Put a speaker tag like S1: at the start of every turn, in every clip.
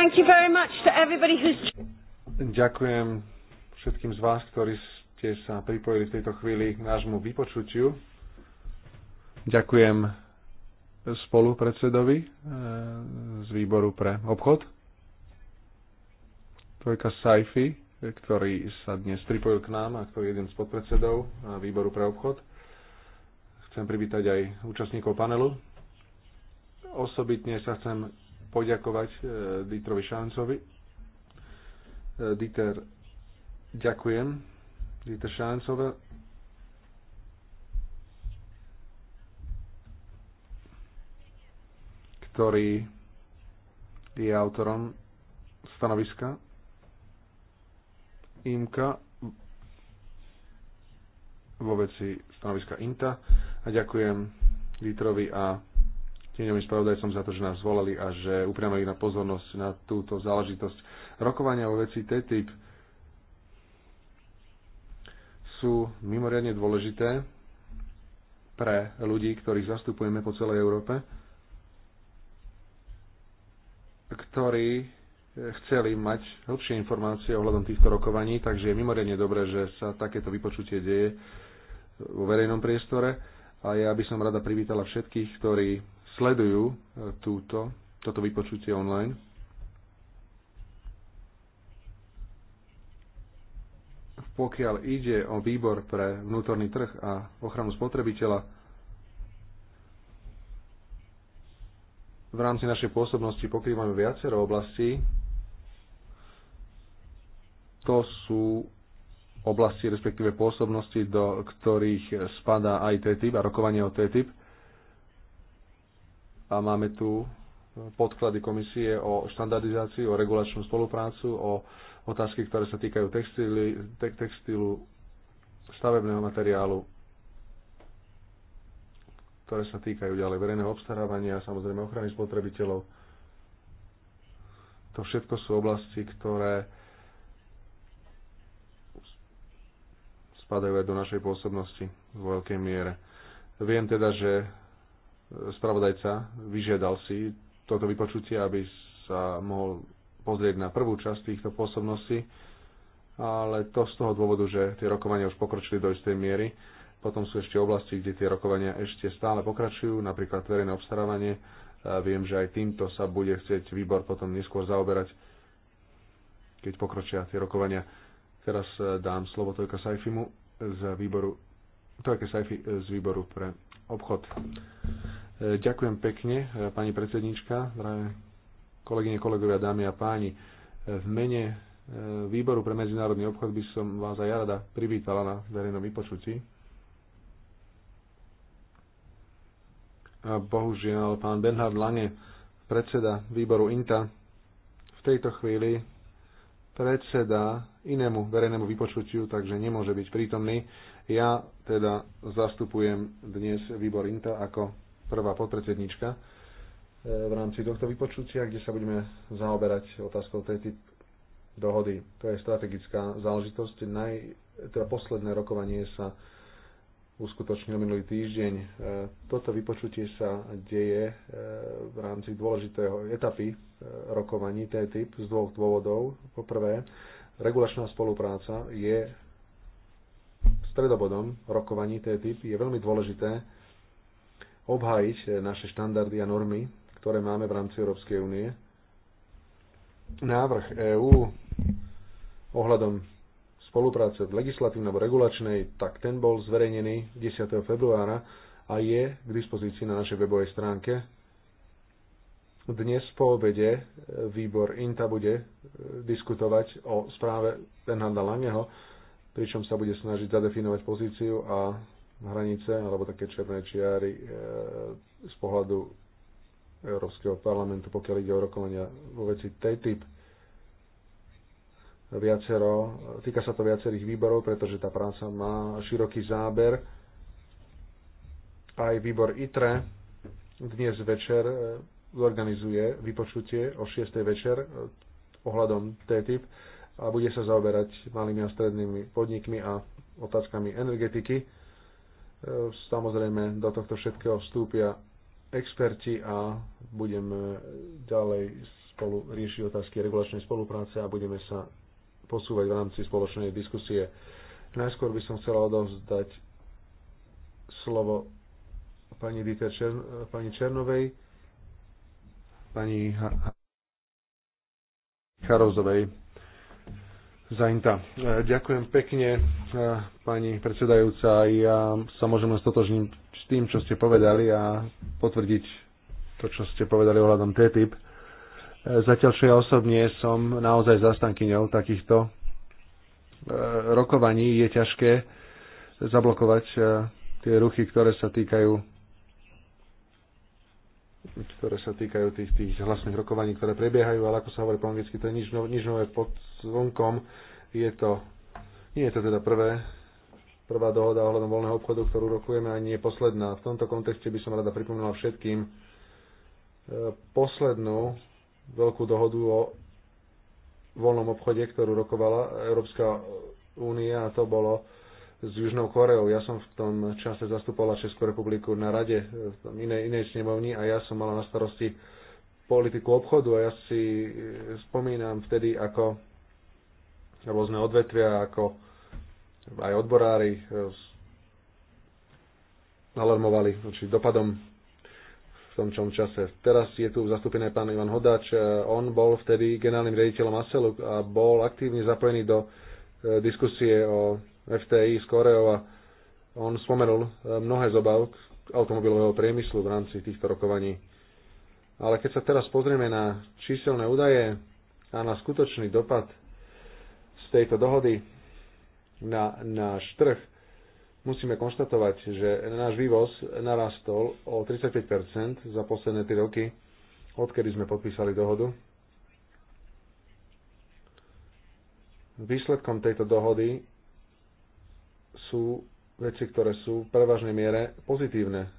S1: Thank you very much to everybody who's... Ďakujem všetkým z vás, ktorí ste sa pripojili v tejto chvíli k nášmu vypočutiu. Ďakujem spolupredsedovi eh, z výboru pre obchod. Tojka Saifi, ktorý sa dnes pripojil k nám a ktorý je jeden z podpredsedov eh, výboru pre obchod. Chcem privítať aj účastníkov panelu. Osobitne sa chcem poďakovať e, Dietrovi Šáncovi. E, Dieter, ďakujem. Dieter Šancova. ktorý je autorom stanoviska IMKA vo veci stanoviska INTA a ďakujem vítrovi a tieňovým spravodajcom za to, že nás volali a že upriamili na pozornosť na túto záležitosť. Rokovania o veci TTIP sú mimoriadne dôležité pre ľudí, ktorých zastupujeme po celej Európe, ktorí chceli mať hĺbšie informácie ohľadom týchto rokovaní, takže je mimoriadne dobré, že sa takéto vypočutie deje vo verejnom priestore a ja by som rada privítala všetkých, ktorí sledujú e, túto, toto vypočutie online. Pokiaľ ide o výbor pre vnútorný trh a ochranu spotrebiteľa, v rámci našej pôsobnosti pokrývame viacero oblastí. To sú oblasti, respektíve pôsobnosti, do ktorých spadá aj TTIP a rokovanie o TTIP a máme tu podklady komisie o štandardizácii, o regulačnú spoluprácu, o otázky, ktoré sa týkajú textilu, te, textílu, stavebného materiálu, ktoré sa týkajú ďalej verejného obstarávania, samozrejme ochrany spotrebiteľov. To všetko sú oblasti, ktoré spadajú aj do našej pôsobnosti v veľkej miere. Viem teda, že spravodajca vyžiadal si toto vypočutie, aby sa mohol pozrieť na prvú časť týchto pôsobností, ale to z toho dôvodu, že tie rokovania už pokročili do istej miery. Potom sú ešte oblasti, kde tie rokovania ešte stále pokračujú, napríklad verejné obstarávanie. Viem, že aj týmto sa bude chcieť výbor potom neskôr zaoberať, keď pokročia tie rokovania. Teraz e, dám slovo Tojka Sajfimu z výboru, Tojke Sajfi z výboru pre obchod. Ďakujem pekne, pani predsednička, drahé kolegyne, kolegovia, dámy a páni. V mene e, Výboru pre medzinárodný obchod by som vás aj rada privítala na verejnom vypočutí. A bohužiaľ, pán Bernhard Lange, predseda výboru INTA, v tejto chvíli predseda inému verejnému vypočutiu, takže nemôže byť prítomný. Ja teda zastupujem dnes výbor INTA ako prvá podpredsednička e, v rámci tohto vypočutia, kde sa budeme zaoberať otázkou tej typ dohody. To je strategická záležitosť. Naj, teda posledné rokovanie sa uskutočnil minulý týždeň. E, toto vypočutie sa deje e, v rámci dôležitého etapy rokovaní TTIP z dvoch dôvodov. Poprvé, regulačná spolupráca je stredobodom rokovaní TTIP. Je veľmi dôležité, obhájiť eh, naše štandardy a normy, ktoré máme v rámci Európskej únie. Návrh EÚ ohľadom spolupráce v legislatívnej alebo regulačnej, tak ten bol zverejnený 10. februára a je k dispozícii na našej webovej stránke. Dnes po obede eh, výbor INTA bude eh, diskutovať o správe Bernarda Langeho, pričom sa bude snažiť zadefinovať pozíciu a hranice alebo také černé čiary e, z pohľadu Európskeho parlamentu, pokiaľ ide o rokovania vo veci TTIP. Viacero, týka sa to viacerých výborov, pretože tá práca má široký záber. Aj výbor ITRE dnes večer e, zorganizuje vypočutie o 6. večer e, ohľadom TTIP a bude sa zaoberať malými a strednými podnikmi a otázkami energetiky Samozrejme, do tohto všetkého vstúpia experti a budeme ďalej spolu riešiť otázky regulačnej spolupráce a budeme sa posúvať v rámci spoločnej diskusie. Najskôr by som chcela odovzdať slovo pani, Dieter Čern, pani Černovej, pani Charozovej Zainta. E, ďakujem pekne, e, pani predsedajúca. Ja sa môžem stotožniť s tým, čo ste povedali a potvrdiť to, čo ste povedali ohľadom TTIP. E, zatiaľ, čo ja osobne som naozaj zastankyňou takýchto rokovaní, je ťažké zablokovať tie ruchy, ktoré sa týkajú ktoré sa týkajú tých, tých hlasných rokovaní, ktoré prebiehajú, ale ako sa hovorí po anglicky, to je nič, no, nič nové pod slnkom. Je to, nie je to teda prvé, prvá dohoda ohľadom voľného obchodu, ktorú rokujeme, a nie je posledná. V tomto kontexte by som rada pripomínala všetkým e, poslednú veľkú dohodu o voľnom obchode, ktorú rokovala Európska únia a to bolo s Južnou Koreou. Ja som v tom čase zastupovala Českú republiku na rade e, v tom inej, inej snemovni a ja som mala na starosti politiku obchodu a ja si e, spomínam vtedy, ako rôzne odvetvia, ako aj odborári e, alarmovali či dopadom v tom čom čase. Teraz je tu zastúpený pán Ivan Hodač. On bol vtedy generálnym riaditeľom ASELu a bol aktívne zapojený do diskusie o FTI z Koreou a on spomenul eh, mnohé z obav automobilového priemyslu v rámci týchto rokovaní. Ale keď sa teraz pozrieme na číselné údaje a na skutočný dopad z tejto dohody na náš trh, musíme konštatovať, že náš vývoz narastol o 35% za posledné 3 roky, odkedy sme podpísali dohodu. Výsledkom tejto dohody sú veci, ktoré sú v prevažnej miere pozitívne.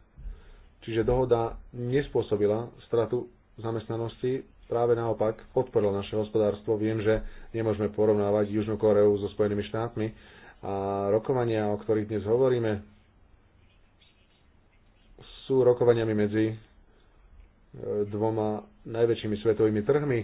S1: Čiže dohoda nespôsobila stratu zamestnanosti, práve naopak podporila naše hospodárstvo. Viem, že nemôžeme porovnávať Južnú Koreu so Spojenými štátmi a rokovania, o ktorých dnes hovoríme, sú rokovaniami medzi e, dvoma najväčšími svetovými trhmi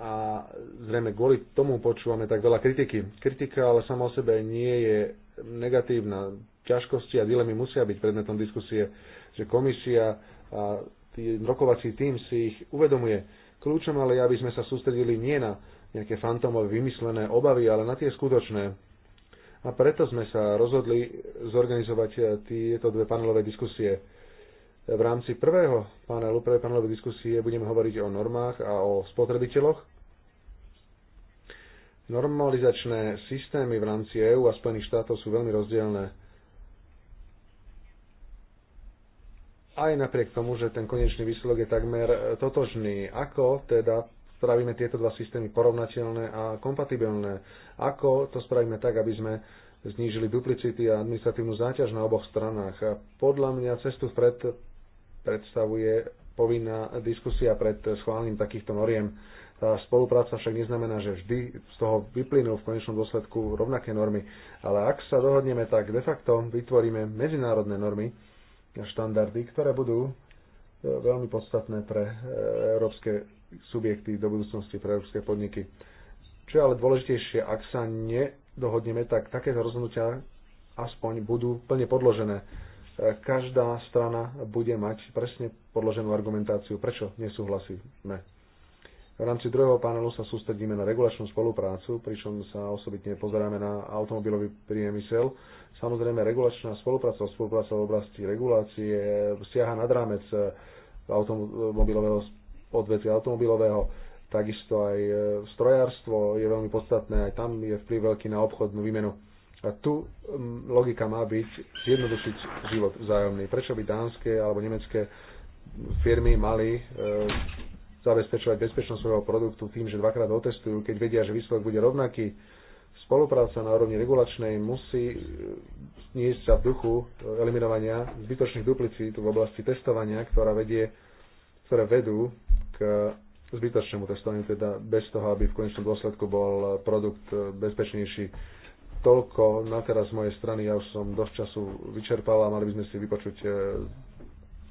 S1: a zrejme kvôli tomu počúvame tak veľa kritiky. Kritika ale sama o sebe nie je negatívna. Ťažkosti a dilemy musia byť predmetom diskusie, že komisia a tý rokovací tým si ich uvedomuje. Kľúčom ale je, aby sme sa sústredili nie na nejaké fantomové vymyslené obavy, ale na tie skutočné. A preto sme sa rozhodli zorganizovať tieto dve panelové diskusie. V rámci prvého panelu, prvej panelovej diskusie budeme hovoriť o normách a o spotrebiteľoch Normalizačné systémy v rámci EÚ a Spojených štátov sú veľmi rozdielne. Aj napriek tomu, že ten konečný výsledok je takmer e, totožný. Ako teda spravíme tieto dva systémy porovnateľné a kompatibilné? Ako to spravíme tak, aby sme znížili duplicity a administratívnu záťaž na oboch stranách? A podľa mňa cestu vpred predstavuje povinná diskusia pred schválením takýchto noriem tá spolupráca však neznamená, že vždy z toho vyplynú v konečnom dôsledku rovnaké normy, ale ak sa dohodneme, tak de facto vytvoríme medzinárodné normy a štandardy, ktoré budú e, veľmi podstatné pre e, európske subjekty do budúcnosti, pre európske podniky. Čo je ale dôležitejšie, ak sa nedohodneme, tak takéto rozhodnutia aspoň budú plne podložené. E, každá strana bude mať presne podloženú argumentáciu, prečo nesúhlasíme v rámci druhého panelu sa sústredíme na regulačnú spoluprácu, pričom sa osobitne pozeráme na automobilový priemysel. Samozrejme, regulačná spolupráca, spolupráca v oblasti regulácie siaha nad rámec eh, automobilového odvetvia automobilového, takisto aj eh, strojárstvo je veľmi podstatné, aj tam je vplyv veľký na obchodnú výmenu. A tu mm, logika má byť zjednodušiť život vzájomný. Prečo by dánske alebo nemecké firmy mali eh, zabezpečovať bezpečnosť svojho produktu tým, že dvakrát otestujú, keď vedia, že výsledok bude rovnaký. Spolupráca na úrovni regulačnej musí e, niesť sa v duchu e, eliminovania zbytočných duplicít v oblasti testovania, ktorá vedie, ktoré vedú k zbytočnému testovaniu, teda bez toho, aby v konečnom dôsledku bol produkt e, bezpečnejší. Toľko na teraz z mojej strany, ja už som dosť času vyčerpal a mali by sme si vypočuť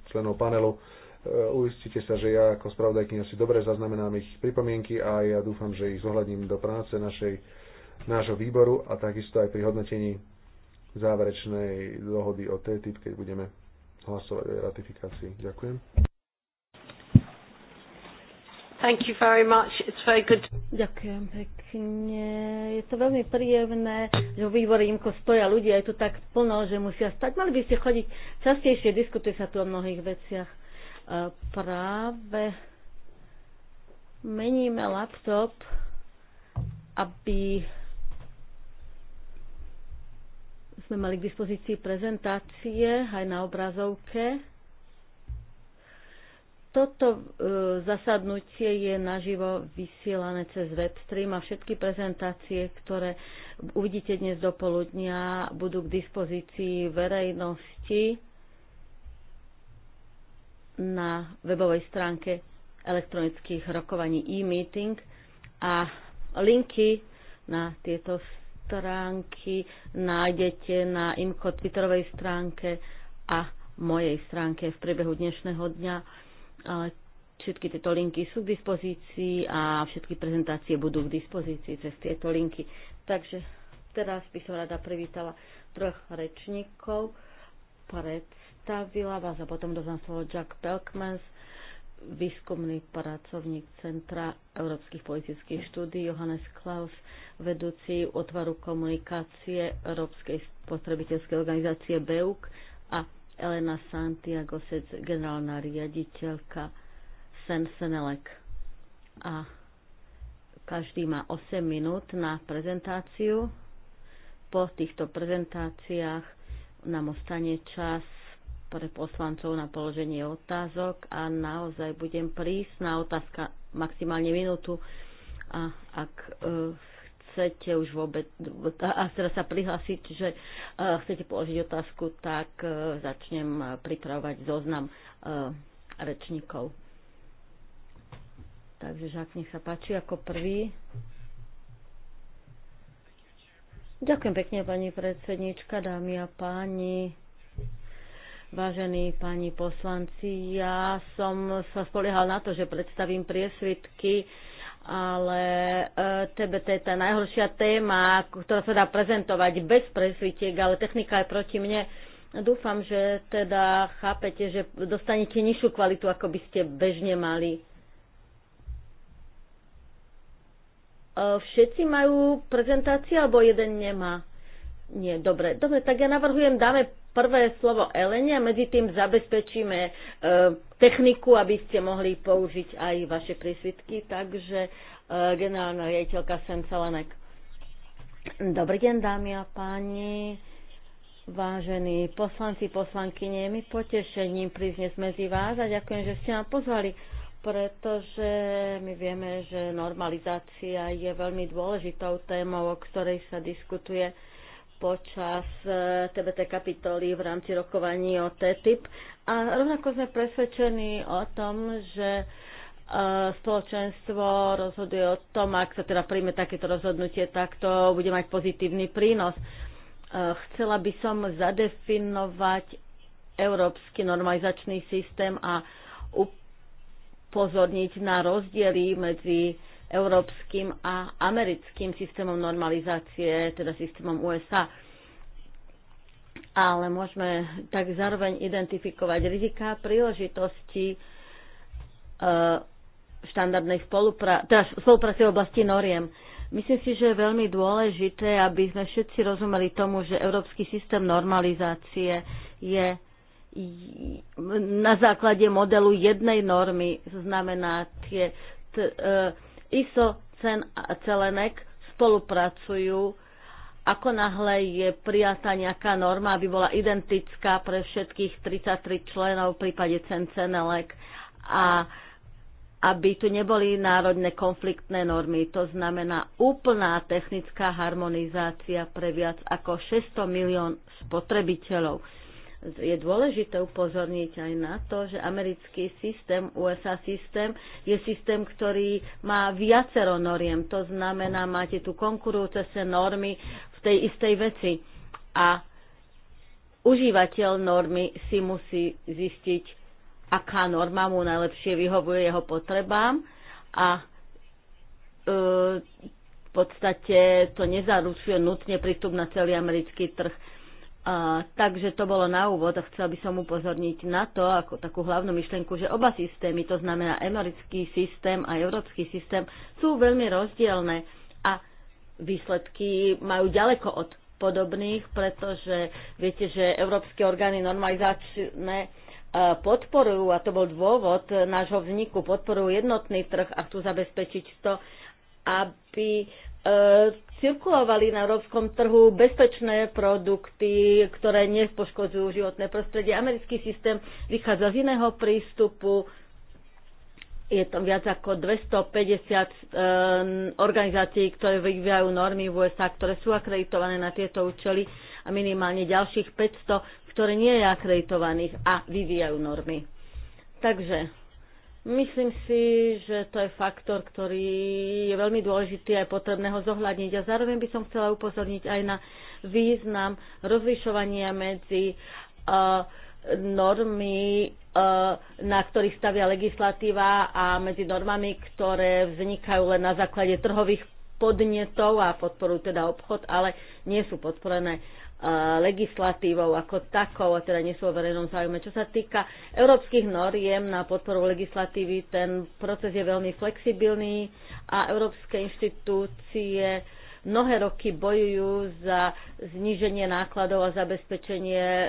S1: členov panelu. E, uistite sa, že ja ako spravodajkynia si dobre zaznamenám ich pripomienky a ja dúfam, že ich zohľadním do práce našej, nášho výboru a takisto aj pri hodnotení záverečnej dohody o TTIP, keď budeme hlasovať o ratifikácii. Ďakujem.
S2: Thank you very much.
S3: It's very good. Ďakujem pekne. Je to veľmi príjemné, že vo výbore imko stoja ľudia, je tu tak plno, že musia stať. Mali by ste chodiť častejšie, diskutuje sa tu o mnohých veciach práve meníme laptop, aby sme mali k dispozícii prezentácie aj na obrazovke. Toto e, zasadnutie je naživo vysielané cez webstream a všetky prezentácie, ktoré uvidíte dnes do poludnia, budú k dispozícii verejnosti na webovej stránke elektronických rokovaní e-meeting a linky na tieto stránky nájdete na imko Twitterovej stránke a mojej stránke v priebehu dnešného dňa. Všetky tieto linky sú k dispozícii a všetky prezentácie budú k dispozícii cez tieto linky. Takže teraz by som rada privítala troch rečníkov predstavila vás a potom dozvám slovo Jack Pelkmans, výskumný pracovník Centra európskych politických štúdí Johannes Klaus, vedúci otvaru komunikácie Európskej spotrebiteľskej organizácie BEUK a Elena Santiago Sec, generálna riaditeľka Sen Senelek. A každý má 8 minút na prezentáciu. Po týchto prezentáciách nám ostane čas pre poslancov na položenie otázok a naozaj budem prísna otázka maximálne minútu a ak e, chcete už vôbec, a teraz sa prihlásiť, že uh, chcete položiť otázku, tak uh, začnem pripravovať zoznam uh, rečníkov. Takže Žák, nech sa páči ako prvý. Ďakujem pekne, pani predsednička, dámy a páni. Vážení páni poslanci, ja som sa spoliehal na to, že predstavím priesvitky, ale e, TBT je tá najhoršia téma, ktorá sa dá prezentovať bez presvitiek, ale technika je proti mne. Dúfam, že teda chápete, že dostanete nižšiu kvalitu, ako by ste bežne mali. E, všetci majú prezentáciu, alebo jeden nemá? Nie, dobre. Dobre, tak ja navrhujem, dáme prvé slovo Elene a medzi tým zabezpečíme e, techniku, aby ste mohli použiť aj vaše prísvitky. Takže e, generálna riaditeľka Sem Salanek. Dobrý deň, dámy a páni. Vážení poslanci, poslankyne, my potešením prísne medzi vás a ďakujem, že ste nám pozvali pretože my vieme, že normalizácia je veľmi dôležitou témou, o ktorej sa diskutuje počas TBT e, kapitoly v rámci rokovaní o TTIP. A rovnako sme presvedčení o tom, že e, spoločenstvo rozhoduje o tom, ak sa teda príjme takéto rozhodnutie, tak to bude mať pozitívny prínos. E, chcela by som zadefinovať európsky normalizačný systém a upozorniť na rozdiely medzi európskym a americkým systémom normalizácie, teda systémom USA. Ale môžeme tak zároveň identifikovať rizika príležitosti e, štandardnej spolupráce, teda spolupráce v oblasti noriem. Myslím si, že je veľmi dôležité, aby sme všetci rozumeli tomu, že európsky systém normalizácie je na základe modelu jednej normy, znamená tie t, e, ISO, CEN a CELENEK spolupracujú ako náhle je prijatá nejaká norma, aby bola identická pre všetkých 33 členov v prípade CENELEK a aby tu neboli národné konfliktné normy. To znamená úplná technická harmonizácia pre viac ako 600 milión spotrebiteľov je dôležité upozorniť aj na to, že americký systém, USA systém, je systém, ktorý má viacero noriem. To znamená, máte tu konkurujúce sa normy v tej istej veci. A užívateľ normy si musí zistiť, aká norma mu najlepšie vyhovuje jeho potrebám a e, v podstate to nezaručuje nutne prístup na celý americký trh. A, takže to bolo na úvod a chcela by som upozorniť na to, ako takú hlavnú myšlienku, že oba systémy, to znamená americký systém a európsky systém, sú veľmi rozdielne a výsledky majú ďaleko od podobných, pretože viete, že európske orgány normalizačné e, podporujú, a to bol dôvod nášho vzniku, podporujú jednotný trh a chcú zabezpečiť to, aby E, cirkulovali na európskom trhu bezpečné produkty, ktoré nepoškodzujú životné prostredie. Americký systém vychádza z iného prístupu. Je tam viac ako 250 e, organizácií, ktoré vyvíjajú normy v USA, ktoré sú akreditované na tieto účely a minimálne ďalších 500, ktoré nie je akreditovaných a vyvíjajú normy. Takže Myslím si, že to je faktor, ktorý je veľmi dôležitý a je potrebné ho zohľadniť. A zároveň by som chcela upozorniť aj na význam rozlišovania medzi uh, e, normy, e, na ktorých stavia legislatíva a medzi normami, ktoré vznikajú len na základe trhových podnetov a podporujú teda obchod, ale nie sú podporené legislatívou ako takou, a teda nie sú o verejnom záujme. Čo sa týka európskych noriem na podporu legislatívy, ten proces je veľmi flexibilný a európske inštitúcie mnohé roky bojujú za zníženie nákladov a zabezpečenie e,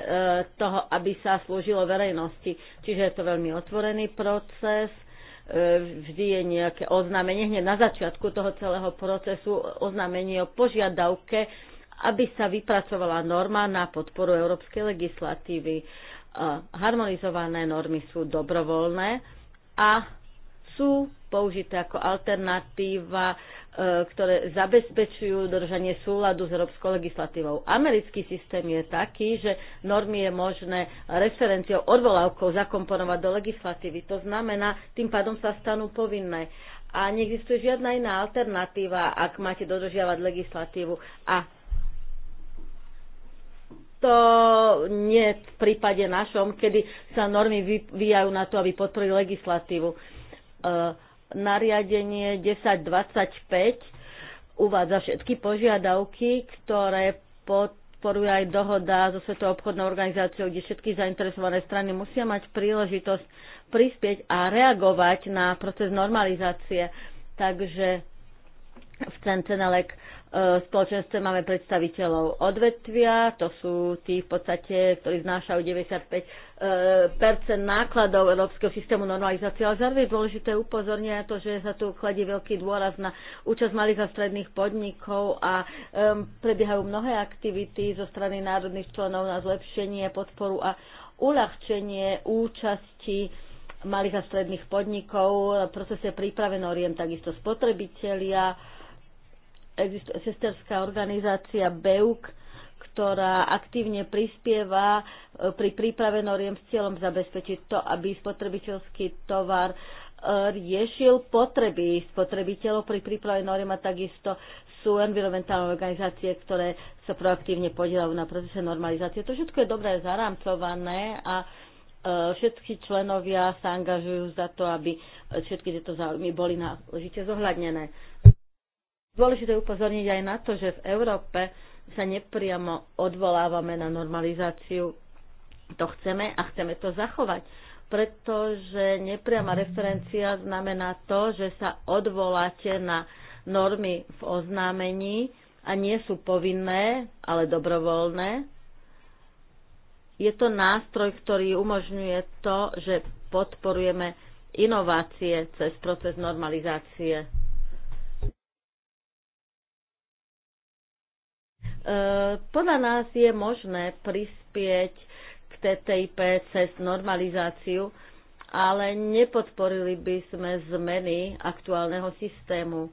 S3: toho, aby sa slúžilo verejnosti. Čiže je to veľmi otvorený proces e, vždy je nejaké oznámenie hneď na začiatku toho celého procesu, oznámenie o požiadavke aby sa vypracovala norma na podporu európskej legislatívy. E, harmonizované normy sú dobrovoľné a sú použité ako alternatíva, e, ktoré zabezpečujú dodržanie súladu s európskou legislatívou. Americký systém je taký, že normy je možné referenciou, odvolávkou zakomponovať do legislatívy. To znamená, tým pádom sa stanú povinné. A neexistuje žiadna iná alternatíva, ak máte dodržiavať legislatívu. A to nie v prípade našom, kedy sa normy vyvíjajú na to, aby podporili legislatívu. E, nariadenie 1025 uvádza všetky požiadavky, ktoré podporuje aj dohoda so Svetou obchodnou organizáciou, kde všetky zainteresované strany musia mať príležitosť prispieť a reagovať na proces normalizácie. Takže v Cenelek spoločenstve máme predstaviteľov odvetvia, to sú tí v podstate, ktorí znášajú 95 eh, nákladov Európskeho systému normalizácie. Ale zároveň je dôležité upozorniť na to, že sa tu kladie veľký dôraz na účasť malých a stredných podnikov a um, prebiehajú mnohé aktivity zo strany národných členov na zlepšenie, podporu a uľahčenie účasti malých a stredných podnikov, procese príprave noriem, takisto spotrebitelia, existuje sesterská organizácia BEUK, ktorá aktívne prispieva e, pri príprave noriem s cieľom zabezpečiť to, aby spotrebiteľský tovar e, riešil potreby spotrebiteľov pri príprave noriem a takisto sú environmentálne organizácie, ktoré sa proaktívne podielajú na procese normalizácie. To všetko je dobre zarámcované a e, všetci členovia sa angažujú za to, aby všetky tieto záujmy boli náležite zohľadnené Dôležité upozorniť aj na to, že v Európe sa nepriamo odvolávame na normalizáciu. To chceme a chceme to zachovať, pretože nepriama referencia znamená to, že sa odvoláte na normy v oznámení a nie sú povinné, ale dobrovoľné. Je to nástroj, ktorý umožňuje to, že podporujeme inovácie cez proces normalizácie E, podľa nás je možné prispieť k TTIP cez normalizáciu, ale nepodporili by sme zmeny aktuálneho systému.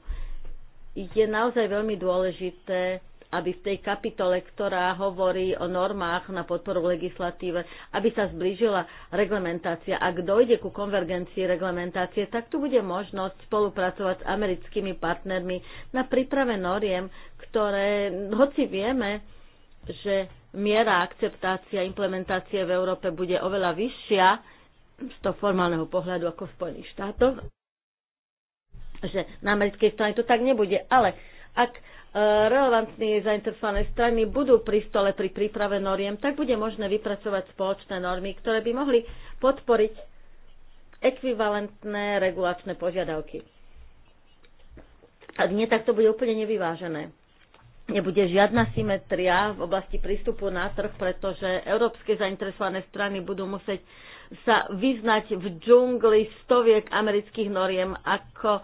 S3: Je naozaj veľmi dôležité aby v tej kapitole, ktorá hovorí o normách na podporu legislatíve, aby sa zblížila reglementácia. Ak dojde ku konvergencii reglementácie, tak tu bude možnosť spolupracovať s americkými partnermi na príprave noriem, ktoré, hoci vieme, že miera akceptácia implementácie v Európe bude oveľa vyššia z toho formálneho pohľadu ako v Spojených štátoch, že na americkej strane to tak nebude, ale ak e, relevantní zainteresované strany budú pri stole pri príprave noriem, tak bude možné vypracovať spoločné normy, ktoré by mohli podporiť ekvivalentné regulačné požiadavky. Ak nie, tak to bude úplne nevyvážené. Nebude žiadna symetria v oblasti prístupu na trh, pretože európske zainteresované strany budú musieť sa vyznať v džungli stoviek amerických noriem, ako e,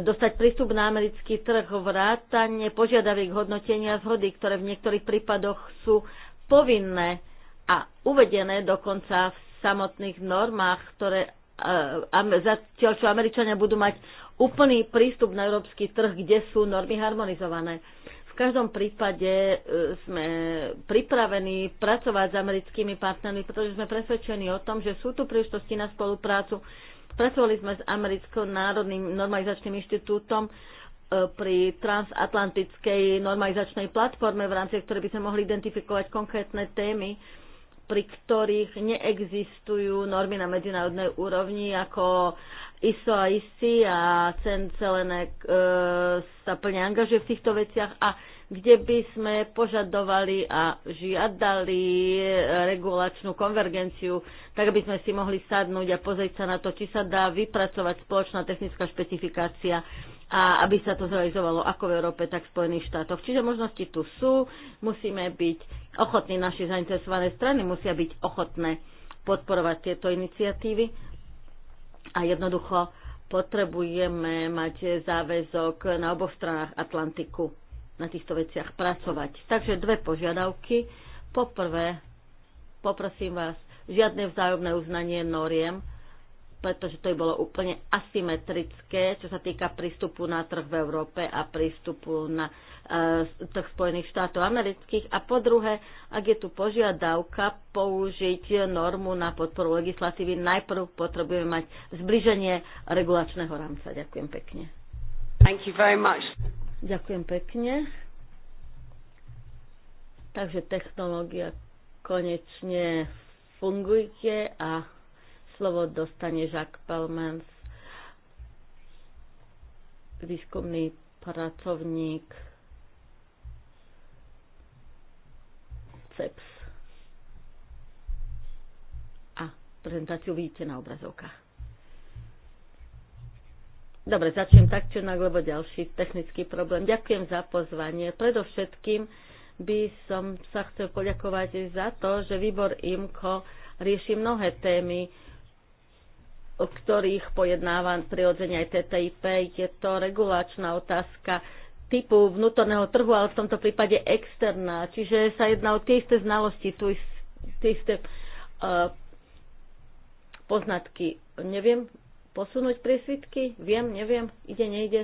S3: dostať prístup na americký trh, vrátanie požiadaviek hodnotenia zhody, ktoré v niektorých prípadoch sú povinné a uvedené dokonca v samotných normách, ktoré e, zatiaľ čo Američania budú mať úplný prístup na európsky trh, kde sú normy harmonizované. V každom prípade e, sme pripravení pracovať s americkými partnermi, pretože sme presvedčení o tom, že sú tu príležitosti na spoluprácu. Pracovali sme s Americkou národným normalizačným inštitútom e, pri transatlantickej normalizačnej platforme, v rámci ktorej by sme mohli identifikovať konkrétne témy pri ktorých neexistujú normy na medzinárodnej úrovni ako ISO a ISI a cen celenek e, sa plne angažuje v týchto veciach a kde by sme požadovali a žiadali e, regulačnú konvergenciu, tak aby sme si mohli sadnúť a pozrieť sa na to, či sa dá vypracovať spoločná technická špecifikácia a aby sa to zrealizovalo ako v Európe, tak v Spojených štátoch. Čiže možnosti tu sú, musíme byť ochotní, naše zainteresované strany musia byť ochotné podporovať tieto iniciatívy a jednoducho potrebujeme mať záväzok na oboch stranách Atlantiku na týchto veciach pracovať. Takže dve požiadavky. Poprvé, poprosím vás, žiadne vzájomné uznanie noriem, pretože to by bolo úplne asymetrické, čo sa týka prístupu na trh v Európe a prístupu na e, trh Spojených štátov amerických. A po druhé, ak je tu požiadavka použiť normu na podporu legislatívy, najprv potrebujeme mať zbliženie regulačného rámca. Ďakujem pekne. Thank you very much. Ďakujem pekne. Takže technológia konečne fungujte a Slovo dostane Jacques Pelmans, výskumný pracovník CEPS. A prezentáciu vidíte na obrazovkách. Dobre, začnem tak, čo lebo ďalší technický problém. Ďakujem za pozvanie. Predovšetkým by som sa chcel poďakovať za to, že výbor IMCO rieši mnohé témy, o ktorých pojednáva prirodzene aj TTIP. Je to regulačná otázka typu vnútorného trhu, ale v tomto prípade externá. Čiže sa jedná o tie isté znalosti, tie isté uh, poznatky. Neviem posunúť prísvitky? Viem, neviem, ide, nejde.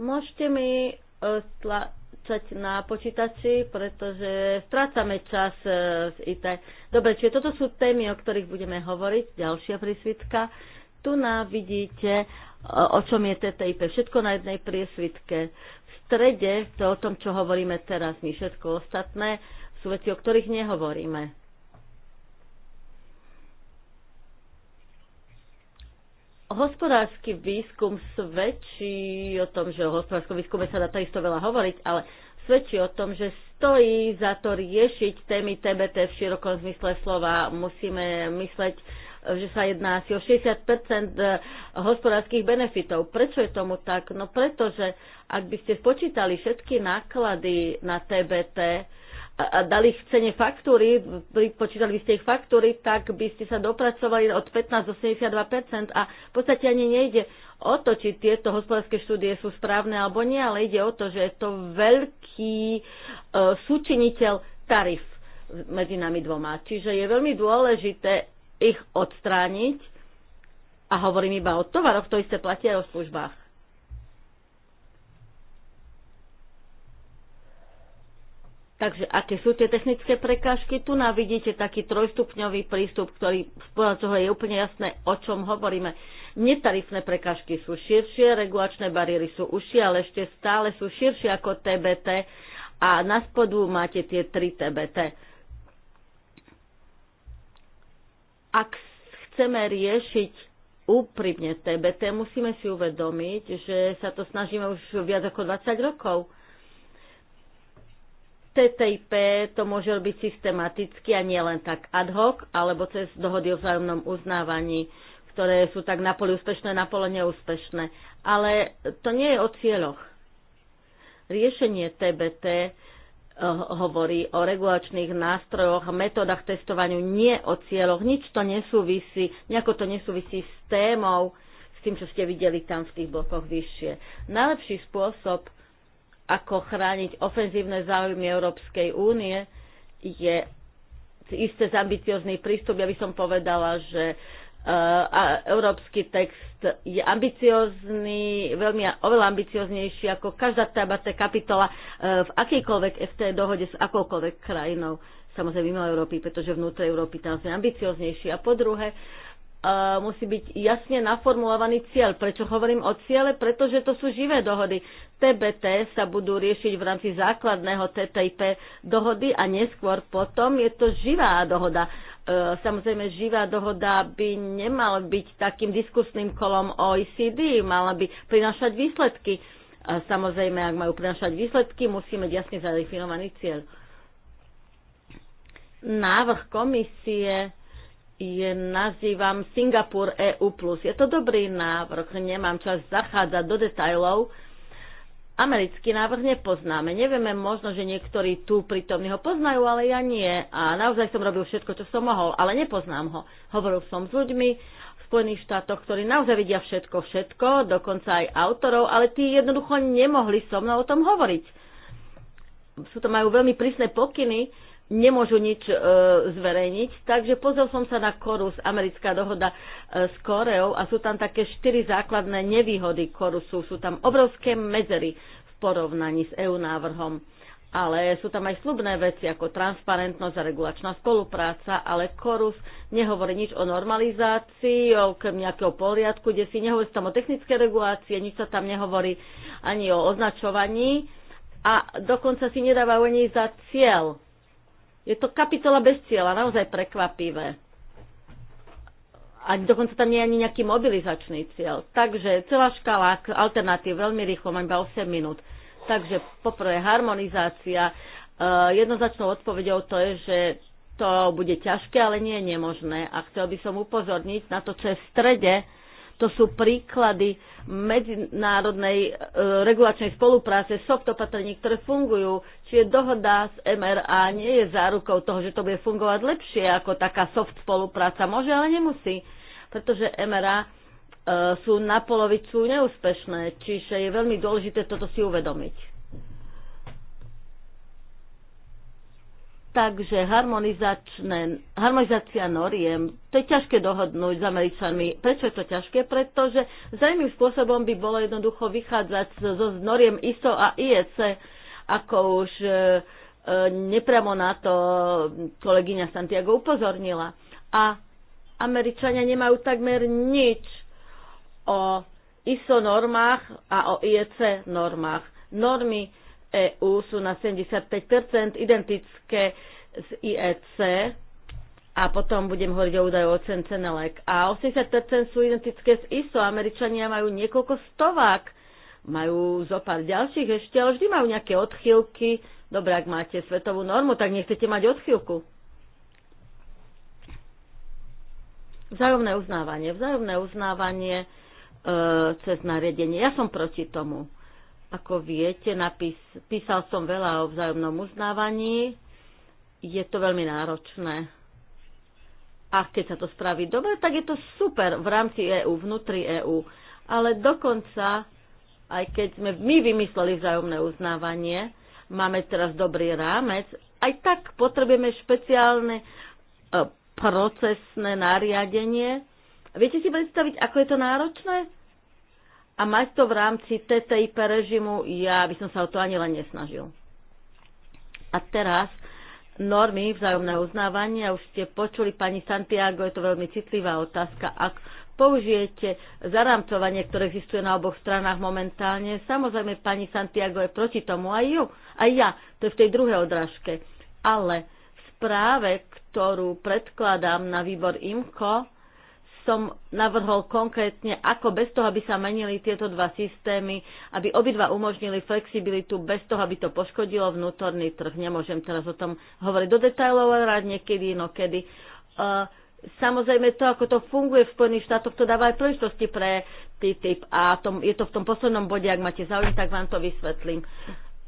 S3: Môžete mi uh, tla, písať na počítači, pretože strácame čas v e, IT. Dobre, čiže toto sú témy, o ktorých budeme hovoriť. Ďalšia prísvitka. Tu na vidíte, e, o čom je TTIP. Všetko na jednej priesvitke. V strede, to o tom, čo hovoríme teraz, my všetko ostatné, sú veci, o ktorých nehovoríme Hospodársky výskum svedčí o tom, že o hospodárskom výskume sa dá takisto veľa hovoriť, ale svedčí o tom, že stojí za to riešiť témy TBT v širokom zmysle slova. Musíme mysleť, že sa jedná asi o 60 eh, hospodárskych benefitov. Prečo je tomu tak? No pretože ak by ste spočítali všetky náklady na TBT, a dali ich cene faktúry, počítali by ste ich faktúry, tak by ste sa dopracovali od 15 do 72 a v podstate ani nejde o to, či tieto hospodárske štúdie sú správne alebo nie, ale ide o to, že je to veľký e, súčiniteľ tarif medzi nami dvoma. Čiže je veľmi dôležité ich odstrániť a hovorím iba o tovaroch, to isté platia aj o službách. Takže aké sú tie technické prekážky? Tu nám vidíte taký trojstupňový prístup, ktorý z toho je úplne jasné, o čom hovoríme. Netarifné prekážky sú širšie, regulačné bariéry sú užšie, ale ešte stále sú širšie ako TBT a na spodu máte tie 3 TBT. Ak chceme riešiť úprimne TBT, musíme si uvedomiť, že sa to snažíme už viac ako 20 rokov TTIP to môže byť systematicky a nielen tak ad hoc, alebo cez dohody o vzájomnom uznávaní, ktoré sú tak na poli úspešné, na poli neúspešné. Ale to nie je o cieľoch. Riešenie TBT eh, hovorí o regulačných nástrojoch a metodách testovaniu, nie o cieľoch. Nič to nesúvisí, nejako to nesúvisí s témou, s tým, čo ste videli tam v tých blokoch vyššie. Najlepší spôsob, ako chrániť ofenzívne záujmy Európskej únie, je isté ambiciózny prístup. Ja by som povedala, že e, a európsky text je ambiciózny, veľmi, oveľa ambicioznejší ako každá tá kapitola e, v akejkoľvek FT dohode s akoukoľvek krajinou samozrejme mimo Európy, pretože vnútre Európy tam sme ambicioznejší. A po druhé, musí byť jasne naformulovaný cieľ. Prečo hovorím o ciele? Pretože to sú živé dohody. TBT sa budú riešiť v rámci základného TTIP dohody a neskôr potom je to živá dohoda. E, samozrejme, živá dohoda by nemala byť takým diskusným kolom OECD, mala by prinašať výsledky. E, samozrejme, ak majú prinašať výsledky, musíme mať jasne zadefinovaný cieľ. Návrh komisie je nazývam Singapur EU+. Je to dobrý návrh, nemám čas zachádzať do detajlov. Americký návrh nepoznáme. Nevieme, možno, že niektorí tu prítomní ho poznajú, ale ja nie. A naozaj som robil všetko, čo som mohol, ale nepoznám ho. Hovoril som s ľuďmi v Spojených štátoch, ktorí naozaj vidia všetko, všetko, dokonca aj autorov, ale tí jednoducho nemohli so mnou o tom hovoriť. Sú to majú veľmi prísne pokyny, nemôžu nič e, zverejniť. Takže pozrel som sa na Korus, americká dohoda e, s Koreou a sú tam také štyri základné nevýhody Korusu. Sú tam obrovské medzery v porovnaní s EU návrhom. Ale sú tam aj slubné veci ako transparentnosť a regulačná spolupráca, ale Korus nehovorí nič o normalizácii, o nejakého poriadku, kde si nehovorí tam o technické regulácie, nič sa tam nehovorí ani o označovaní a dokonca si nedávajú ani za cieľ je to kapitola bez cieľa, naozaj prekvapivé. A dokonca tam nie je ani nejaký mobilizačný cieľ. Takže celá škala alternatív, veľmi rýchlo, mám iba 8 minút. Takže poprvé harmonizácia. E, jednoznačnou odpovedou to je, že to bude ťažké, ale nie je nemožné. A chcel by som upozorniť na to, čo je v strede to sú príklady medzinárodnej e, regulačnej spolupráce, soft opatrení, ktoré fungujú. Čiže dohoda s MRA nie je zárukou toho, že to bude fungovať lepšie ako taká soft spolupráca. Môže, ale nemusí, pretože MRA e, sú na polovicu neúspešné, čiže je veľmi dôležité toto si uvedomiť. Takže harmonizácia noriem, to je ťažké dohodnúť s Američanmi. Prečo je to ťažké? Pretože zrejmým spôsobom by bolo jednoducho vychádzať zo noriem ISO a IEC, ako už e, e, nepriamo na to kolegyňa Santiago upozornila. A Američania nemajú takmer nič o ISO normách a o IEC normách. Normy EÚ sú na 75 identické z IEC a potom budem hovoriť o údajov. o Centenelek. A 80 sú identické s ISO. Američania majú niekoľko stovák, majú zo pár ďalších ešte, ale vždy majú nejaké odchýlky. Dobre, ak máte svetovú normu, tak nechcete mať odchýlku. Vzájomné uznávanie. Vzájomné uznávanie e, cez nariadenie. Ja som proti tomu ako viete, napis, písal som veľa o vzájomnom uznávaní. Je to veľmi náročné. A keď sa to spraví dobre, tak je to super v rámci EÚ, vnútri EÚ. Ale dokonca, aj keď sme my vymysleli vzájomné uznávanie, máme teraz dobrý rámec, aj tak potrebujeme špeciálne e, procesné nariadenie. Viete si predstaviť, ako je to náročné? a mať to v rámci TTIP režimu, ja by som sa o to ani len nesnažil. A teraz normy vzájomného uznávania. Už ste počuli, pani Santiago, je to veľmi citlivá otázka. Ak použijete zarámcovanie, ktoré existuje na oboch stranách momentálne, samozrejme pani Santiago je proti tomu aj ju, aj ja. To je v tej druhej odrážke. Ale v správe, ktorú predkladám na výbor IMCO, som navrhol konkrétne, ako bez toho, aby sa menili tieto dva systémy, aby obidva umožnili flexibilitu bez toho, aby to poškodilo vnútorný trh. Nemôžem teraz o tom hovoriť do detajlov, ale rád niekedy inokedy. Uh, samozrejme to, ako to funguje v Spojených štátoch, to dáva aj príležitosti pre TTIP a tom, je to v tom poslednom bode, ak máte záujem, tak vám to vysvetlím.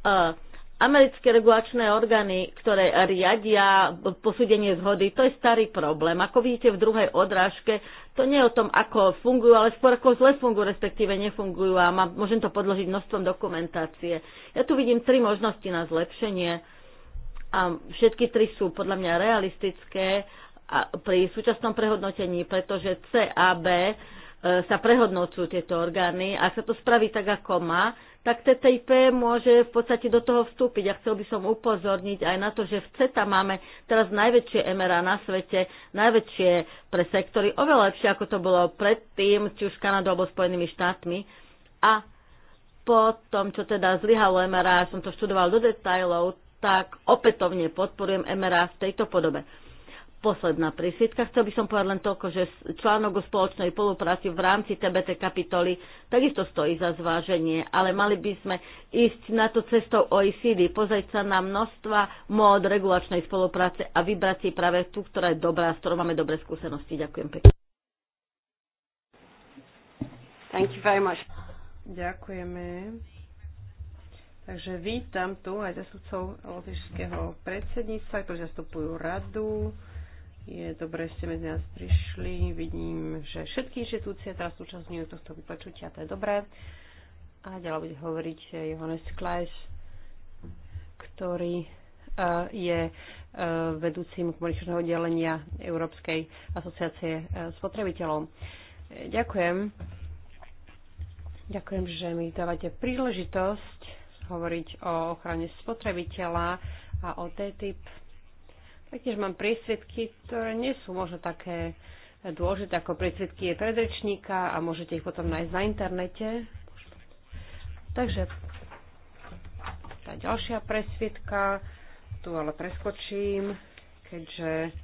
S3: Uh, Americké regulačné orgány, ktoré riadia posúdenie zhody, to je starý problém. Ako vidíte v druhej odrážke, to nie je o tom, ako fungujú, ale skôr ako zle fungujú, respektíve nefungujú a má, môžem to podložiť množstvom dokumentácie. Ja tu vidím tri možnosti na zlepšenie a všetky tri sú podľa mňa realistické a pri súčasnom prehodnotení, pretože CAB e, sa prehodnocujú tieto orgány. a sa to spraví tak, ako má, tak TTIP môže v podstate do toho vstúpiť. A chcel by som upozorniť aj na to, že v CETA máme teraz najväčšie MRA na svete, najväčšie pre sektory, oveľa lepšie ako to bolo predtým, či už Kanadou alebo Spojenými štátmi. A po tom, čo teda zlyhalo MRA, som to študoval do detajlov, tak opätovne podporujem MRA v tejto podobe posledná prísvitka. Chcel by som povedať len toľko, že článok o spoločnej spolupráci v rámci TBT kapitoly takisto stojí za zváženie, ale mali by sme ísť na to cestou OECD, pozrieť sa na množstva mód regulačnej spolupráce a vybrať si práve tú, ktorá je dobrá, s ktorou máme dobré skúsenosti. Ďakujem pekne.
S2: Thank you very much. Ďakujeme. Takže vítam tu aj zastupcov Lotyšského predsedníctva, ktorí zastupujú radu je dobré, že ste medzi nás prišli. Vidím, že všetky inštitúcie teraz súčasňujú tohto vypočutia, to je dobré. A ďalej bude hovoriť Johannes Kleis, ktorý e, je e, vedúcim komunikačného oddelenia Európskej asociácie e, spotrebiteľov. Ďakujem. Ďakujem, že mi dávate príležitosť hovoriť o ochrane spotrebiteľa a o TTIP. Taktiež mám priesvedky, ktoré nie sú možno také dôležité ako priesvedky je predrečníka a môžete ich potom nájsť na internete. Takže tá ďalšia presvietka, tu ale preskočím, keďže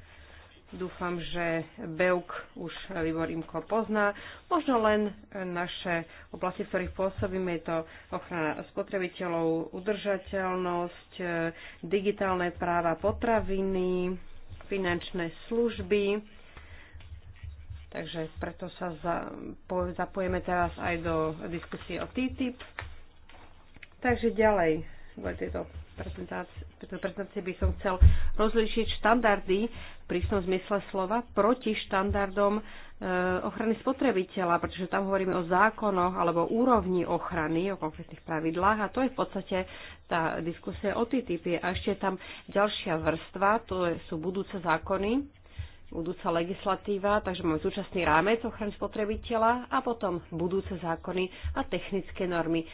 S2: Dúfam, že BEUK už Libor IMKO pozná. Možno len naše oblasti, v ktorých pôsobíme, je to ochrana spotrebiteľov, udržateľnosť, e, digitálne práva potraviny, finančné služby. Takže preto sa zapojeme teraz aj do diskusie o TTIP. Takže ďalej, bude tieto prezentácii, prezentácii by som chcel rozlišiť štandardy v prísnom zmysle slova proti štandardom e, ochrany spotrebiteľa, pretože tam hovoríme o zákonoch alebo úrovni ochrany, o konkrétnych pravidlách a to je v podstate tá diskusia o TTIP. A ešte je tam ďalšia vrstva, to sú budúce zákony, budúca legislatíva, takže máme súčasný rámec ochrany spotrebiteľa a potom budúce zákony a technické normy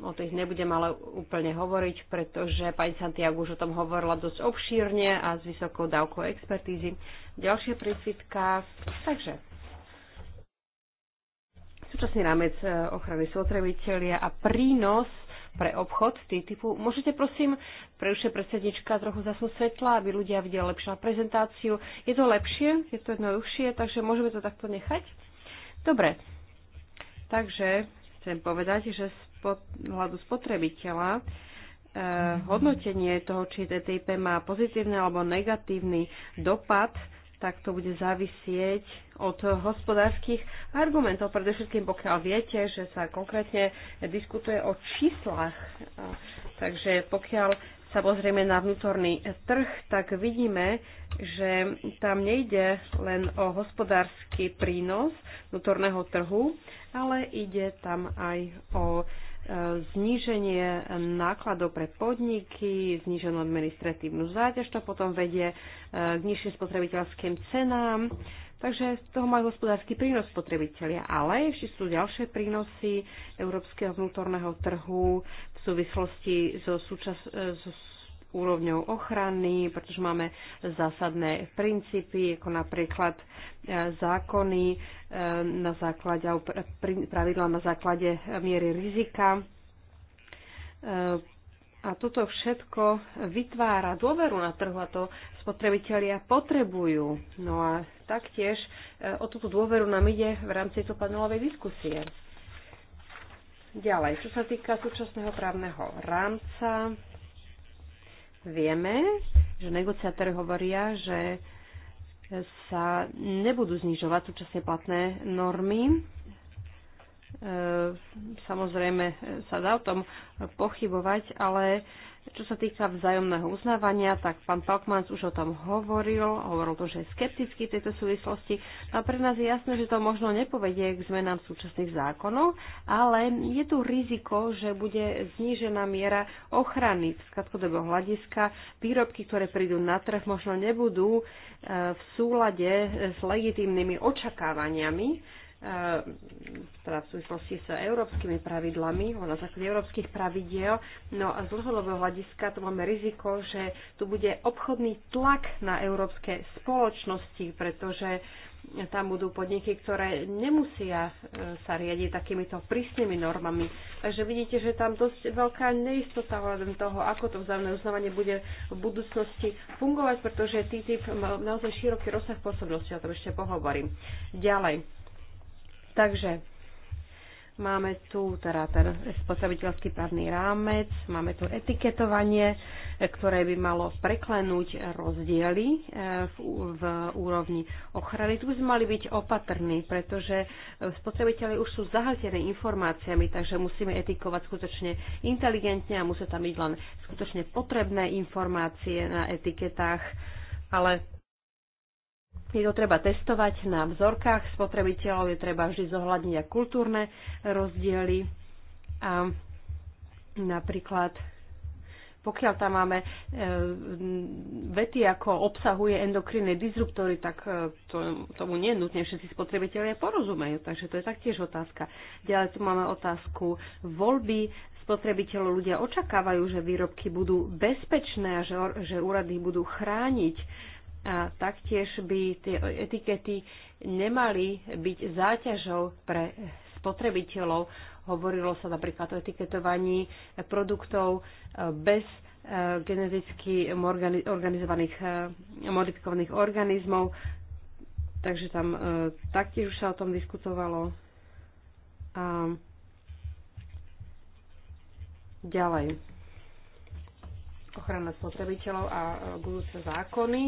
S2: o tých nebudem ale úplne hovoriť, pretože pani Santiago už o tom hovorila dosť obšírne a s vysokou dávkou expertízy. Ďalšia prísvitka. Takže, súčasný rámec e, ochrany spotrebiteľia a prínos pre obchod TTIPu. Môžete prosím, pre už predsednička, trochu zasnúť svetla, aby ľudia videli lepšiu prezentáciu. Je to lepšie, je to jednoduchšie, takže môžeme to takto nechať? Dobre. Takže chcem povedať, že hľadu spotrebiteľa, eh, hodnotenie toho, či TTIP má pozitívny alebo negatívny dopad, tak to bude závisieť od hospodárskych argumentov. Predovšetkým, pokiaľ viete, že sa konkrétne diskutuje o číslach. Takže pokiaľ sa pozrieme na vnútorný trh, tak vidíme, že tam nejde len o hospodársky prínos vnútorného trhu, ale ide tam aj o zníženie nákladov pre podniky, zníženú administratívnu záťaž, to potom vedie e, k nižším spotrebiteľským cenám. Takže z toho majú hospodársky prínos spotrebitelia. Ale ešte sú ďalšie prínosy európskeho vnútorného trhu v súvislosti so, súčas, e, so úrovňou ochrany, pretože máme zásadné princípy, ako napríklad e, zákony e, na základe, pravidla na základe miery rizika. E, a toto všetko vytvára dôveru na trhu a to spotrebitelia potrebujú. No a taktiež o túto dôveru nám ide v rámci tejto panelovej diskusie. Ďalej, čo sa týka súčasného právneho rámca, vieme, že negociátori hovoria, že sa nebudú znižovať súčasne platné normy. E, samozrejme sa dá o tom pochybovať, ale čo sa týka vzájomného uznávania, tak pán Palkmans už o tom hovoril, hovoril to, že je skeptický v tejto súvislosti. No a pre nás je jasné, že to možno nepovedie k zmenám súčasných zákonov, ale je tu riziko, že bude znížená miera ochrany z krátkodobého hľadiska. Výrobky, ktoré prídu na trh, možno nebudú eh, v súlade s legitímnymi očakávaniami E, teda v súvislosti s európskymi pravidlami, na základe európskych pravidiel. No a z dlhodobého hľadiska tu máme riziko, že tu bude obchodný tlak na európske spoločnosti, pretože tam budú podniky, ktoré nemusia e, sa riadiť takýmito prísnymi normami. Takže vidíte, že tam dosť veľká neistota hľadom toho, ako to vzájomné uznávanie bude v budúcnosti fungovať, pretože TTIP má naozaj široký rozsah pôsobnosti, o tom ešte pohovorím. Ďalej Takže máme tu teda ten spotrebiteľský právny rámec, máme tu etiketovanie, ktoré by malo preklenúť rozdiely e, v, v úrovni ochrany. Tu by sme mali byť opatrní, pretože e, spotrebiteľi už sú zahltení informáciami, takže musíme etikovať skutočne inteligentne a musia tam byť len skutočne potrebné informácie na etiketách, ale je vlastne to treba testovať na vzorkách spotrebiteľov, je treba vždy zohľadniť aj kultúrne rozdiely. A napríklad pokiaľ tam máme e, vety ako obsahuje endokrinné disruptory, tak e, to, tomu nie nutne všetci spotrebitelia porozumejú. Takže to je taktiež otázka. Ďalej tu máme otázku voľby spotrebiteľov. Ľudia očakávajú, že výrobky budú bezpečné a že, že úrady budú chrániť. E, a taktiež by tie etikety nemali byť záťažou pre spotrebiteľov. Hovorilo sa napríklad o etiketovaní produktov bez e, geneticky organizovaných e, modifikovaných organizmov. Takže tam e, taktiež už sa o tom diskutovalo. A ďalej ochrana spotrebiteľov a budúce zákony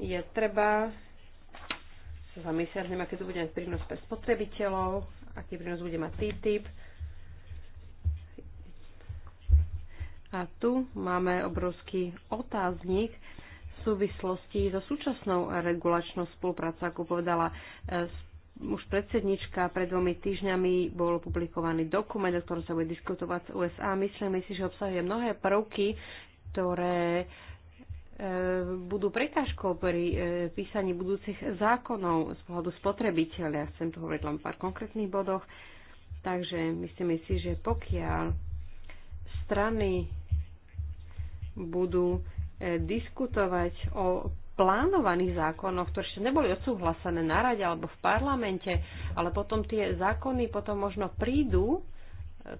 S2: je treba sa zamyslieť, neviem, aký to bude mať prínos pre spotrebiteľov, aký prínos bude mať TTIP. A tu máme obrovský otáznik v súvislosti so súčasnou regulačnou spoluprácou. Ako povedala e, už predsednička, pred dvomi týždňami bol publikovaný dokument, o ktorom sa bude diskutovať z USA. Myslíme si, že obsahuje mnohé prvky, ktoré uh, budú prekážkou pri e, písaní budúcich zákonov z pohľadu spotrebiteľa. Chcem tu hovoriť len pár konkrétnych bodoch. Takže myslíme si, že pokiaľ strany budú e, diskutovať o plánovaných zákonoch, ktoré ešte neboli odsúhlasené na rade alebo v parlamente, ale potom tie zákony potom možno prídu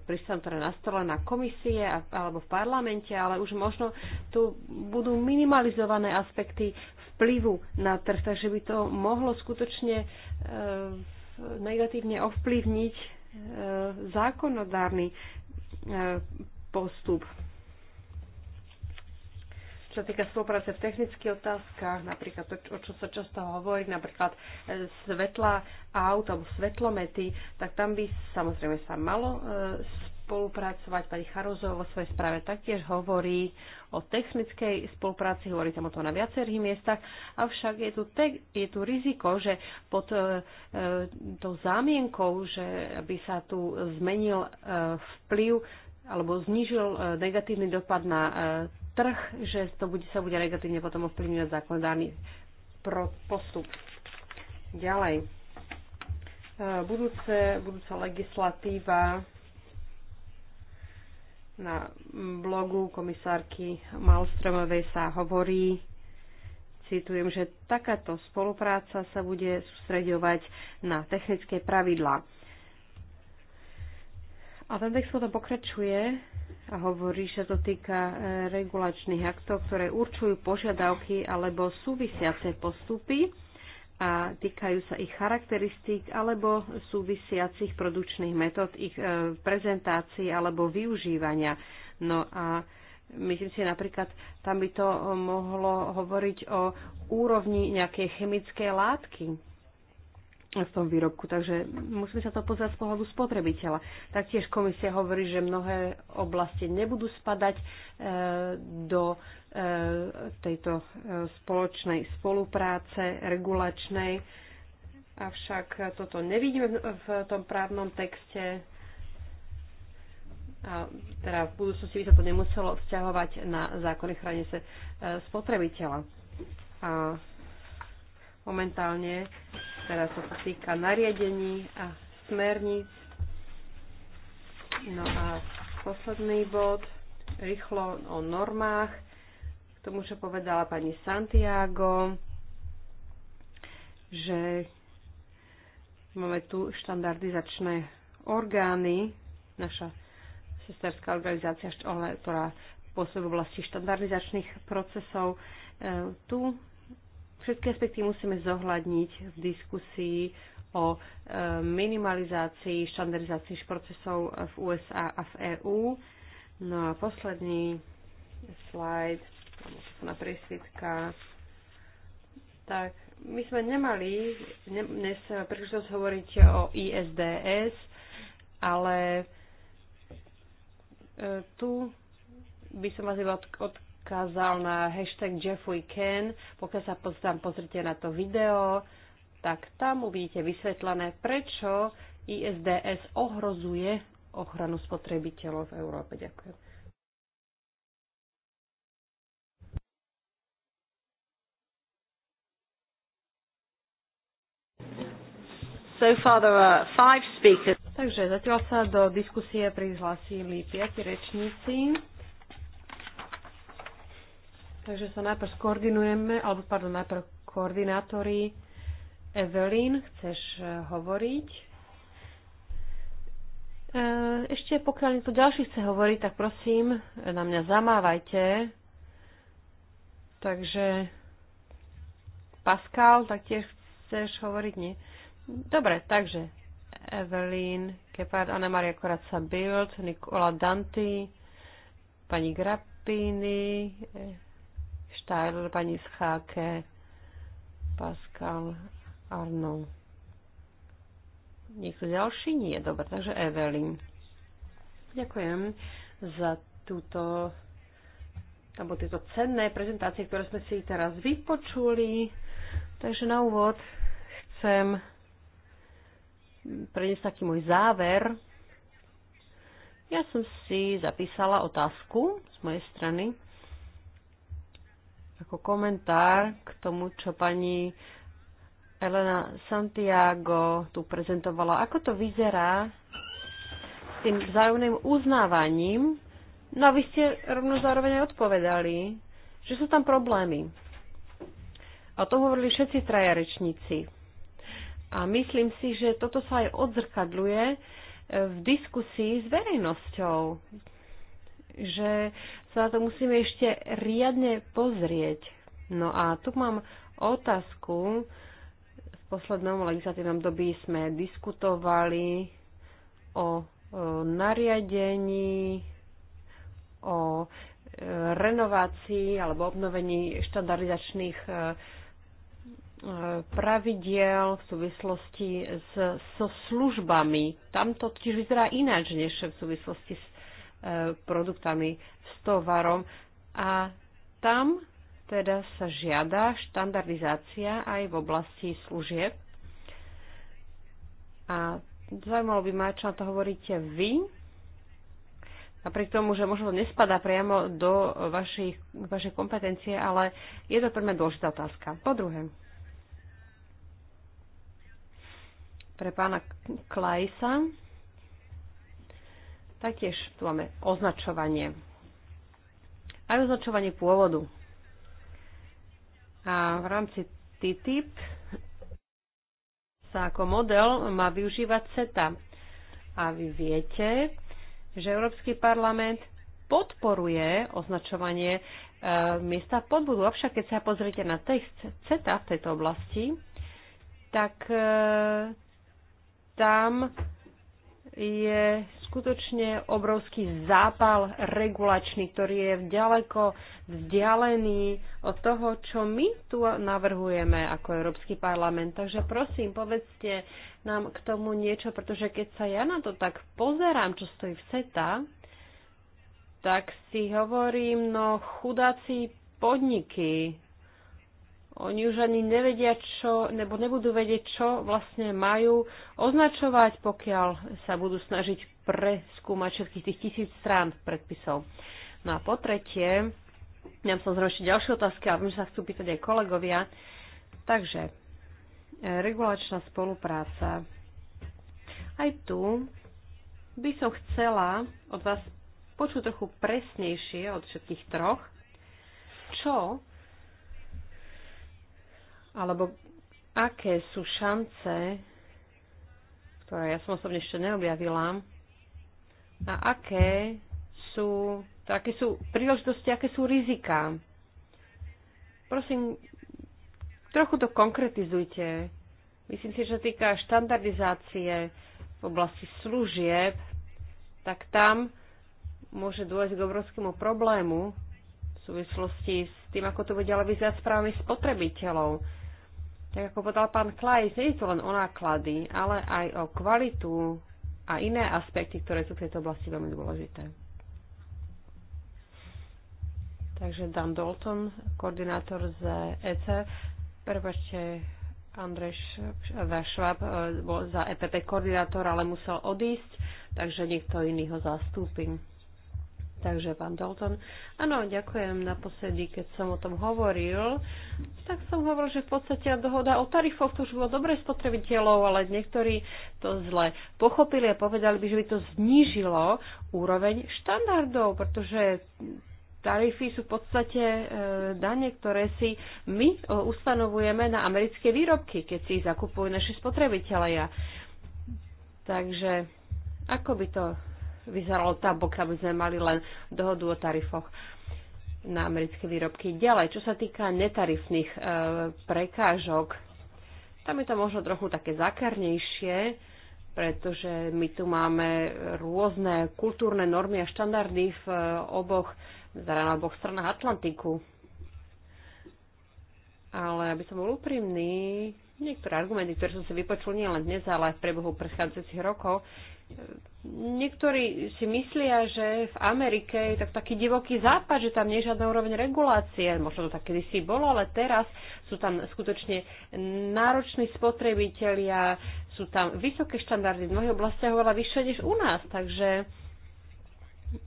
S2: pristanú teda na stole na komisie alebo v parlamente, ale už možno tu budú minimalizované aspekty vplyvu na trh, takže by to mohlo skutočne e, negatívne ovplyvniť e, zákonodárny e, postup. Čo sa týka spolupráce v technických otázkach, napríklad to, o čo sa často hovorí, napríklad e, svetla aut alebo svetlomety, tak tam by samozrejme sa malo e, spolupracovať. Pani Charozov vo svojej správe taktiež hovorí o technickej spolupráci, hovorí tam o tom na viacerých miestach, avšak je tu, te, je tu riziko, že pod e, e tou zámienkou, že by sa tu zmenil e, vplyv alebo znížil negatívny dopad na trh, že to bude, sa bude negatívne potom ovplyvňovať zákonodárny postup. Ďalej. E, budúce, budúca legislatíva na blogu komisárky Malstromovej sa hovorí, citujem, že takáto spolupráca sa bude sústreďovať na technické pravidlá. A ten text potom pokračuje a hovorí, že to týka e, regulačných aktov, ktoré určujú požiadavky alebo súvisiace postupy a týkajú sa ich charakteristík alebo súvisiacich produkčných metód, ich e, prezentácií alebo využívania. No a myslím si napríklad, tam by to mohlo hovoriť o úrovni nejakej chemickej látky v tom výrobku. Takže musíme sa to pozrieť z pohľadu spotrebiteľa. Taktiež komisia hovorí, že mnohé oblasti nebudú spadať e, do e, tejto e, spoločnej spolupráce regulačnej. Avšak toto nevidíme v tom právnom texte. A teda v budúcnosti by sa to nemuselo vzťahovať na zákony chránenie spotrebiteľa. A momentálne Teraz to sa týka nariadení a smerníc. No a posledný bod, rýchlo o normách, k tomu, čo povedala pani Santiago, že máme tu štandardizačné orgány, naša sesterská organizácia, ktorá pôsobí v oblasti štandardizačných procesov. E, tu Všetky aspekty musíme zohľadniť v diskusii o e, minimalizácii, štandardizácii procesov v USA a v EÚ. No a posledný slajd, na prísvitka. Tak, my sme nemali ne, dnes príležitosť hovoriť o ISDS, ale e, tu by som vás iba od, od, odkázal na hashtag JeffWeCan. Pokiaľ sa tam pozrite na to video, tak tam uvidíte vysvetlené, prečo ISDS ohrozuje ochranu spotrebiteľov v Európe. Ďakujem. So far there are five speakers. Takže zatiaľ sa do diskusie prihlásili piati rečníci. Takže sa najprv skoordinujeme, alebo pardon, najprv koordinátori. Evelyn, chceš e, hovoriť? E, ešte pokiaľ niekto ďalší chce hovoriť, tak prosím, na mňa zamávajte. Takže Pascal, tak tiež chceš hovoriť? Nie. Dobre, takže Evelyn, Kepard, Anna-Maria Koraca Bild, Nikola Danti, pani Grappini, e, Štajler, pani Scháke, Pascal, Arno. Niekto ďalší? Nie, dobre, takže Evelyn. Ďakujem za túto alebo tieto cenné prezentácie, ktoré sme si teraz vypočuli. Takže na úvod chcem preniesť taký môj záver. Ja som si zapísala otázku z mojej strany ako komentár k tomu, čo pani Elena Santiago tu prezentovala. Ako to vyzerá s tým vzájomným uznávaním? No a vy ste rovno zároveň aj odpovedali, že sú tam problémy. A o tom hovorili všetci traja rečníci. A myslím si, že toto sa aj odzrkadluje v diskusii s verejnosťou že sa na to musíme ešte riadne pozrieť. No a tu mám otázku. V poslednom legislatívnom dobí sme diskutovali o, e, nariadení, o e, renovácii alebo obnovení štandardizačných e, pravidiel v súvislosti s, so službami. Tam to tiež vyzerá ináč, než v súvislosti s produktami, s tovarom a tam teda sa žiada štandardizácia aj v oblasti služieb. A zaujímalo by ma, čo na to hovoríte vy, napriek tomu, že možno to nespadá priamo do vašich, vašej kompetencie, ale je to pre mňa dôležitá otázka. Po druhé, pre pána Klajsa Taktiež tu máme označovanie. Aj označovanie pôvodu. A v rámci TTIP sa ako model má využívať CETA. A vy viete, že Európsky parlament podporuje označovanie e, miesta podbudu. Avšak keď sa pozrite na text CETA v tejto oblasti, tak e, tam je skutočne obrovský zápal regulačný, ktorý je ďaleko vzdialený od toho, čo my tu navrhujeme ako Európsky parlament. Takže prosím, povedzte nám k tomu niečo, pretože keď sa ja na to tak pozerám, čo stojí v SETA, tak si hovorím, no chudáci podniky, oni už ani nevedia, čo, nebo nebudú vedieť, čo vlastne majú označovať, pokiaľ sa budú snažiť preskúmať všetkých tých tisíc strán predpisov. No a po tretie, ja som ešte ďalšie otázky, ale sa chcú pýtať aj kolegovia. Takže, e, regulačná spolupráca. Aj tu by som chcela od vás počuť trochu presnejšie od všetkých troch, čo alebo aké sú šance, ktoré ja som osobne ešte neobjavila, a aké sú, teda aké sú príležitosti, aké sú rizika. Prosím, trochu to konkretizujte. Myslím si, že týka štandardizácie v oblasti služieb, tak tam môže dôjsť k obrovskému problému v súvislosti s tým, ako to bude ale vyzerať správami spotrebiteľov tak ako povedal pán Klajs, nie je to len o náklady, ale aj o kvalitu a iné aspekty, ktoré sú v tejto oblasti veľmi dôležité. Takže Dan Dalton, koordinátor z EC. Prepačte, Andrej Švab e, bol za EPP koordinátor, ale musel odísť, takže niekto iný ho zastúpi. Takže pán Dalton. Áno, ďakujem. Naposledy, keď som o tom hovoril, tak som hovoril, že v podstate dohoda o tarifoch to už bolo dobre spotrebiteľov, ale niektorí to zle pochopili a povedali by, že by to znížilo úroveň štandardov, pretože tarify sú v podstate e, dane, ktoré si my e, ustanovujeme na americké výrobky, keď si ich zakupujú naši spotrebitelia. Takže ako by to vyzeralo tabok, aby sme mali len dohodu o tarifoch na americké výrobky. Ďalej, čo sa týka netarifných e, prekážok, tam je to možno trochu také zakarnejšie, pretože my tu máme rôzne kultúrne normy a štandardy v e, oboch, zároveň teda na oboch stranách Atlantiku. Ale aby som bol úprimný, niektoré argumenty, ktoré som si vypočul nielen dnes, ale aj v priebehu predchádzajúcich rokov, niektorí si myslia, že v Amerike je tak taký divoký západ, že tam nie je žiadna úroveň regulácie. Možno to tak kedysi bolo, ale teraz sú tam skutočne nároční spotrebitelia, sú tam vysoké štandardy v mnohých oblastiach oveľa vyššie než u nás. Takže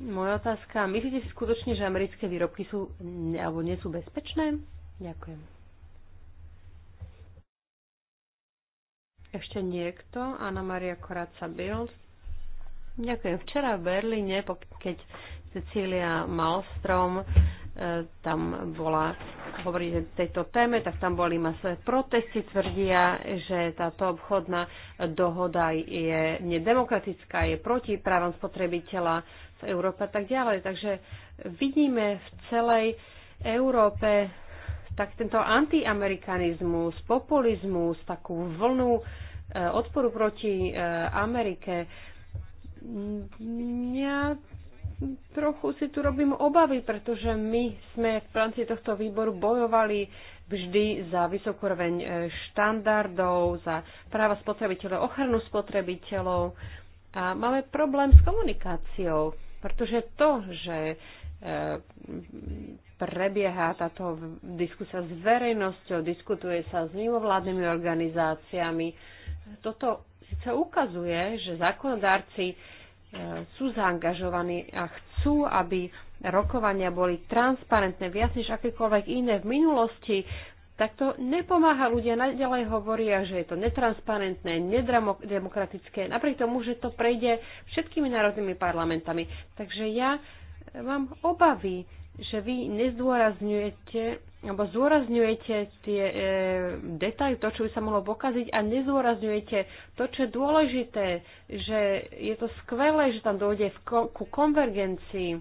S2: moja otázka, myslíte si skutočne, že americké výrobky sú alebo nie sú bezpečné? Ďakujem. Ešte niekto? Anna Maria Koráca Bild. Ďakujem. Včera v Berlíne, keď Cecília Malstrom e, tam bola hovorí o tejto téme, tak tam boli masové protesty, tvrdia, že táto obchodná dohoda je nedemokratická, je proti právam spotrebiteľa v Európe a tak ďalej. Takže vidíme v celej Európe tak tento antiamerikanizmus, populizmus, takú vlnu e, odporu proti e, Amerike ja trochu si tu robím obavy, pretože my sme v rámci tohto výboru bojovali vždy za vysokú roveň e, štandardov, za práva spotrebiteľov, ochranu spotrebiteľov a máme problém s komunikáciou, pretože to, že e, prebieha táto diskusia s verejnosťou, diskutuje sa s mimovládnymi organizáciami. Toto síce ukazuje, že zákonodárci sú zaangažovaní a chcú, aby rokovania boli transparentné viac než akékoľvek iné v minulosti, tak to nepomáha. Ľudia naďalej hovoria, že je to netransparentné, nedemokratické, napriek tomu, že to prejde všetkými národnými parlamentami. Takže ja mám obavy, že vy nezdôrazňujete alebo zôrazňujete tie e, detaily, to, čo by sa mohlo pokaziť a nezôrazňujete to, čo je dôležité, že je to skvelé, že tam dojde v ko- ku konvergencii.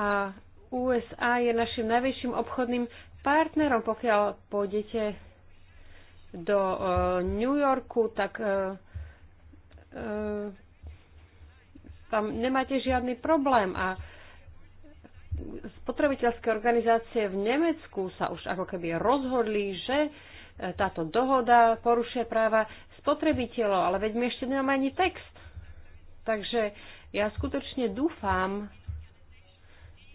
S2: A USA je našim najväčším obchodným partnerom. Pokiaľ pôjdete do e, New Yorku, tak e, e, tam nemáte žiadny problém. A spotrebiteľské organizácie v Nemecku sa už ako keby rozhodli, že e, táto dohoda porušuje práva spotrebiteľov, ale veď my ešte nemáme ani text. Takže ja skutočne dúfam,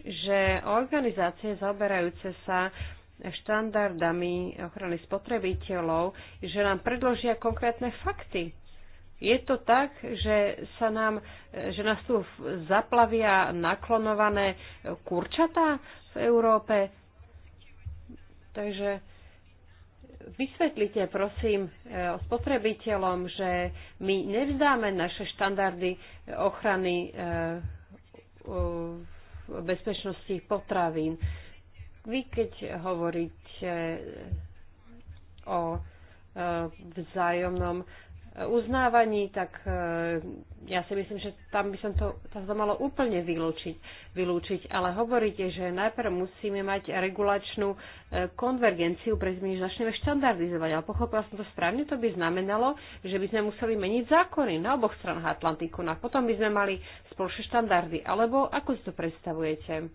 S2: že organizácie zaoberajúce sa štandardami ochrany spotrebiteľov, že nám predložia konkrétne fakty je to tak, že sa nám, že nás tu zaplavia naklonované kurčatá v Európe. Takže vysvetlite prosím e, spotrebiteľom, že my nevzdáme naše štandardy e, ochrany e, bezpečnosti potravín. Vy keď hovoríte o vzájomnom uznávaní, tak e, ja si myslím, že tam by som to, tam to malo úplne vylúčiť, vylúčiť. Ale hovoríte, že najprv musíme mať regulačnú e, konvergenciu, pretože začneme štandardizovať. Ale pochopila som to správne, to by znamenalo, že by sme museli meniť zákony na oboch stranách Atlantiku. No a potom by sme mali spoločné štandardy. Alebo ako si to predstavujete?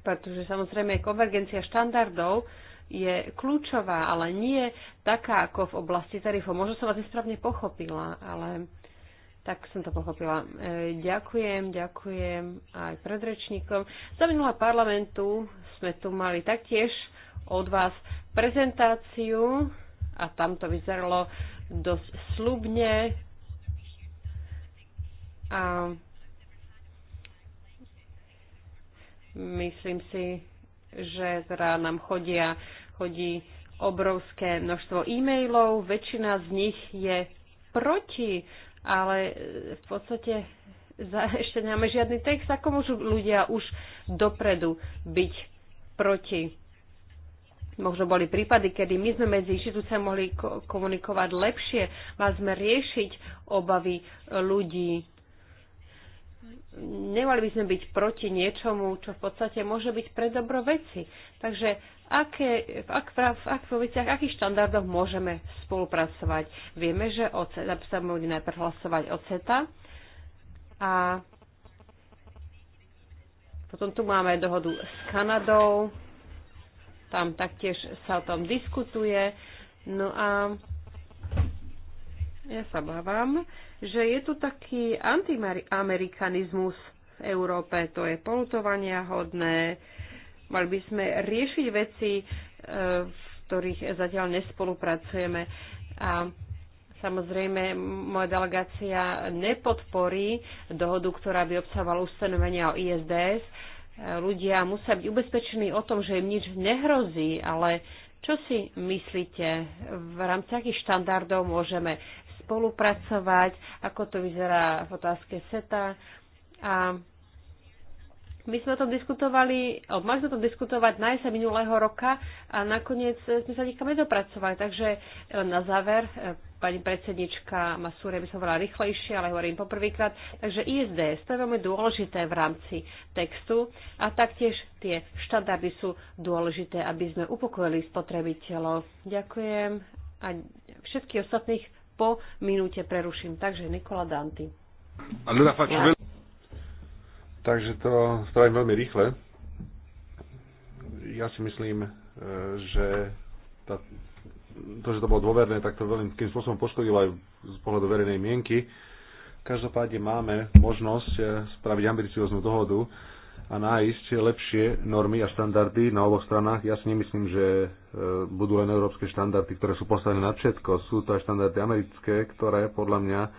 S2: Pretože samozrejme konvergencia štandardov je kľúčová, ale nie taká ako v oblasti tarifov. Možno som vás nesprávne pochopila, ale tak som to pochopila. E, ďakujem, ďakujem aj predrečníkom. Za minulá parlamentu sme tu mali taktiež od vás prezentáciu a tam to vyzeralo dosť slubne. A myslím si, že teda nám chodia, chodí obrovské množstvo e-mailov, väčšina z nich je proti, ale v podstate za, ešte nemáme žiadny text, ako môžu ľudia už dopredu byť proti. Možno boli prípady, kedy my sme medzi inštitúciami mohli komunikovať lepšie, mali sme riešiť obavy ľudí nemali by sme byť proti niečomu, čo v podstate môže byť pre dobro veci. Takže aké, v, ak, v, ak, v veciach, akých štandardoch môžeme spolupracovať? Vieme, že o CETA sa môže najprv hlasovať o CETA a potom tu máme dohodu s Kanadou, tam taktiež sa o tom diskutuje. No a ja sa bávam, že je tu taký antiamerikanizmus v Európe, to je polutovania hodné, mali by sme riešiť veci, e, v ktorých zatiaľ nespolupracujeme. A Samozrejme, moja delegácia nepodporí dohodu, ktorá by obsahovala ustanovenia o ISDS. E, ľudia musia byť ubezpečení o tom, že im nič nehrozí, ale čo si myslíte, v rámci akých štandardov môžeme spolupracovať, ako to vyzerá v otázke SETA. A my sme o tom diskutovali, o, mali sme o tom diskutovať na jeseň minulého roka a nakoniec sme sa nikam nedopracovali. Takže e, na záver, e, pani predsednička Masúria by som hovorila rýchlejšie, ale hovorím poprvýkrát. Takže ISDS, to je veľmi dôležité v rámci textu a taktiež tie štandardy sú dôležité, aby sme upokojili spotrebiteľov. Ďakujem a všetkých ostatných po minúte preruším. Takže Nikola Danti.
S1: ja. Takže to spravím veľmi rýchle. Ja si myslím, e, že tá, to, že to bolo dôverné, tak to tým spôsobom poškodilo aj z pohľadu verejnej mienky. Každopádne máme možnosť e, spraviť ambicióznu dohodu a nájsť lepšie normy a štandardy na oboch stranách. Ja si nemyslím, že budú len európske štandardy, ktoré sú postavené na všetko. Sú to aj štandardy americké, ktoré podľa mňa e,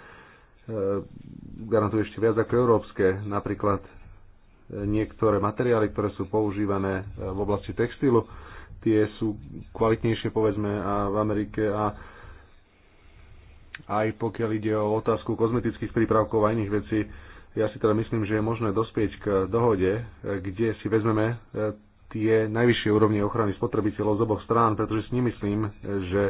S1: garantujú ešte viac ako európske. Napríklad e, niektoré materiály, ktoré sú používané e, v oblasti textilu, tie sú kvalitnejšie povedzme a v Amerike a aj pokiaľ ide o otázku kozmetických prípravkov a iných vecí, ja si teda myslím, že je možné dospieť k dohode, kde si vezmeme tie najvyššie úrovne ochrany spotrebiteľov z oboch strán, pretože si nemyslím, že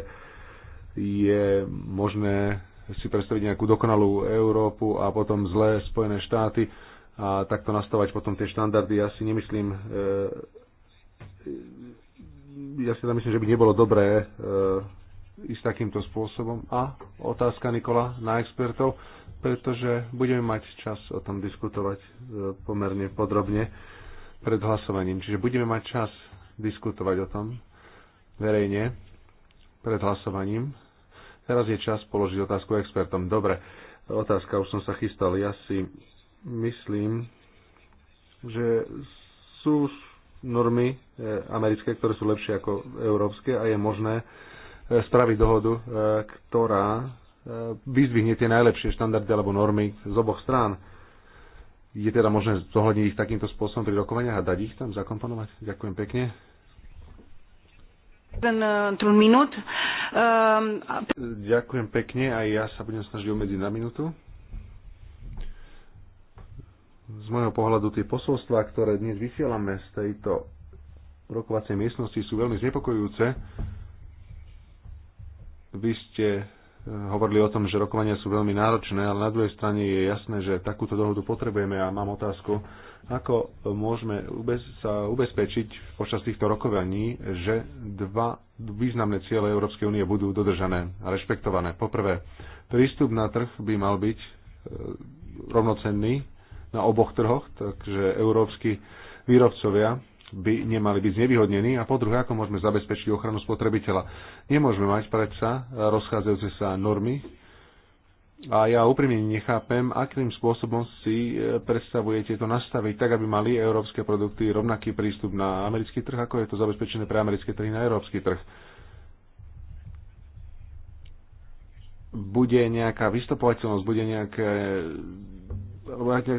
S1: je možné si predstaviť nejakú dokonalú Európu a potom zlé Spojené štáty a takto nastavať potom tie štandardy. Ja si nemyslím, e, ja si tam myslím, že by nebolo dobré e, ísť takýmto spôsobom. A otázka Nikola na expertov, pretože budeme mať čas o tom diskutovať e, pomerne podrobne pred hlasovaním. Čiže budeme mať čas diskutovať o tom verejne pred hlasovaním. Teraz je čas položiť otázku expertom. Dobre, otázka, už som sa chystal. Ja si myslím, že sú normy eh, americké, ktoré sú lepšie ako európske a je možné eh, spraviť dohodu, eh, ktorá vyzdvihne tie najlepšie štandardy alebo normy z oboch strán je teda možné zohľadniť ich takýmto spôsobom pri rokovaniach a dať ich tam zakomponovať? Ďakujem pekne.
S2: E, minút.
S1: Ehm, Ďakujem pekne a ja sa budem snažiť obmedziť na minútu. Z môjho pohľadu tie posolstva, ktoré dnes vysielame z tejto rokovacej miestnosti sú veľmi znepokojujúce. Vy ste hovorili o tom, že rokovania sú veľmi náročné, ale na druhej strane je jasné, že takúto dohodu potrebujeme a mám otázku, ako môžeme sa ubezpečiť počas týchto rokovaní, že dva významné ciele Európskej únie budú dodržané a rešpektované. Poprvé, prístup na trh by mal byť e, rovnocenný na oboch trhoch, takže európsky výrobcovia by nemali byť znevýhodnení a po druhé, ako môžeme zabezpečiť ochranu spotrebiteľa. Nemôžeme mať predsa rozchádzajúce sa normy a ja úprimne nechápem, akým spôsobom si e, predstavujete to nastaviť tak, aby mali európske produkty rovnaký prístup na americký trh, ako je to zabezpečené pre americké trhy na európsky trh. Bude nejaká vystupovateľnosť, bude nejaké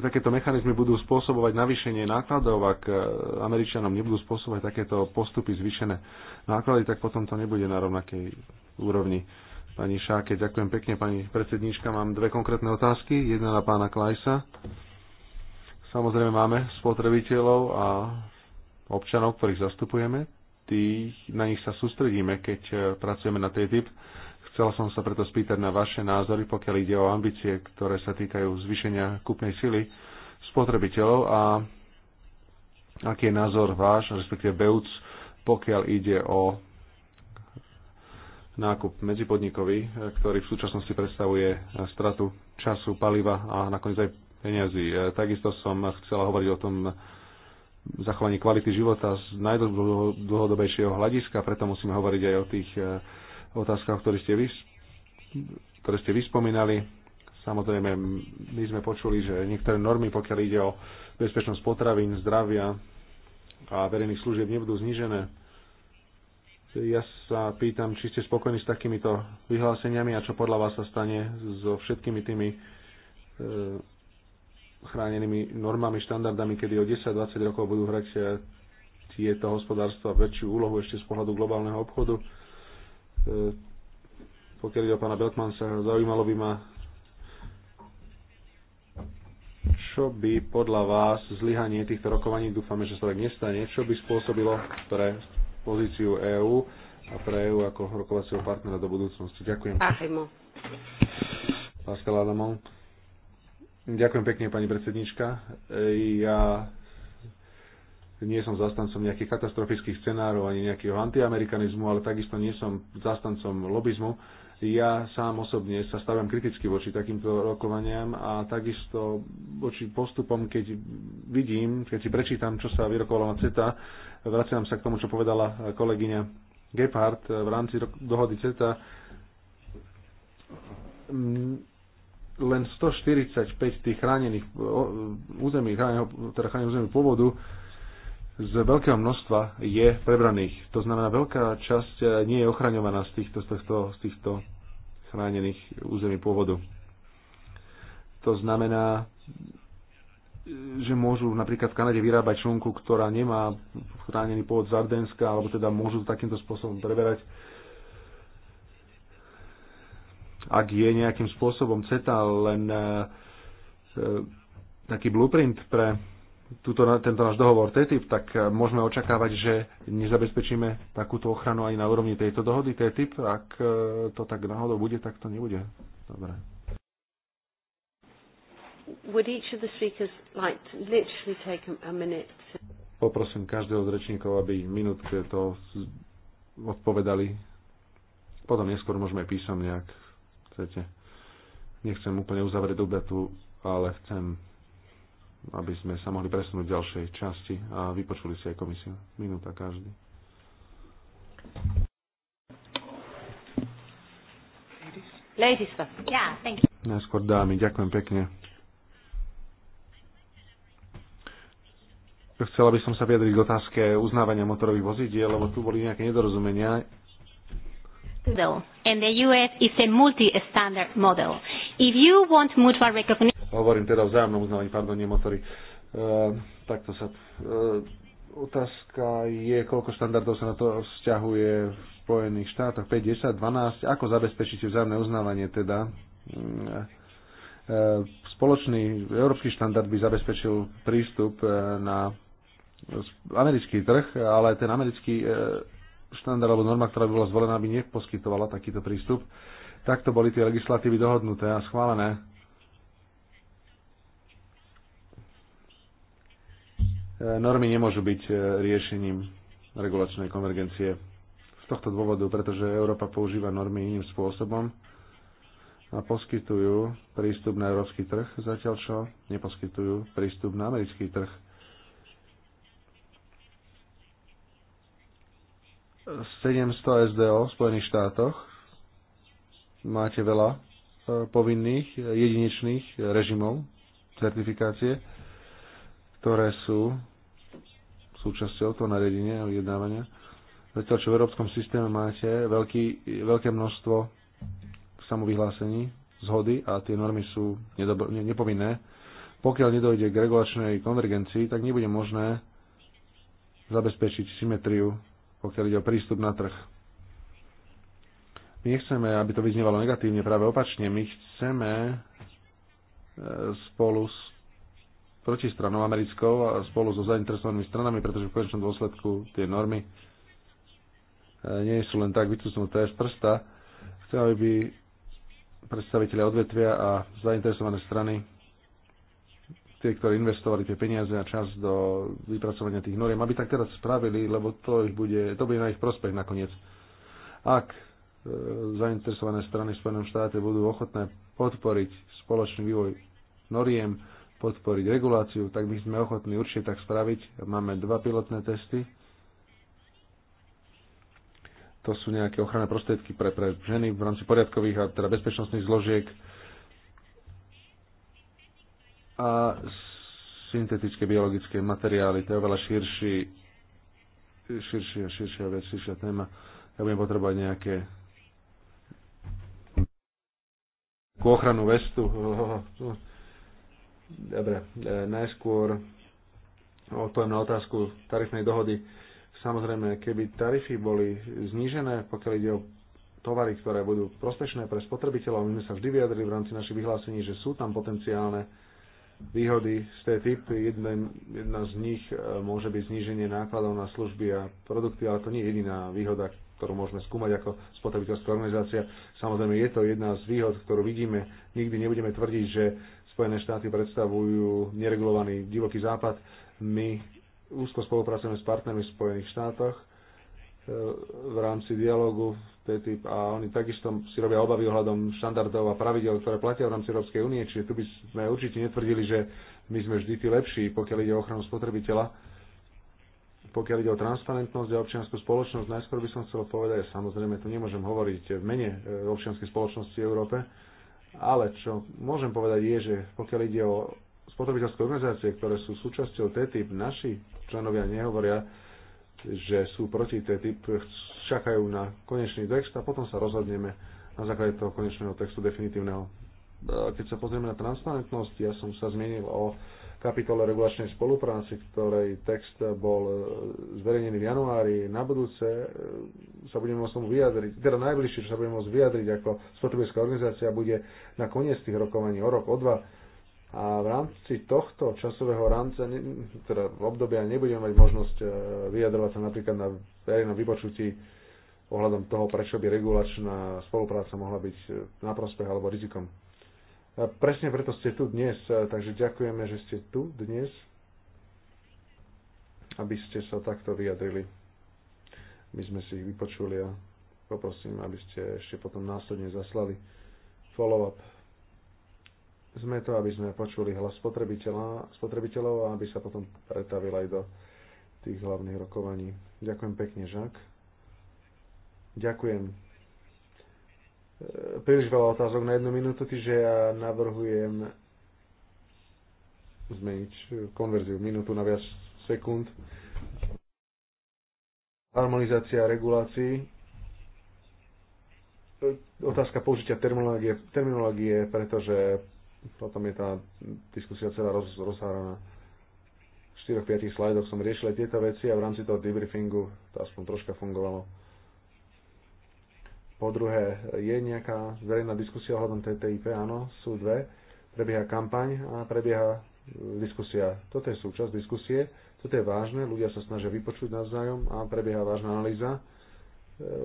S1: takéto mechanizmy budú spôsobovať navýšenie nákladov, ak e, Američanom nebudú spôsobovať takéto postupy zvýšené náklady, tak potom to nebude na rovnakej úrovni. Pani Šáke, ďakujem pekne, pani predsedníčka. Mám dve konkrétne otázky. Jedna na pána Klajsa. Samozrejme máme spotrebiteľov a občanov, ktorých zastupujeme. Tých, na nich sa sústredíme, keď e, pracujeme na tej typ. Chcel som sa preto spýtať na vaše názory, pokiaľ ide o ambície, ktoré sa týkajú zvýšenia kúpnej sily spotrebiteľov a aký je názor váš, respektíve BEUC, pokiaľ ide o nákup medzipodnikový, ktorý v súčasnosti predstavuje stratu času, paliva a nakoniec aj peniazy. Takisto som chcela hovoriť o tom zachovaní kvality života z najdlhodobejšieho hľadiska, preto musíme hovoriť aj o tých otázkach, ktoré ste vys- ktoré ste vyspomínali. Samozrejme, my sme počuli, že niektoré normy, pokiaľ ide o bezpečnosť potravín, zdravia a verejných služieb, nebudú znížené. Ja sa pýtam, či ste spokojní s takýmito vyhláseniami a čo podľa vás sa stane so všetkými tými e, chránenými normami, štandardami, kedy o 10-20 rokov budú hrať tieto hospodárstva väčšiu úlohu ešte z pohľadu globálneho obchodu. E, pokiaľ ide o pána Beltmansa, zaujímalo by ma, čo by podľa vás zlyhanie týchto rokovaní, dúfame, že sa tak nestane, čo by spôsobilo pre pozíciu EÚ a pre EÚ ako rokovacieho partnera do budúcnosti. Ďakujem. Achimo. Pascal Adamov. Ďakujem pekne, pani predsednička. E, ja nie som zastancom nejakých katastrofických scenárov ani nejakého antiamerikanizmu, ale takisto nie som zastancom lobizmu. Ja sám osobne sa staviam kriticky voči takýmto rokovaniam a takisto voči postupom, keď vidím, keď si prečítam, čo sa vyrokovala na CETA, vraciam sa k tomu, čo povedala kolegyňa Gebhardt v rámci dohody CETA. Len 145 tých chránených území, teda chráneného, teda chránených území pôvodu z veľkého množstva je prebraných. To znamená, veľká časť eh, nie je ochraňovaná z týchto, z týchto, z týchto chránených území pôvodu. To znamená, že môžu napríklad v Kanade vyrábať člnku, ktorá nemá chránený pôvod z Ardenska, alebo teda môžu takýmto spôsobom preberať. Ak je nejakým spôsobom CETA len e, taký blueprint pre túto, tento náš dohovor TTIP, tak e, môžeme očakávať, že nezabezpečíme takúto ochranu aj na úrovni tejto dohody TTIP. Ak e, to tak náhodou bude, tak to nebude. Dobre.
S2: Would each of the speakers like to literally take a minute?
S1: Poprosím každého z rečníkov, aby minútke to odpovedali. Potom neskôr môžeme písať, písomne, ak chcete. Nechcem úplne uzavrieť debatu, ale chcem aby sme sa mohli presunúť v ďalšej časti a vypočuli si aj komisiu. Minúta každý.
S2: Ladies first. Yeah, thank you.
S1: Najskôr dámy, ďakujem pekne. Chcela by som sa vyjadriť k otázke uznávania motorových vozidiel, lebo tu boli nejaké nedorozumenia.
S3: And the US is a multi-standard model. If you want mutual recognition...
S1: Hovorím teda o vzájomnom uznávaní, pardon, nie motory. E, takto sa... E, otázka je, koľko štandardov sa na to vzťahuje v Spojených štátoch. 5, 10, 12. Ako zabezpečíte vzájomné uznávanie teda? E, e, spoločný európsky štandard by zabezpečil prístup e, na americký trh, ale ten americký štandard alebo norma, ktorá by bola zvolená, by neposkytovala takýto prístup. Takto boli tie legislatívy dohodnuté a schválené normy nemôžu byť e, riešením regulačnej konvergencie. Z tohto dôvodu, pretože Európa používa normy iným spôsobom a poskytujú prístup na európsky trh, zatiaľ čo neposkytujú prístup na americký trh. Z 700 SDO v Spojených štátoch máte veľa e, povinných, jedinečných režimov certifikácie, ktoré sú súčasťou toho nariadenia a vyjednávania. Zatiaľ, čo v európskom systéme máte veľký, veľké množstvo samovyhlásení, zhody a tie normy sú nedobr- ne, nepovinné. Pokiaľ nedojde k regulačnej konvergencii, tak nebude možné zabezpečiť symetriu, pokiaľ ide o prístup na trh. My nechceme, aby to vyznievalo negatívne, práve opačne. My chceme e, spolu s protistranou americkou a spolu so zainteresovanými stranami, pretože v konečnom dôsledku tie normy e, nie sú len tak vycúcnuté z prsta. Chcem, aby predstaviteľe odvetvia a zainteresované strany, tie, ktorí investovali tie peniaze a čas do vypracovania tých noriem, aby tak teraz spravili, lebo to, ich bude, to bude na ich prospech nakoniec. Ak e, zainteresované strany v Spojenom štáte budú ochotné podporiť spoločný vývoj noriem, podporiť reguláciu, tak my sme ochotní určite tak spraviť. Máme dva pilotné testy. To sú nejaké ochranné prostriedky pre, pre ženy v rámci poriadkových a teda bezpečnostných zložiek a syntetické biologické materiály. To je oveľa širší, širšia, širšia vec, širšia téma. Ja budem potrebovať nejaké ku ochranu vestu. Dobre, e, najskôr odpoviem na otázku tarifnej dohody. Samozrejme, keby tarify boli znížené, pokiaľ ide o tovary, ktoré budú prospešné pre spotrebiteľov, my sme sa vždy vyjadrili v rámci našich vyhlásení, že sú tam potenciálne výhody z tej typy. Jedna, jedna z nich e, môže byť zníženie nákladov na služby a produkty, ale to nie je jediná výhoda, ktorú môžeme skúmať ako spotrebiteľská organizácia. Samozrejme, je to jedna z výhod, ktorú vidíme. Nikdy nebudeme tvrdiť, že Spojené štáty predstavujú neregulovaný divoký západ. My úzko spolupracujeme s partnermi v Spojených štátoch e, v rámci dialogu TTIP a oni takisto si robia obavy ohľadom štandardov a pravidel, ktoré platia v rámci Európskej únie, čiže tu by sme určite netvrdili, že my sme vždy tí lepší, pokiaľ ide o ochranu spotrebiteľa. Pokiaľ ide o transparentnosť a občianskú spoločnosť, najskôr by som chcel povedať, samozrejme, tu nemôžem hovoriť v mene e, občianskej spoločnosti v Európe, ale čo môžem povedať je, že pokiaľ ide o spotrebiteľské organizácie, ktoré sú súčasťou TTIP, naši členovia nehovoria, že sú proti TTIP, čakajú na konečný text a potom sa rozhodneme na základe toho konečného textu definitívneho. Keď sa pozrieme na transparentnosť, ja som sa zmienil o kapitole regulačnej spolupráci, ktorej text bol e, zverejnený v januári. Na budúce e, sa budeme môcť tomu vyjadriť, teda najbližšie, čo sa budeme môcť vyjadriť ako spotrebiteľská organizácia, bude na koniec tých rokovaní, o rok, o dva. A v rámci tohto časového rámca, teda v obdobia nebudeme mať možnosť e, vyjadrovať sa napríklad na verejnom vypočutí ohľadom toho, prečo by regulačná spolupráca mohla byť na prospech alebo rizikom. Presne preto ste tu dnes, takže ďakujeme, že ste tu dnes, aby ste sa takto vyjadrili. My sme si ich vypočuli a poprosím, aby ste ešte potom následne zaslali follow-up. Sme to, aby sme počuli hlas spotrebiteľa, spotrebiteľov a aby sa potom pretavil aj do tých hlavných rokovaní. Ďakujem pekne, Žak. Ďakujem E, príliš veľa otázok na jednu minútu, čiže ja navrhujem zmeniť konverziu minútu na viac sekúnd. Harmonizácia regulácií. Otázka použitia terminológie, terminológie pretože potom je tá diskusia celá roz, rozháraná. V 4-5 slajdoch som riešil tieto veci a v rámci toho debriefingu to aspoň troška fungovalo po druhé, je nejaká verejná diskusia ohľadom TTIP? Áno, sú dve. Prebieha kampaň a prebieha e, diskusia. Toto je súčasť diskusie, toto je vážne, ľudia sa snažia vypočuť navzájom a prebieha vážna analýza. E,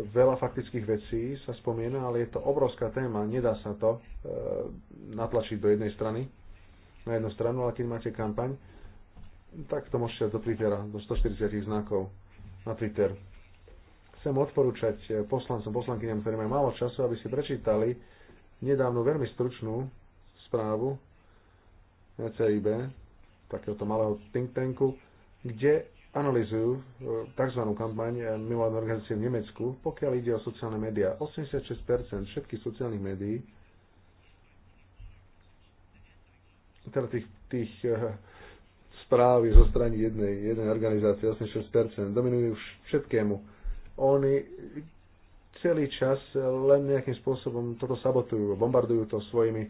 S1: veľa faktických vecí sa spomína, ale je to obrovská téma, nedá sa to e, natlačiť do jednej strany, na jednu stranu, ale keď máte kampaň, tak to môžete do Twittera, do 140 znakov na Twitter Chcem odporúčať poslancom, poslankyňam, ktorí majú málo času, aby si prečítali nedávnu veľmi stručnú správu e CIB, takéhoto malého think tanku, kde analizujú e, tzv. kampaň e, mimovládnej organizácie v Nemecku, pokiaľ ide o sociálne médiá. 86% všetkých sociálnych médií, teda tých, tých správy zo strany jednej, jednej organizácie, 86%, dominujú všetkému oni celý čas len nejakým spôsobom toto sabotujú, bombardujú to svojimi e,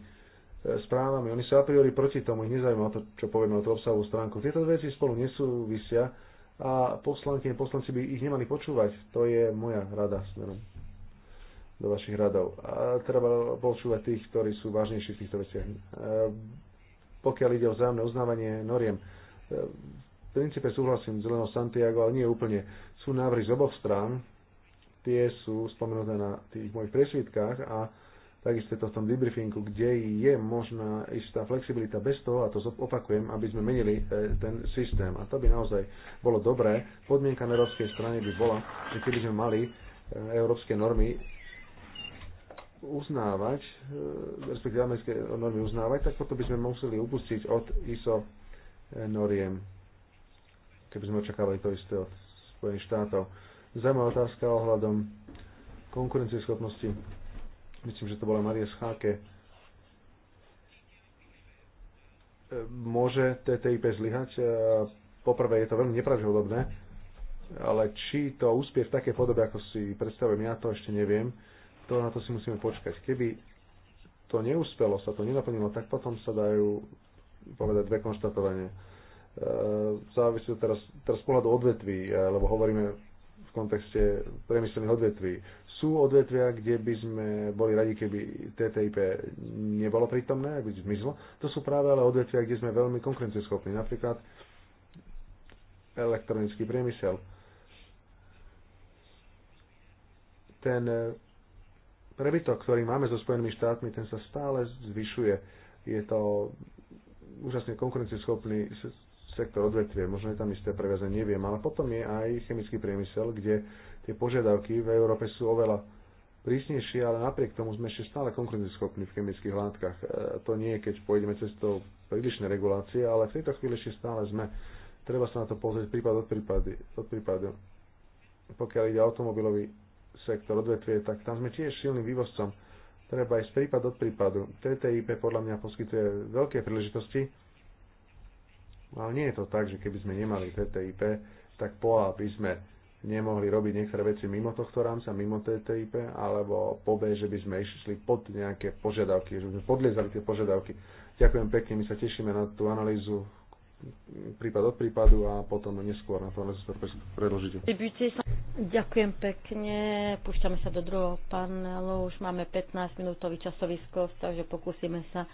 S1: správami. Oni sa a priori proti tomu, ich nezaujíma to, čo povieme o tú obsahovú stránku. Tieto veci spolu nesúvisia a poslanky a poslanci by ich nemali počúvať. To je moja rada smerom do vašich radov. A treba počúvať tých, ktorí sú vážnejší v týchto veciach. E, pokiaľ ide o vzájomné uznávanie noriem, e, princípe súhlasím s Leno Santiago, ale nie úplne. Sú návrhy z oboch strán, tie sú spomenuté na tých mojich presvitkách a takisto to v tom debriefingu, kde je možná istá flexibilita bez toho, a to opakujem, aby sme menili e, ten systém. A to by naozaj bolo dobré. Podmienka na európskej strane by bola, že keby sme mali e, európske normy uznávať, e, respektíve americké normy uznávať, tak potom by sme museli upustiť od ISO noriem keby sme očakávali to isté od Spojených štátov. Zaujímavá otázka ohľadom konkurencieschopnosti. Myslím, že to bola Marie Scháke. E, môže TTIP zlyhať? E, poprvé je to veľmi nepravdepodobné, ale či to úspie v takej podobe, ako si predstavujem ja, to ešte neviem. To na to si musíme počkať. Keby to neúspelo, sa to nenaplnilo, tak potom sa dajú povedať dve konštatovanie E, závisí teraz, teraz pohľadu odvetví, e, lebo hovoríme v kontexte priemyselných odvetví. Sú odvetvia, kde by sme boli radi, keby TTIP nebolo prítomné, aby zmizlo. To sú práve ale odvetvia, kde sme veľmi konkurencieschopní. Napríklad elektronický priemysel. Ten e, prebytok, ktorý máme so Spojenými štátmi, ten sa stále zvyšuje. Je to úžasne konkurencieschopný sektor odvetvie, možno je tam isté previazanie, neviem, ale potom je aj chemický priemysel, kde tie požiadavky v Európe sú oveľa prísnejšie, ale napriek tomu sme ešte stále konkurenceschopní v chemických látkach. E, to nie je, keď pôjdeme cestou prílišnej regulácie, ale v tejto chvíli ešte stále sme. Treba sa na to pozrieť prípad od, prípady, od prípadu. Pokiaľ ide automobilový sektor odvetvie, tak tam sme tiež silným vývozcom. Treba ísť prípad od prípadu. TTIP podľa mňa poskytuje veľké príležitosti, No, ale nie je to tak, že keby sme nemali TTIP, tak po A by sme nemohli robiť niektoré veci mimo tohto rámca, mimo TTIP, alebo po B, že by sme išli pod nejaké požiadavky, že by sme podliezali tie požiadavky. Ďakujem pekne, my sa tešíme na tú analýzu prípad od prípadu a potom neskôr na to analýzu predložíte.
S3: Ďakujem pekne. Púšťame sa do druhého panelu. Už máme 15-minútový časový skos, takže pokúsime sa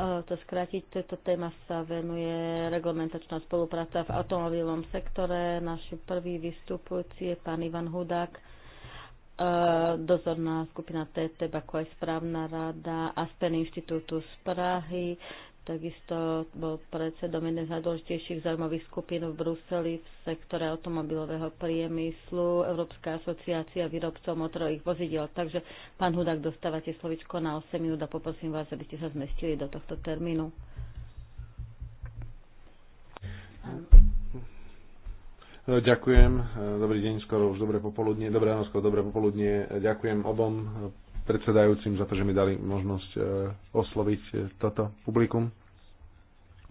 S3: E, to skrátiť, toto téma sa venuje reglementačná spolupráca v automobilovom sektore. Naši prvý vystupujúci je pán Ivan Hudák, e, dozorná skupina TTB, ako aj správna rada Aspen Inštitútu z Prahy, Takisto bol predsedom jednej z najdôležitejších zaujímavých skupín v Bruseli v sektore automobilového priemyslu Európska asociácia výrobcov motorových vozidiel. Takže, pán Hudák, dostávate slovičko na 8 minút a poprosím vás, aby ste sa zmestili do tohto termínu.
S1: No, ďakujem. Dobrý deň, skoro už dobré popoludnie. Dobré ráno, skoro dobre popoludnie. Ďakujem obom predsedajúcim za to, že mi dali možnosť eh, osloviť eh, toto publikum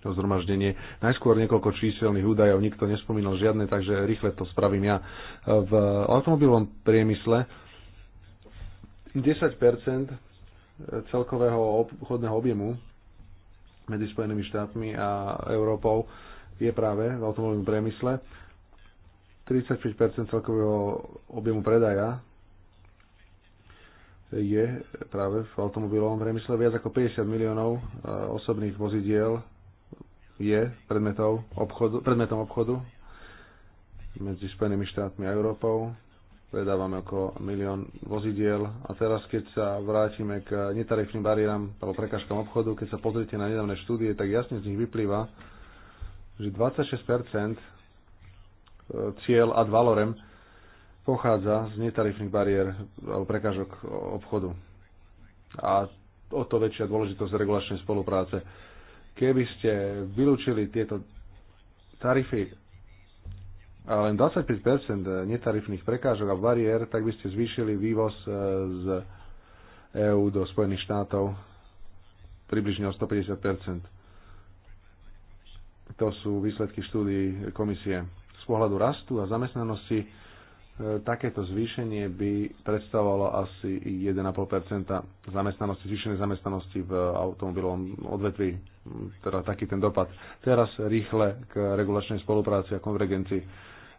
S1: to zhromaždenie. Najskôr niekoľko číselných údajov, nikto nespomínal žiadne, takže rýchle to spravím ja. V automobilovom priemysle 10 e, celkového obchodného objemu medzi Spojenými štátmi a Európou je práve v automobilovom priemysle. 35 celkového objemu predaja je práve v automobilovom priemysle viac ako 50 miliónov e, osobných vozidiel je predmetom obchodu, predmetom obchodu medzi Spojenými štátmi a Európou. Predávame okolo milión vozidiel a teraz, keď sa vrátime k netarifným bariéram alebo prekažkám obchodu, keď sa pozriete na nedávne štúdie, tak jasne z nich vyplýva, že 26% e, cieľ ad valorem pochádza z netarifných bariér alebo prekážok obchodu. A o to väčšia dôležitosť regulačnej spolupráce Keby ste vylúčili tieto tarify a len 25 netarifných prekážok a bariér, tak by ste zvýšili vývoz e, z EÚ do Spojených štátov približne o 150 To sú výsledky štúdií komisie. Z pohľadu rastu a zamestnanosti takéto zvýšenie by predstavovalo asi 1,5 zamestnanosti, zvýšenie zamestnanosti v automobilovom odvetví, teda taký ten dopad. Teraz rýchle k regulačnej spolupráci a konvergencii.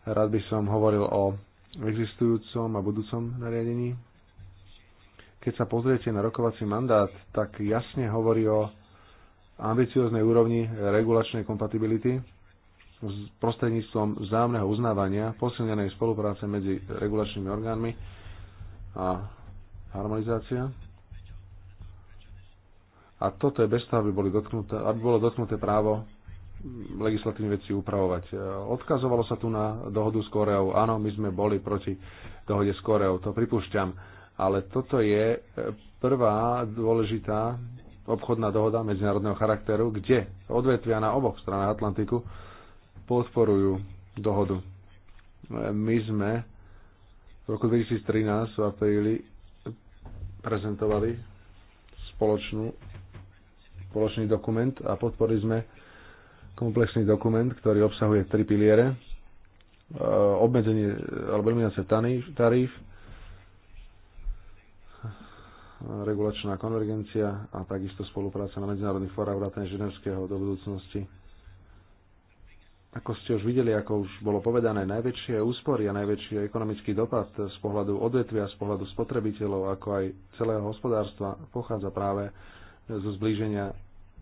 S1: Rád by som hovoril o existujúcom a budúcom nariadení. Keď sa pozriete na rokovací mandát, tak jasne hovorí o ambicioznej úrovni regulačnej kompatibility prostredníctvom vzájomného uznávania, posilnenej spolupráce medzi regulačnými orgánmi a harmonizácia. A toto je bez toho, aby, boli dotknuté, aby bolo dotknuté právo legislatívne veci upravovať. Odkazovalo sa tu na dohodu s Koreou. Áno, my sme boli proti dohode s Koreou, to pripúšťam. Ale toto je prvá dôležitá obchodná dohoda medzinárodného charakteru, kde odvetvia na oboch stranách Atlantiku podporujú dohodu. My sme v roku 2013 v apríli prezentovali spoločnú, spoločný dokument a podporili sme komplexný dokument, ktorý obsahuje tri piliere. E, obmedzenie alebo eliminácia taríf, regulačná konvergencia a takisto spolupráca na medzinárodných fórach vrátane ženevského do budúcnosti. Ako ste už videli, ako už bolo povedané, najväčšie úspory a najväčší ekonomický dopad z pohľadu odvetvia, z pohľadu spotrebiteľov, ako aj celého hospodárstva, pochádza práve zo zblíženia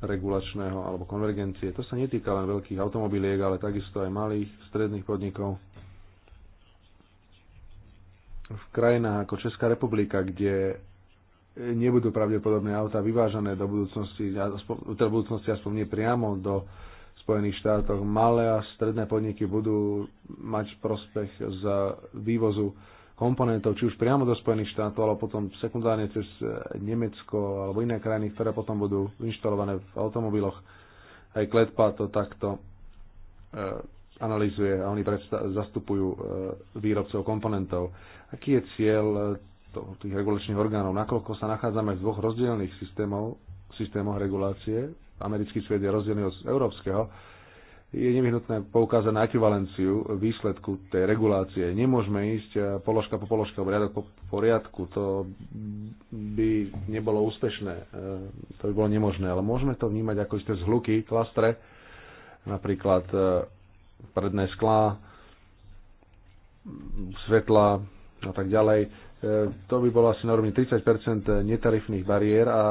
S1: regulačného alebo konvergencie. To sa netýka len veľkých automobiliek, ale takisto aj malých, stredných podnikov. V krajinách ako Česká republika, kde nebudú pravdepodobné auta vyvážané do budúcnosti, do teda budúcnosti aspoň nie priamo do Spojených štátoch. Malé a stredné podniky budú mať prospech z vývozu komponentov, či už priamo do Spojených štátov, alebo potom sekundárne cez Nemecko alebo iné krajiny, ktoré potom budú inštalované v automobiloch. Aj Kletpa to takto e, analizuje a oni zastupujú e, výrobcov komponentov. Aký je cieľ e, to, tých regulačných orgánov? Nakoľko sa nachádzame v dvoch rozdielných systémov, systémoch regulácie, americký svet je rozdelený od európskeho, je nevyhnutné poukázať na ekvivalenciu výsledku tej regulácie. Nemôžeme ísť eh, položka po položke, riadok po poriadku. To by nebolo úspešné, eh, to by bolo nemožné, ale môžeme to vnímať ako isté zhluky, klastre, napríklad eh, predné sklá, svetla a tak ďalej E, to by bolo asi na úrovni 30 netarifných bariér a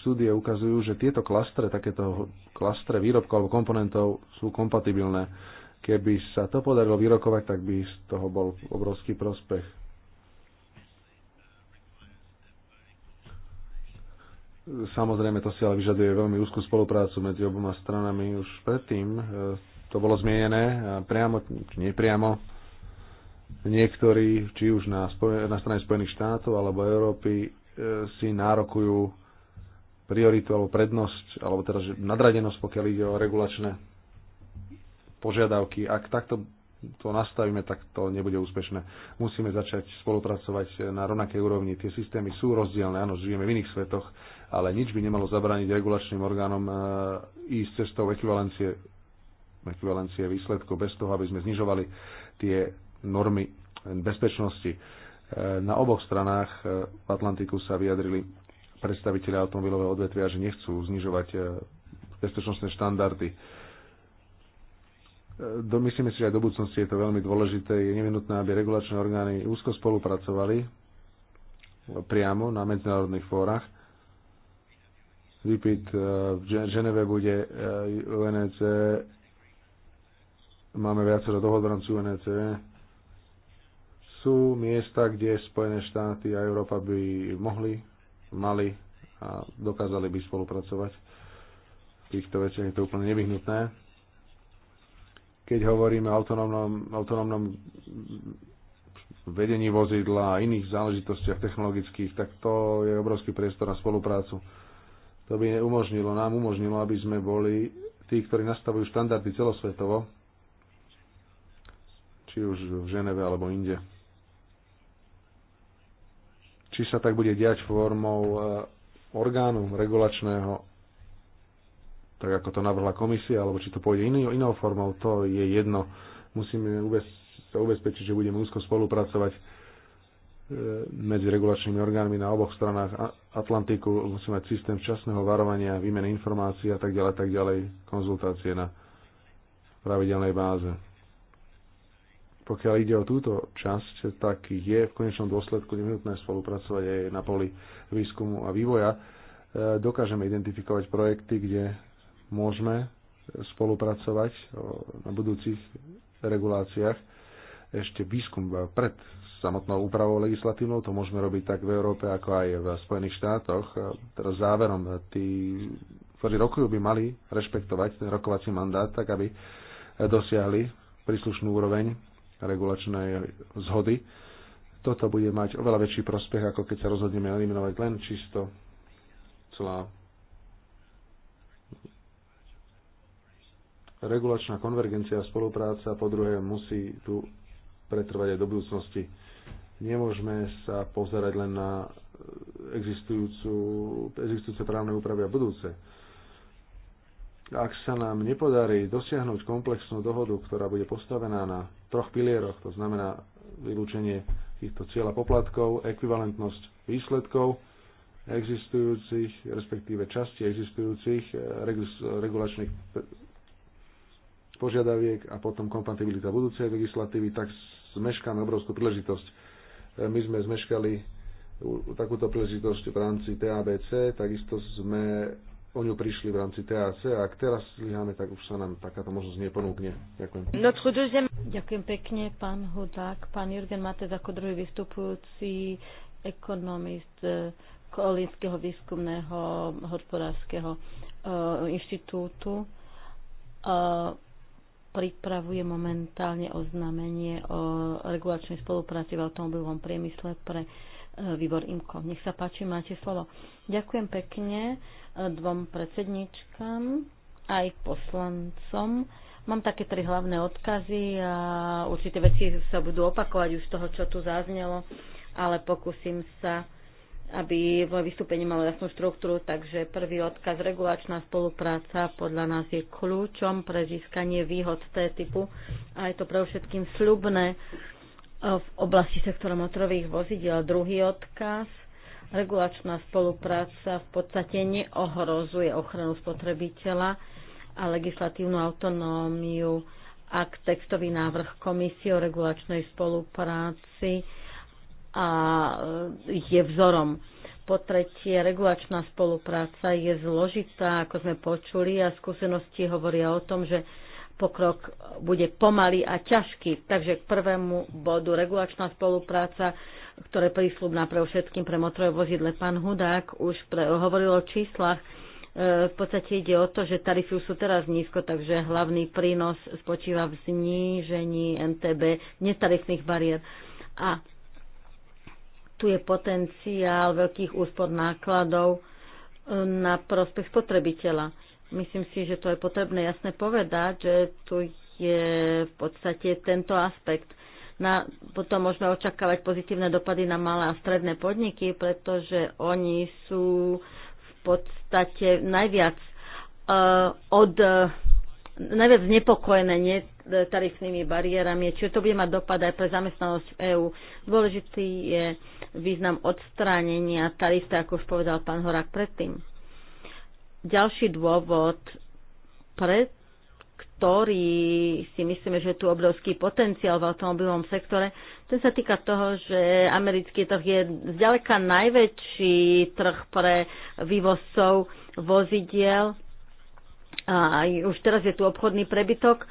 S1: štúdie ukazujú, že tieto klastre, takéto klastre výrobkov alebo komponentov sú kompatibilné. Keby sa to podarilo vyrokovať, tak by z toho bol obrovský prospech. Samozrejme, to si ale vyžaduje veľmi úzkú spoluprácu medzi oboma stranami už predtým. E, to bolo zmienené priamo, či nepriamo niektorí, či už na, na strane Spojených štátov alebo Európy, e, si nárokujú prioritu alebo prednosť, alebo teda nadradenosť, pokiaľ ide o regulačné požiadavky. Ak takto to nastavíme, tak to nebude úspešné. Musíme začať spolupracovať na rovnakej úrovni. Tie systémy sú rozdielne, áno, žijeme v iných svetoch, ale nič by nemalo zabrániť regulačným orgánom e, ísť cestou ekvivalencie, ekvivalencie výsledkov bez toho, aby sme znižovali tie normy bezpečnosti. E, na oboch stranách e, Atlantiku sa vyjadrili predstaviteľe automobilového odvetvia, že nechcú znižovať e, bezpečnostné štandardy. Myslíme si, že aj do budúcnosti je to veľmi dôležité. Je nevinutné, aby regulačné orgány úzko spolupracovali priamo na medzinárodných fórach. Výpit v Ženeve bude UNEC. Máme viacero dohod v rámci UNEC sú miesta, kde Spojené štáty a Európa by mohli, mali a dokázali by spolupracovať. V týchto veciach je to úplne nevyhnutné. Keď hovoríme o autonómnom, autonómnom vedení vozidla a iných záležitostiach technologických, tak to je obrovský priestor na spoluprácu. To by umožnilo, nám umožnilo, aby sme boli tí, ktorí nastavujú štandardy celosvetovo, či už v Ženeve alebo inde či sa tak bude diať formou e, orgánu regulačného, tak ako to navrhla komisia, alebo či to pôjde iný, inou formou, to je jedno. Musíme sa ubezpečiť, že budeme úzko spolupracovať e, medzi regulačnými orgánmi na oboch stranách Atlantiku. Musíme mať systém včasného varovania, výmeny informácií a tak ďalej, tak ďalej, konzultácie na pravidelnej báze. Pokiaľ ide o túto časť, tak je v konečnom dôsledku nevyhnutné spolupracovať aj na poli výskumu a vývoja. E, dokážeme identifikovať projekty, kde môžeme spolupracovať na budúcich reguláciách. Ešte výskum pred samotnou úpravou legislatívnou, to môžeme robiť tak v Európe, ako aj v Spojených štátoch. E, teraz záverom, tí, ktorí rokujú, by mali rešpektovať ten rokovací mandát, tak aby dosiahli príslušnú úroveň regulačnej zhody. Toto bude mať oveľa väčší prospech, ako keď sa rozhodneme eliminovať len čisto celá regulačná konvergencia a spolupráca, po druhé musí tu pretrvať aj do budúcnosti. Nemôžeme sa pozerať len na existujúcu, existujúce právne úpravy a budúce ak sa nám nepodarí dosiahnuť komplexnú dohodu, ktorá bude postavená na troch pilieroch, to znamená vylúčenie týchto cieľa poplatkov, ekvivalentnosť výsledkov existujúcich, respektíve časti existujúcich eh, regulačných požiadaviek a potom kompatibilita budúcej legislatívy, tak zmeškáme obrovskú príležitosť. Eh, my sme zmeškali takúto príležitosť v rámci TABC, takisto sme o ňu prišli v rámci TAC a ak teraz zlyháme, tak už sa nám takáto možnosť neponúkne. Ďakujem.
S3: Ďakujem pekne, pán Hudák. Pán Jurgen Matez ako druhý vystupujúci ekonomist eh, Kolínskeho výskumného hospodárskeho eh, inštitútu eh, pripravuje momentálne oznámenie o regulačnej spolupráci v automobilovom priemysle pre výbor IMKO. Nech sa páči, máte slovo. Ďakujem pekne dvom predsedničkám aj poslancom. Mám také tri hlavné odkazy a určité veci sa budú opakovať už z toho, čo tu zaznelo, ale pokúsim sa, aby moje vystúpenie malo jasnú štruktúru, takže prvý odkaz, regulačná spolupráca podľa nás je kľúčom pre získanie výhod T-typu a je to pre všetkým sľubné e, v oblasti sektora motorových vozidiel. Druhý odkaz, Regulačná spolupráca v podstate neohrozuje ochranu spotrebiteľa a legislatívnu autonómiu, ak textový návrh komisie o regulačnej spolupráci a e, je vzorom. Po tretie, regulačná spolupráca je zložitá, ako sme počuli, a skúsenosti hovoria o tom, že pokrok bude pomalý a ťažký. Takže k prvému bodu regulačná spolupráca ktoré je prísľubná pre všetkým pre motorové vozidle. Pán Hudák už pre, hovoril o číslach. E, v podstate ide o to, že tarify sú teraz nízko, takže hlavný prínos spočíva v znížení MTB netarifných bariér. A tu je potenciál veľkých úspor nákladov e, na prospech spotrebiteľa. Myslím si, že to je potrebné jasne povedať, že tu je v podstate tento aspekt na, potom môžeme očakávať pozitívne dopady na malé a stredné podniky, pretože oni sú v podstate najviac uh, od uh, najviac znepokojené tarifnými bariérami, čiže to bude mať dopad aj pre zamestnanosť v EÚ. Dôležitý je význam odstránenia tarif, ako už povedal pán Horák predtým. Ďalší dôvod, pred ktorý si myslíme, že je tu obrovský potenciál v automobilovom sektore. Ten sa týka toho, že americký trh je zďaleka najväčší trh pre vývozcov vozidiel. A už teraz je tu obchodný prebytok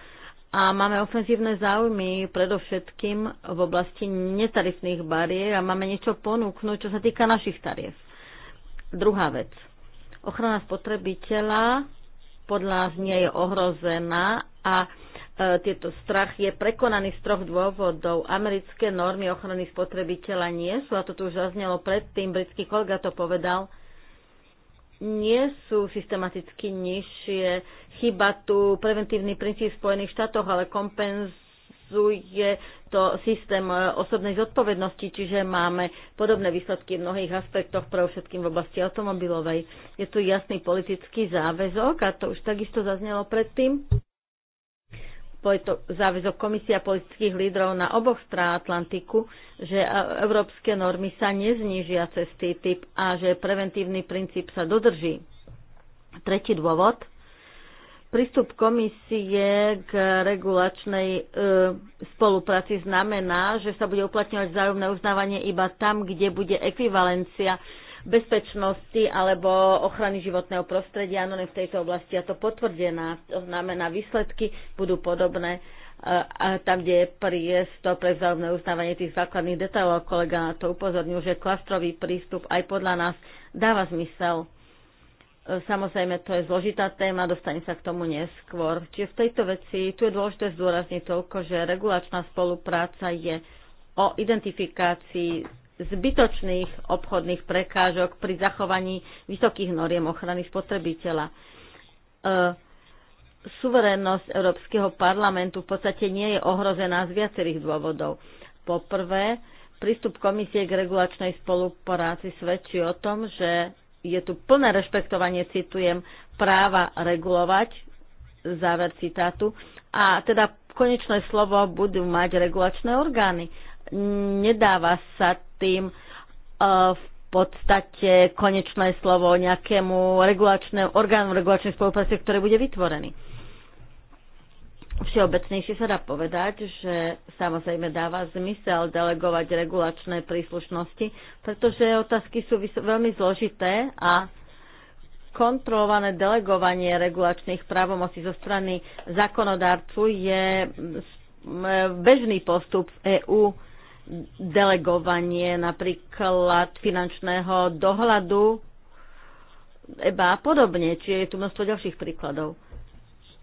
S3: a máme ofenzívne záujmy predovšetkým v oblasti netarifných bariér a máme niečo ponúknuť, čo sa týka našich tarif. Druhá vec. Ochrana spotrebiteľa podľa nás nie je ohrozená a e, tieto strach je prekonaný z troch dôvodov. Americké normy ochrany spotrebiteľa nie sú, a to tu už zaznelo predtým, britský kolega to povedal, nie sú systematicky nižšie. Chyba tu preventívny princíp v Spojených štátoch, ale kompenz je to systém eh, osobnej zodpovednosti, čiže máme podobné výsledky v mnohých aspektoch, pre všetkým v oblasti automobilovej. Je tu jasný politický záväzok a to už takisto zaznelo predtým. Je to záväzok Komisia politických lídrov na oboch strán Atlantiku, že európske normy sa neznížia cez typ a že preventívny princíp sa dodrží. Tretí dôvod – Prístup komisie k regulačnej e, spolupráci znamená, že sa bude uplatňovať vzájomné uznávanie iba tam, kde bude ekvivalencia bezpečnosti alebo ochrany životného prostredia. Áno, v tejto oblasti je to potvrdená. To znamená, výsledky budú podobné e, a tam, kde je priestor pre vzájomné uznávanie tých základných detailov. Kolega na to upozornil, že klastrový prístup aj podľa nás dáva zmysel E, samozrejme, to je zložitá téma, dostane sa k tomu neskôr. Čiže v tejto veci tu je dôležité zdôrazniť toľko, že regulačná spolupráca je o identifikácii zbytočných obchodných prekážok pri zachovaní vysokých noriem ochrany spotrebiteľa. E, suverénnosť Európskeho parlamentu v podstate nie je ohrozená z viacerých dôvodov. Poprvé, prístup komisie k regulačnej spolupráci svedčí o tom, že je tu plné rešpektovanie, citujem, práva regulovať, záver citátu, a teda konečné slovo budú mať regulačné orgány. Nedáva sa tým e, v podstate konečné slovo nejakému regulačnému orgánu regulačnej spolupráce, ktorý bude vytvorený. Všeobecnejšie sa dá povedať, že samozrejme dáva zmysel delegovať regulačné príslušnosti, pretože otázky sú veľmi zložité a kontrolované delegovanie regulačných právomocí zo strany zákonodárcu je mm, e, bežný postup v EÚ delegovanie napríklad finančného dohľadu EBA a podobne, či je tu množstvo ďalších príkladov.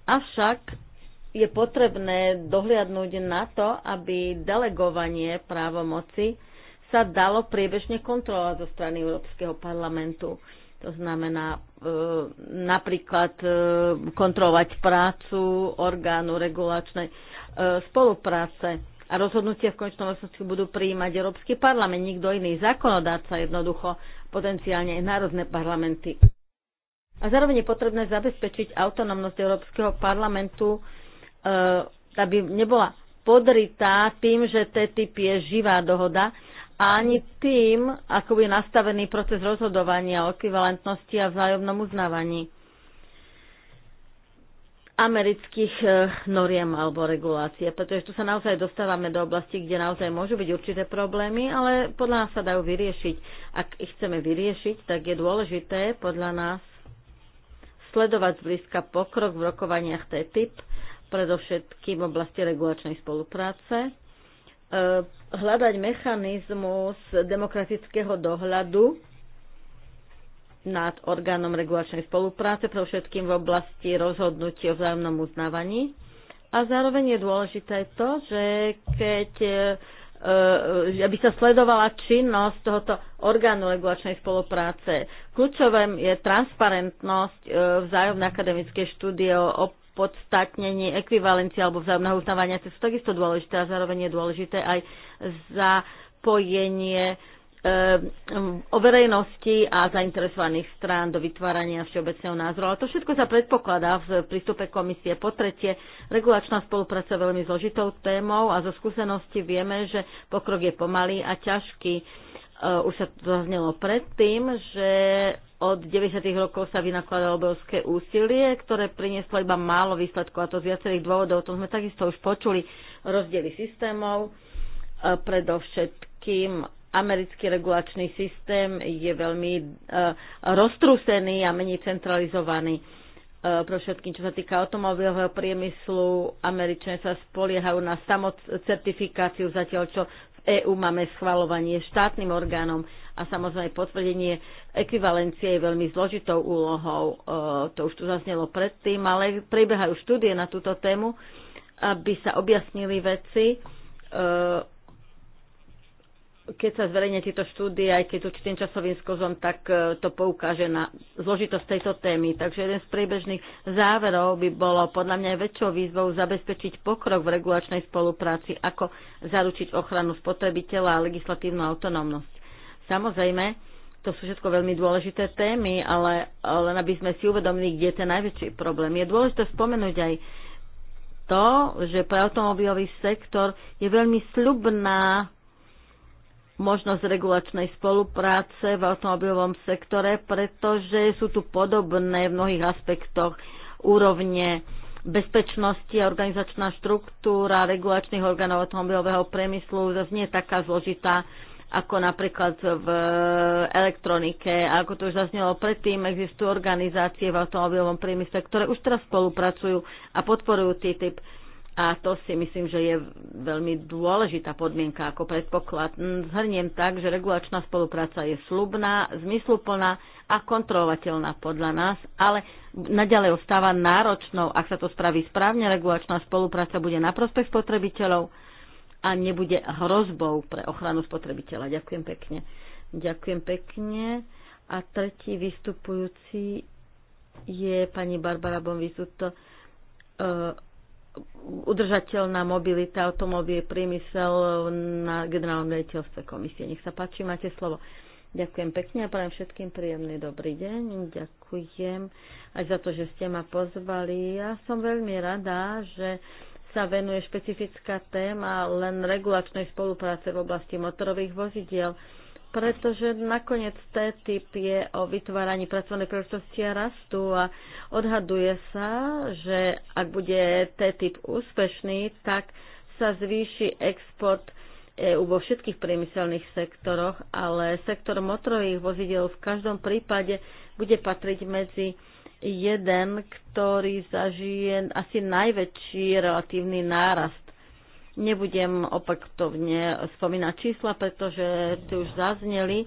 S3: Avšak je potrebné dohliadnúť na to, aby delegovanie právomoci sa dalo priebežne kontrolovať zo strany Európskeho parlamentu. To znamená e, napríklad e, kontrolovať prácu orgánu regulačnej e, spolupráce a rozhodnutia v konečnom rozsudku budú prijímať Európsky parlament, nikto iný, zákonodáca jednoducho, potenciálne aj národné parlamenty. A zároveň je potrebné zabezpečiť autonómnosť Európskeho parlamentu Eh, aby nebola podritá tým, že TTIP je živá dohoda, a ani tým, ako je nastavený proces rozhodovania o ekvivalentnosti a vzájomnom uznávaní amerických eh, noriem alebo regulácie, pretože tu sa naozaj dostávame do oblasti, kde naozaj môžu byť určité problémy, ale podľa nás sa dajú vyriešiť. Ak ich chceme vyriešiť, tak je dôležité podľa nás sledovať zblízka pokrok v rokovaniach TTIP predovšetkým v oblasti regulačnej spolupráce, e, hľadať mechanizmus demokratického dohľadu nad orgánom regulačnej spolupráce, pre všetkým v oblasti rozhodnutí o vzájomnom uznávaní. A zároveň je dôležité to, že keď e, e, aby sa sledovala činnosť tohoto orgánu regulačnej spolupráce. Kľúčovým je transparentnosť vzájomnej akademickej štúdie o opodstatnenie ekvivalencie alebo vzájomného uznávania, sa sú takisto dôležité a zároveň je dôležité aj zapojenie e, o verejnosti a zainteresovaných strán do vytvárania všeobecného názoru. Ale to všetko sa predpokladá v prístupe komisie. Po tretie, regulačná spolupráca je veľmi zložitou témou a zo skúsenosti vieme, že pokrok je pomalý a ťažký Eh, už sa to zaznelo predtým, že od 90. rokov sa vynakladalo obrovské úsilie, ktoré prinieslo iba málo výsledkov, a to z viacerých dôvodov. O tom sme takisto už počuli. Rozdiely systémov, eh, predovšetkým americký regulačný systém je veľmi eh, roztrúsený a menej centralizovaný. Pro všetkým, čo sa týka automobilového priemyslu, Američania sa spoliehajú na samocertifikáciu, zatiaľ čo EÚ máme schvalovanie štátnym orgánom a samozrejme potvrdenie ekvivalencie je veľmi zložitou úlohou. E, to už tu zaznelo predtým, ale prebiehajú štúdie na túto tému, aby sa objasnili veci e, keď sa zverejne tieto štúdie, aj keď určitým časovým skozom, tak e, to poukáže na zložitosť tejto témy. Takže jeden z priebežných záverov by bolo podľa mňa aj väčšou výzvou zabezpečiť pokrok v regulačnej spolupráci, ako zaručiť ochranu spotrebiteľa a legislatívnu autonómnosť. Samozrejme, to sú všetko veľmi dôležité témy, ale len aby sme si uvedomili, kde je ten najväčší problém. Je dôležité spomenúť aj to, že pre automobilový sektor je veľmi slubná možnosť regulačnej spolupráce v automobilovom sektore, pretože sú tu podobné v mnohých aspektoch úrovne bezpečnosti a organizačná štruktúra regulačných orgánov automobilového priemyslu zase nie je taká zložitá ako napríklad v elektronike. A ako to už zaznelo predtým, existujú organizácie v automobilovom priemysle, ktoré už teraz spolupracujú a podporujú TTIP. A to si myslím, že je veľmi dôležitá podmienka ako predpoklad. Mm, Zhrniem tak, že regulačná spolupráca je slubná, zmysluplná a kontrolovateľná podľa nás, ale naďalej ostáva náročnou. Ak sa to spraví správne, regulačná spolupráca bude na prospech spotrebiteľov a nebude hrozbou pre ochranu spotrebiteľa. Ďakujem pekne. Ďakujem pekne. A tretí vystupujúci je pani Barbara Bonvisuto. E, udržateľná mobilita automobil, priemysel na generálnom rejiteľstve komisie. Nech sa páči, máte slovo. Ďakujem pekne a prajem všetkým príjemný dobrý deň. Ďakujem aj za to, že ste ma pozvali. Ja som veľmi rada, že sa venuje špecifická téma len regulačnej spolupráce v oblasti motorových vozidiel pretože nakoniec TTIP je o vytváraní pracovnej príležitosti a rastu a odhaduje sa, že ak bude TTIP úspešný, tak sa zvýši export EU vo všetkých priemyselných sektoroch, ale sektor motorových vozidel v každom prípade bude patriť medzi jeden, ktorý zažije asi najväčší relatívny nárast Nebudem opakovne spomínať čísla, pretože tu už zazneli,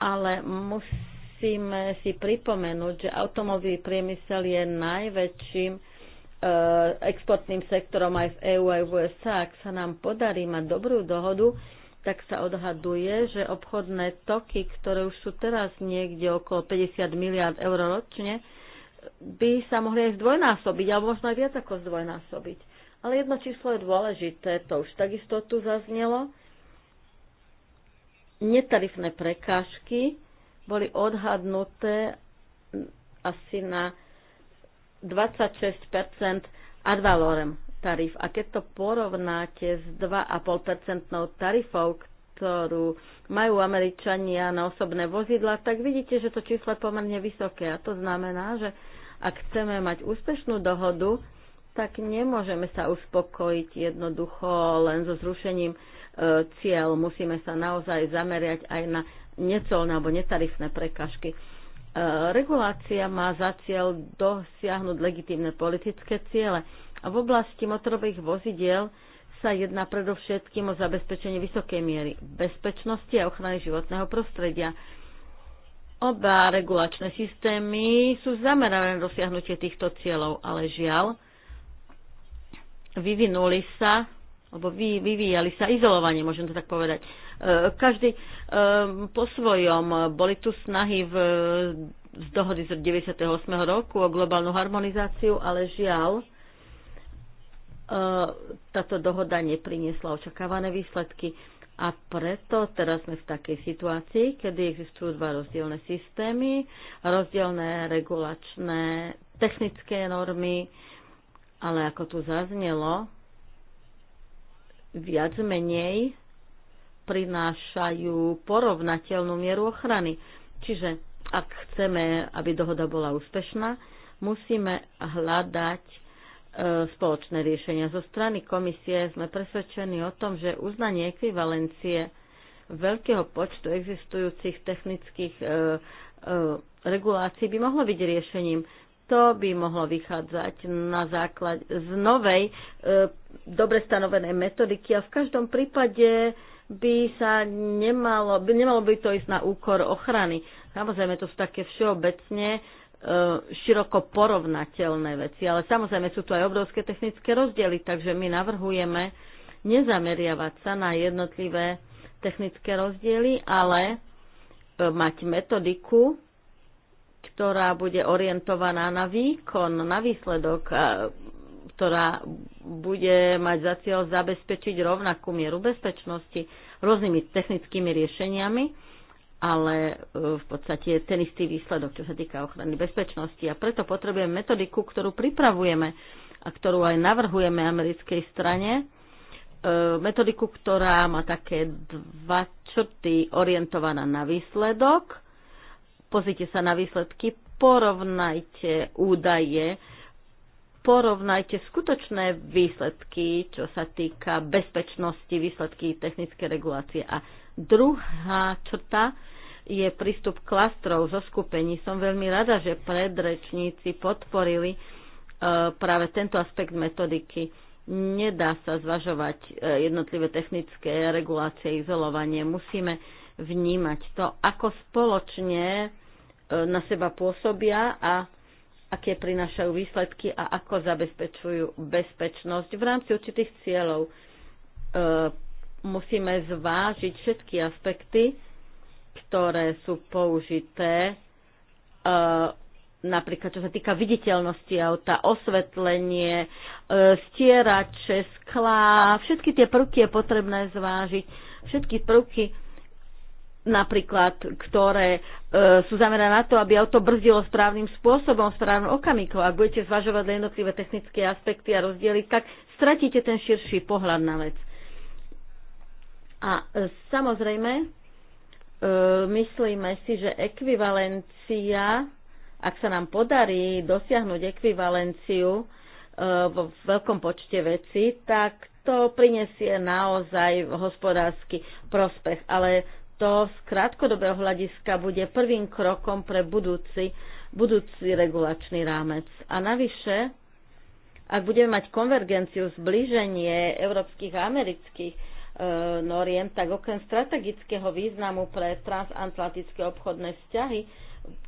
S3: ale musíme si pripomenúť, že automobilový priemysel je najväčším e, exportným sektorom aj v EU aj v USA. Ak sa nám podarí mať dobrú dohodu, tak sa odhaduje, že obchodné toky, ktoré už sú teraz niekde okolo 50 miliard eur ročne, by sa mohli aj zdvojnásobiť, alebo možno aj viac ako zdvojnásobiť. Ale jedno číslo je dôležité, to už takisto tu zaznelo. Netarifné prekážky boli odhadnuté asi na 26 ad valorem tarif. A keď to porovnáte s 2,5 tarifou, ktorú majú Američania na osobné vozidla, tak vidíte, že to číslo je pomerne vysoké. A to znamená, že ak chceme mať úspešnú dohodu, tak nemôžeme sa uspokojiť jednoducho len so zrušením e, cieľ. Musíme sa naozaj zameriať aj na necolné alebo netarifné prekažky. E, regulácia má za cieľ dosiahnuť legitímne politické ciele. A v oblasti motorových vozidiel sa jedná predovšetkým o zabezpečenie vysokej miery bezpečnosti a ochrany životného prostredia. Oba regulačné systémy sú zamerané na dosiahnutie týchto cieľov, ale žiaľ, vyvinuli sa, alebo vy, vyvíjali sa izolovanie, môžem to tak povedať. E, každý e, po svojom. Boli tu snahy v, z dohody z 98. roku o globálnu harmonizáciu, ale žiaľ, e, táto dohoda nepriniesla očakávané výsledky. A preto teraz sme v takej situácii, kedy existujú dva rozdielne systémy, rozdielne regulačné technické normy, ale ako tu zaznelo, viac menej prinášajú porovnateľnú mieru ochrany. Čiže ak chceme, aby dohoda bola úspešná, musíme hľadať e, spoločné riešenia. Zo strany komisie sme presvedčení o tom, že uznanie ekvivalencie veľkého počtu existujúcich technických e, e, regulácií by mohlo byť riešením to by mohlo vychádzať na základ z novej e, dobre stanovenej metodiky a v každom prípade by sa nemalo, by, nemalo by to ísť na úkor ochrany. Samozrejme, to sú také všeobecne e, široko porovnateľné veci, ale samozrejme sú tu aj obrovské technické rozdiely, takže my navrhujeme nezameriavať sa na jednotlivé technické rozdiely, ale e, mať metodiku, ktorá bude orientovaná na výkon, na výsledok, ktorá bude mať za cieľ zabezpečiť rovnakú mieru bezpečnosti rôznymi technickými riešeniami, ale e, v podstate je ten istý výsledok, čo sa týka ochrany bezpečnosti. A preto potrebujeme metodiku, ktorú pripravujeme a ktorú aj navrhujeme americkej strane, e, metodiku, ktorá má také dva črty orientovaná na výsledok pozrite sa na výsledky, porovnajte údaje, porovnajte skutočné výsledky, čo sa týka bezpečnosti, výsledky technické regulácie. A druhá črta je prístup klastrov zo skupení. Som veľmi rada, že predrečníci podporili e, práve tento aspekt metodiky. Nedá sa zvažovať e, jednotlivé technické regulácie, izolovanie. Musíme vnímať to, ako spoločne E, na seba pôsobia a aké prinášajú výsledky a ako zabezpečujú bezpečnosť v rámci určitých cieľov. E, musíme zvážiť všetky aspekty, ktoré sú použité, e, napríklad čo sa týka viditeľnosti auta, osvetlenie, e, stierače, sklá, všetky tie prvky je potrebné zvážiť, všetky prvky, napríklad, ktoré e, sú zamerané na to, aby auto brzdilo správnym spôsobom, správnym okamikom. Ak budete zvažovať jednotlivé technické aspekty a rozdiely, tak stratíte ten širší pohľad na vec. A e, samozrejme, e, myslíme si, že ekvivalencia, ak sa nám podarí dosiahnuť ekvivalenciu e, vo veľkom počte vecí, tak to prinesie naozaj hospodársky prospech. Ale to z krátkodobého hľadiska bude prvým krokom pre budúci, budúci regulačný rámec. A navyše, ak budeme mať konvergenciu, zblíženie európskych a amerických e, noriem, tak okrem strategického významu pre transatlantické obchodné vzťahy,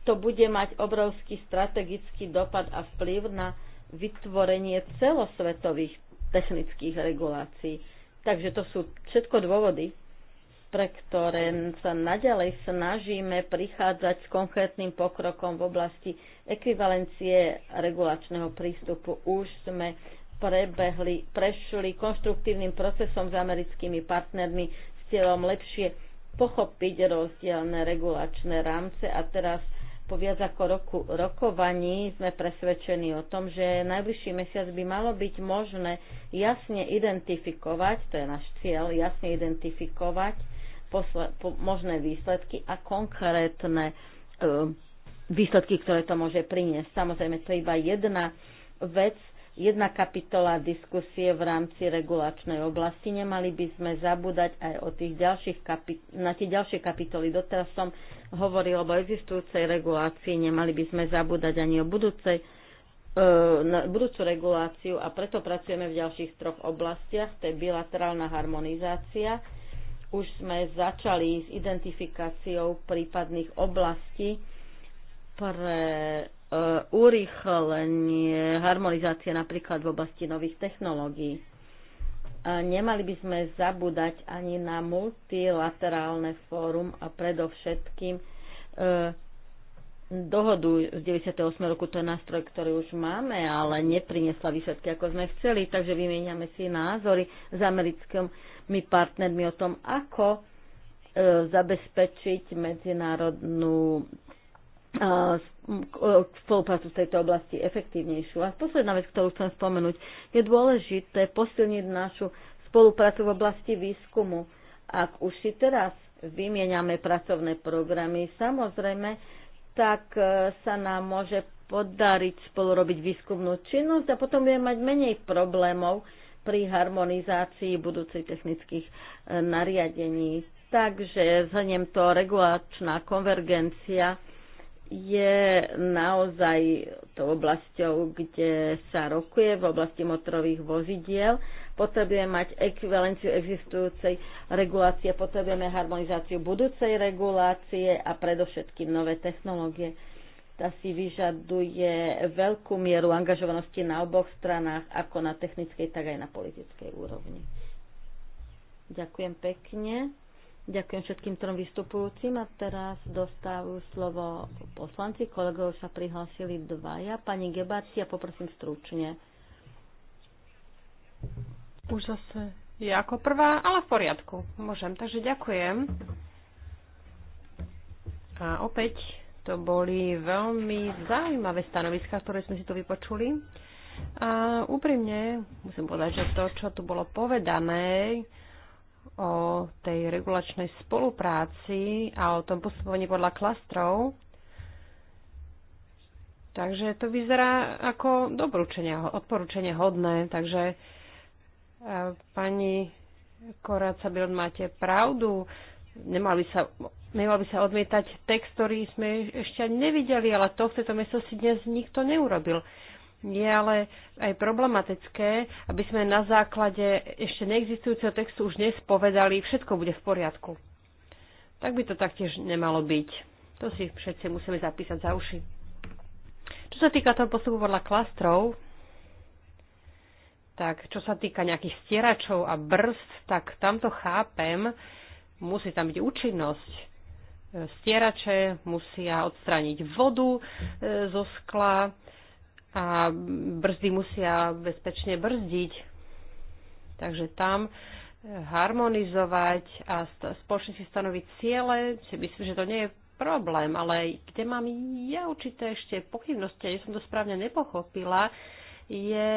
S3: to bude mať obrovský strategický dopad a vplyv na vytvorenie celosvetových technických regulácií. Takže to sú všetko dôvody, pre ktoré sa naďalej snažíme prichádzať s konkrétnym pokrokom v oblasti ekvivalencie regulačného prístupu. Už sme prebehli, prešli konštruktívnym procesom s americkými partnermi s cieľom lepšie pochopiť rozdielne regulačné rámce a teraz po viac ako roku rokovaní sme presvedčení o tom, že najbližší mesiac by malo byť možné jasne identifikovať, to je náš cieľ, jasne identifikovať posle, po, možné výsledky a konkrétne e, výsledky, ktoré to môže priniesť. Samozrejme, to je iba jedna vec, jedna kapitola diskusie v rámci regulačnej oblasti. Nemali by sme zabúdať aj o tých ďalších kapit- na tie ďalšie kapitoly. Doteraz som hovoril o existujúcej regulácii, nemali by sme zabúdať ani o budúcej e, na budúcu reguláciu a preto pracujeme v ďalších troch oblastiach. To je bilaterálna harmonizácia, už sme začali s identifikáciou prípadných oblastí pre e, urýchlenie harmonizácie napríklad v oblasti nových technológií. Nemali by sme zabúdať ani na multilaterálne fórum a predovšetkým e, dohodu z 98. roku, to je nástroj, ktorý už máme, ale nepriniesla výsledky, ako sme chceli, takže vymieňame si názory s americkým my partnermi o tom, ako e, zabezpečiť medzinárodnú e, e, spoluprácu v tejto oblasti efektívnejšiu. A posledná vec, ktorú chcem spomenúť, je dôležité posilniť našu spoluprácu v oblasti výskumu. Ak už si teraz vymieňame pracovné programy, samozrejme, tak sa nám môže podariť spolu robiť výskumnú činnosť a potom budeme mať menej problémov, pri harmonizácii budúcich technických e, nariadení. Takže zhrniem to, regulačná konvergencia je naozaj tou oblasťou, kde sa rokuje v oblasti motorových vozidiel. Potrebujeme mať ekvivalenciu existujúcej regulácie, potrebujeme harmonizáciu budúcej regulácie a predovšetkým nové technológie tá si vyžaduje veľkú mieru angažovanosti na oboch stranách, ako na technickej, tak aj na politickej úrovni. Ďakujem pekne. Ďakujem všetkým trom vystupujúcim a teraz dostávajú slovo poslanci. Kolegov sa prihlásili dvaja. Pani Gebarci, ja poprosím stručne. Už zase ja ako prvá, ale v
S2: poriadku. Môžem, takže ďakujem. A opäť to boli veľmi zaujímavé stanoviská, ktoré sme si tu vypočuli. A úprimne musím povedať, že to, čo tu bolo povedané o tej regulačnej spolupráci a o tom postupovaní podľa klastrov, takže to vyzerá ako doporučenia, odporúčenie hodné. Takže e, pani Koráca máte pravdu, nemali sa Nemal by sa odmietať text, ktorý sme ešte nevideli, ale to v tejto miestnosti dnes nikto neurobil. Je ale aj problematické, aby sme na základe ešte neexistujúceho textu už dnes povedali, všetko bude v poriadku. Tak by to taktiež nemalo byť. To si všetci musíme zapísať za uši. Čo sa týka toho postupu podľa klastrov, tak čo sa týka nejakých stieračov a brzd, tak tamto chápem, musí tam byť účinnosť. E, stierače, musia odstrániť vodu e, zo skla a brzdy musia bezpečne brzdiť. Takže tam e, harmonizovať a spoločne si stanoviť ciele, si myslím, že to nie je problém, ale kde mám ja určité ešte pochybnosti, ja som to správne nepochopila, je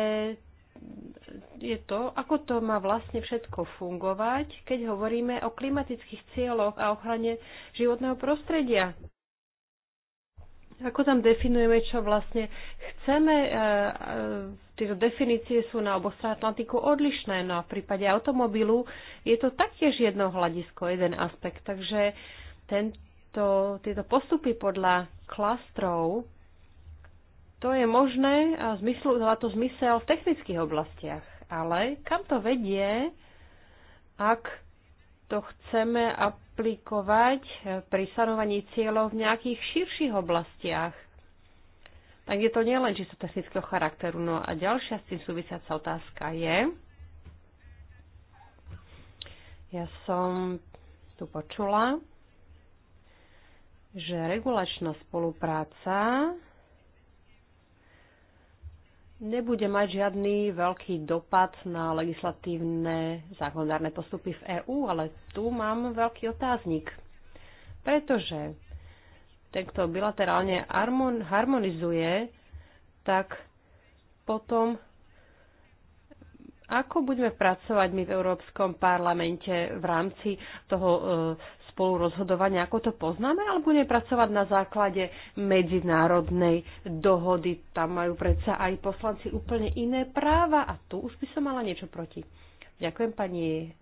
S2: je to, ako to má vlastne všetko fungovať, keď hovoríme o klimatických cieľoch a ochrane životného prostredia. Ako tam definujeme, čo vlastne chceme, e, e, tieto definície sú na obostrannom Atlantiku odlišné, no a v prípade automobilu je to taktiež jedno hľadisko, jeden aspekt. Takže tento, tieto postupy podľa klastrov to je možné a zmyslu, dáva to zmysel v technických oblastiach. Ale kam to vedie, ak to chceme aplikovať pri stanovaní cieľov v nejakých širších oblastiach? Tak je to nielen čisto technického charakteru. No a ďalšia s tým súvisiaca otázka je, ja som tu počula, že regulačná spolupráca nebude mať žiadny veľký dopad na legislatívne zákonodárne postupy v EÚ, ale tu mám veľký otáznik. Pretože ten, kto bilaterálne harmonizuje, tak potom ako budeme pracovať my v Európskom parlamente v rámci toho e, spolu rozhodovať, ako to poznáme, ale budeme pracovať na základe medzinárodnej dohody. Tam majú predsa aj poslanci úplne iné práva a tu už by som mala niečo proti. Ďakujem pani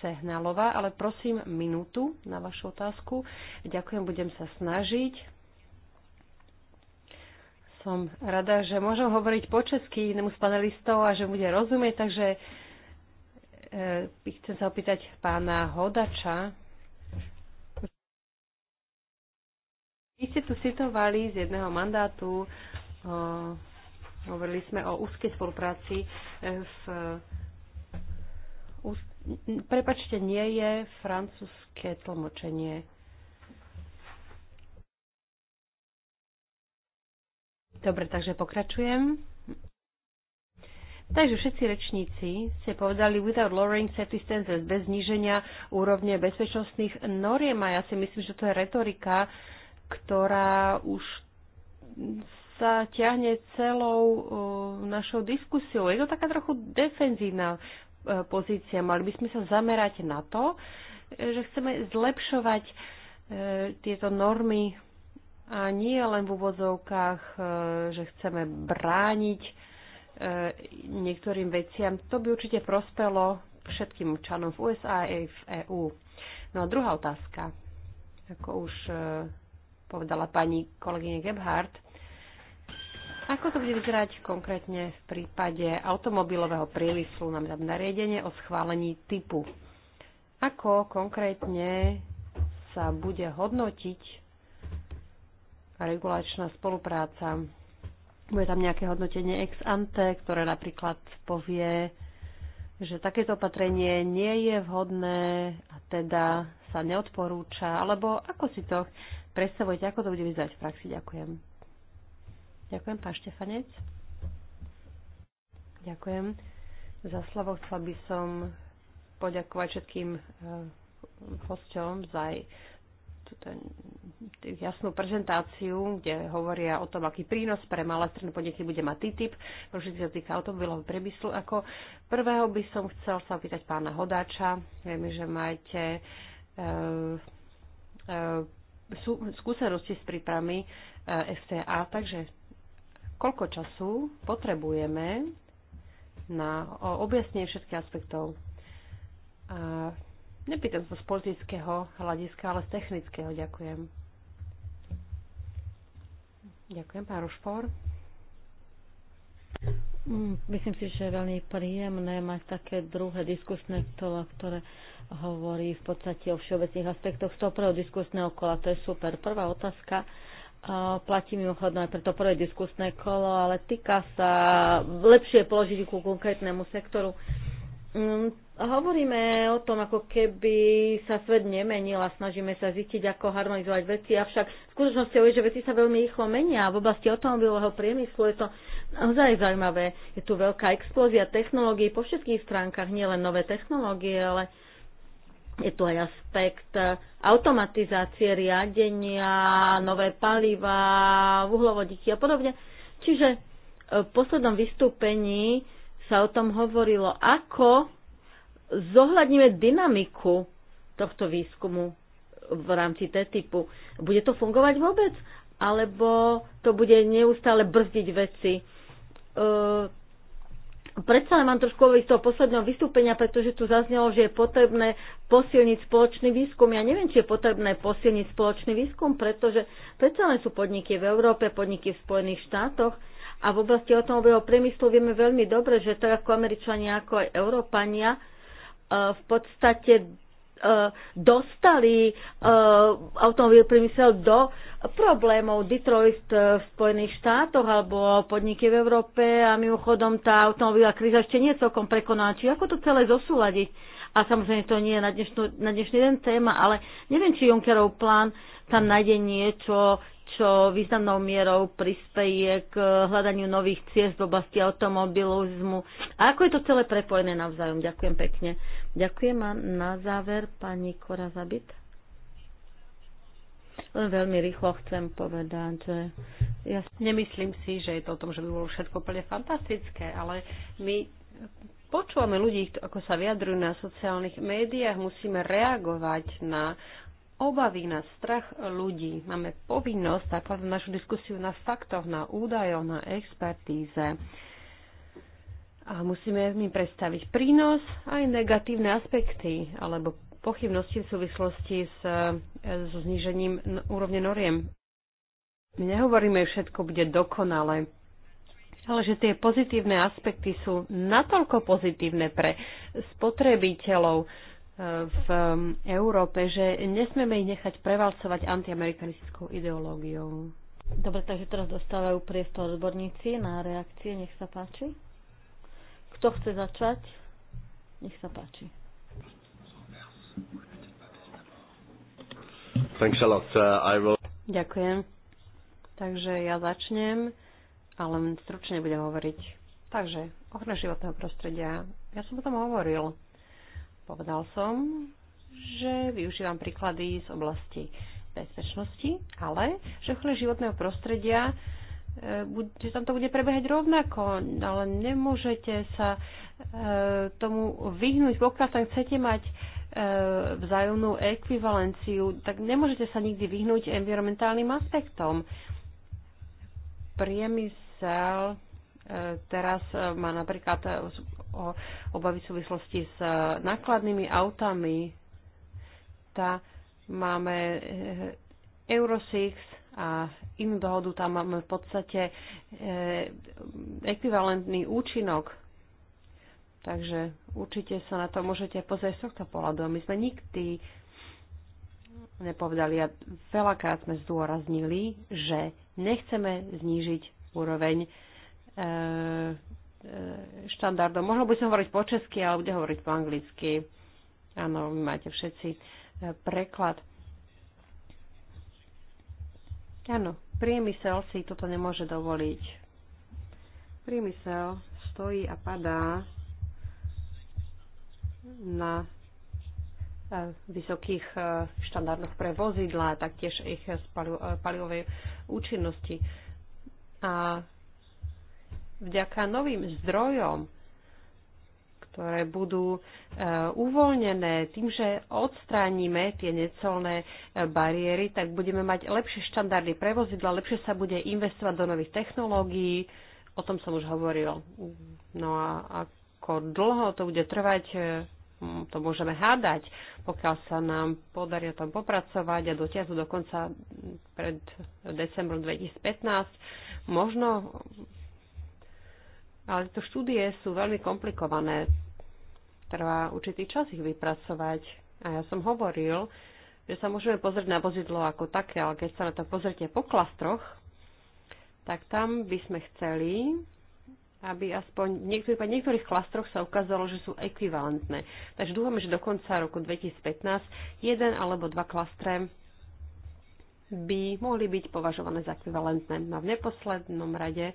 S2: Sehnalová, ale prosím minútu na vašu otázku. Ďakujem, budem sa snažiť som rada, že môžem hovoriť po česky inému z panelistov a že bude rozumieť, takže e, chcem sa opýtať pána Hodača, Vy ste tu citovali z jedného mandátu, hovorili sme o úzkej spolupráci e, v Prepačte, nie je francúzske tlmočenie. Dobre, takže pokračujem. Takže všetci rečníci ste povedali without lowering safety standards, bez zníženia úrovne bezpečnostných noriem a ja si myslím, že to je retorika, ktorá už sa ťahne celou eh, našou diskusiou. Je to taká trochu defenzívna eh, pozícia. Mali by sme sa zamerať na to, eh, že chceme zlepšovať tieto normy a nie len v úvodzovkách, že chceme brániť niektorým veciam. To by určite prospelo všetkým občanom v USA aj v EU. No a druhá otázka, ako už povedala pani kolegyne Gebhardt. Ako to bude vyzerať konkrétne v prípade automobilového priemyslu, nám nariadenie o schválení typu? Ako konkrétne sa bude hodnotiť regulačná spolupráca? Bude tam nejaké hodnotenie ex ante, ktoré napríklad povie, že takéto opatrenie nie je vhodné a teda sa neodporúča, alebo ako si to predstavujete, ako to bude vyzerať v praxi. Ďakujem. Ďakujem, pán Štefanec. Ďakujem. Za slovo chcela by som poďakovať všetkým eh, hosťom za túto jasnú prezentáciu, kde hovoria o tom, aký prínos pre malé strany podniky bude mať TTIP, si sa týka automobilového priemyslu. Ako prvého by som chcel sa opýtať pána Hodáča. Viem, že máte eh, eh, sú skúsenosti s prípravami e, FCA. takže koľko času potrebujeme na objasnenie všetkých aspektov. A nepýtam sa z politického hľadiska, ale z technického. Ďakujem.
S3: Ďakujem, pán Rošpor. Mm, myslím si, že je veľmi príjemné mať také druhé diskusné kolo, ktoré hovorí v podstate o všeobecných aspektoch z toho prvého diskusného kola. To je super. Prvá otázka platí mimochodom aj pre to prvé diskusné kolo, ale týka sa lepšie položiť ku konkrétnemu sektoru. Mm, hovoríme o tom, ako keby sa svet nemenil a snažíme sa zistiť, ako harmonizovať veci, avšak skutočnosťou je, že veci sa veľmi rýchlo menia a v oblasti automobilového priemyslu je to naozaj zaujímavé. Je tu veľká explózia technológií po všetkých stránkach, nielen nové technológie, ale je tu aj aspekt eh, automatizácie, riadenia, nové paliva, uhlovodíky a podobne. Čiže eh, v poslednom vystúpení sa o tom hovorilo, ako zohľadníme dynamiku tohto výskumu v rámci T-typu. Bude to fungovať vôbec? Alebo to bude neustále brzdiť veci? E, predsa mám trošku z toho posledného vystúpenia, pretože tu zaznelo, že je potrebné posilniť spoločný výskum. Ja neviem, či je potrebné posilniť spoločný výskum, pretože predsa len sú podniky v Európe, podniky v Spojených štátoch. A v oblasti automobilového priemyslu vieme veľmi dobre, že to ako Američania, ako aj Európania e, v podstate e, dostali e, automobil priemysel do problémov Detroit v Spojených štátoch alebo podniky v Európe a mimochodom tá automobilová kríza ešte nie je celkom prekonaná. či ako to celé zosúľadiť? A samozrejme to nie je na, dnešnú, na dnešný deň téma, ale neviem, či Junckerov plán tam nájde niečo, čo významnou mierou prispeje k hľadaniu nových ciest v oblasti automobilizmu. A ako je to celé prepojené navzájom? Ďakujem pekne. Ďakujem a na záver pani Kora Zabit. Len veľmi rýchlo chcem povedať, že
S2: ja nemyslím si, že je to o tom, že by bolo všetko úplne fantastické, ale my počúvame ľudí, ako sa vyjadrujú na sociálnych médiách, musíme reagovať na obavy, na strach ľudí. Máme povinnosť zakladať našu diskusiu na faktoch, na údajoch, na expertíze. A musíme mi predstaviť prínos aj negatívne aspekty alebo pochybnosti v súvislosti s, s znižením úrovne noriem. My Nehovoríme, že všetko bude dokonale ale že tie pozitívne aspekty sú natoľko pozitívne pre spotrebiteľov eh, v mm,
S3: Európe, že nesmieme ich nechať prevalcovať antiamerikanistickou ideológiou. Dobre, takže teraz dostávajú priestor odborníci na reakcie. Nech sa páči. Kto chce začať? Nech sa páči.
S1: Thanks a lot. Uh, I will...
S3: Ďakujem.
S2: Takže ja začnem ale len stručne budem hovoriť. Takže, ochrana životného prostredia. Ja som o tom hovoril. Povedal som, že využívam príklady z oblasti bezpečnosti, ale že ochrana životného prostredia e, že tam to bude prebehať rovnako, ale nemôžete sa e, tomu vyhnúť, pokiaľ tam chcete mať e, vzájomnú ekvivalenciu, tak nemôžete sa nikdy vyhnúť environmentálnym aspektom. Priemys. Brusel e, teraz e, má napríklad e, obavy v súvislosti s nákladnými autami. Tá máme Euro 6 a inú dohodu tam máme v podstate ekvivalentný účinok. Takže určite sa na to môžete pozrieť z tohto pohľadu. My sme nikdy nepovedali a veľakrát sme zdôraznili, že nechceme znížiť úroveň e, e, štandardov. Možno by som hovoriť po česky, ale bude hovoriť po anglicky. Áno, vy máte všetci e, preklad. Áno, priemysel si toto nemôže dovoliť. Priemysel stojí a padá na vysokých štandardoch pre vozidla, taktiež ich palivovej účinnosti. A vďaka novým zdrojom, ktoré budú e, uvoľnené tým, že odstránime tie e, bariéry, tak budeme mať lepšie štandardy pre vozidla, lepšie sa bude investovať do nových technológií, o tom som už hovoril. No a ako dlho to bude trvať, e, to môžeme hádať, pokiaľ sa nám podarí o tom popracovať a dotiazu dokonca pred decembrom 2015. Možno, ale tieto štúdie sú veľmi komplikované. Trvá určitý čas ich vypracovať. A ja som hovoril, že sa môžeme pozrieť na vozidlo ako také, ale keď sa na to pozrite po klastroch, tak tam by sme chceli, aby aspoň niektorých, v niektorých klastroch sa ukázalo, že sú ekvivalentné. Takže dúfame, že do konca roku 2015 jeden alebo dva klastre by mohli byť považované za ekvivalentné. No v neposlednom rade e,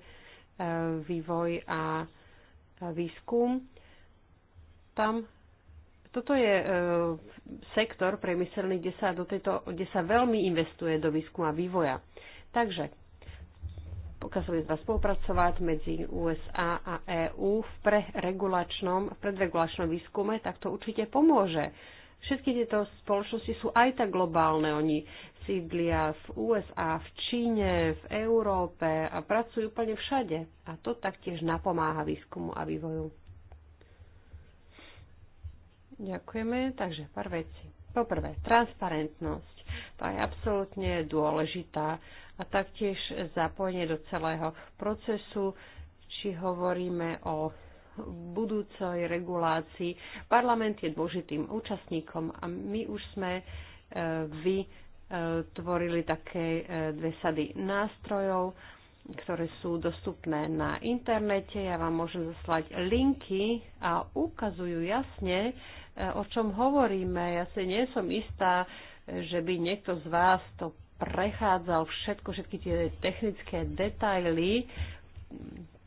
S2: vývoj a výskum. Tam toto je e, sektor priemyselný, kde sa, do tejto, kde sa veľmi investuje do výskuma a vývoja. Takže ukázali sa spolupracovať medzi USA a EÚ v preregulačnom, v predregulačnom výskume, tak to určite pomôže. Všetky tieto spoločnosti sú aj tak globálne. Oni sídlia v USA, v Číne, v Európe a pracujú úplne všade. A to taktiež napomáha výskumu a vývoju. Ďakujeme. Takže pár veci. Poprvé, transparentnosť. To je absolútne dôležitá a taktiež zapojenie do celého procesu, či hovoríme o budúcej regulácii. Parlament je dôležitým účastníkom a my už sme e, vytvorili e, také e, dve sady nástrojov, ktoré sú dostupné na internete. Ja vám môžem zaslať linky a ukazujú jasne, o čom hovoríme. Ja si nie som istá, že by niekto z vás to prechádzal všetko, všetky tie technické detaily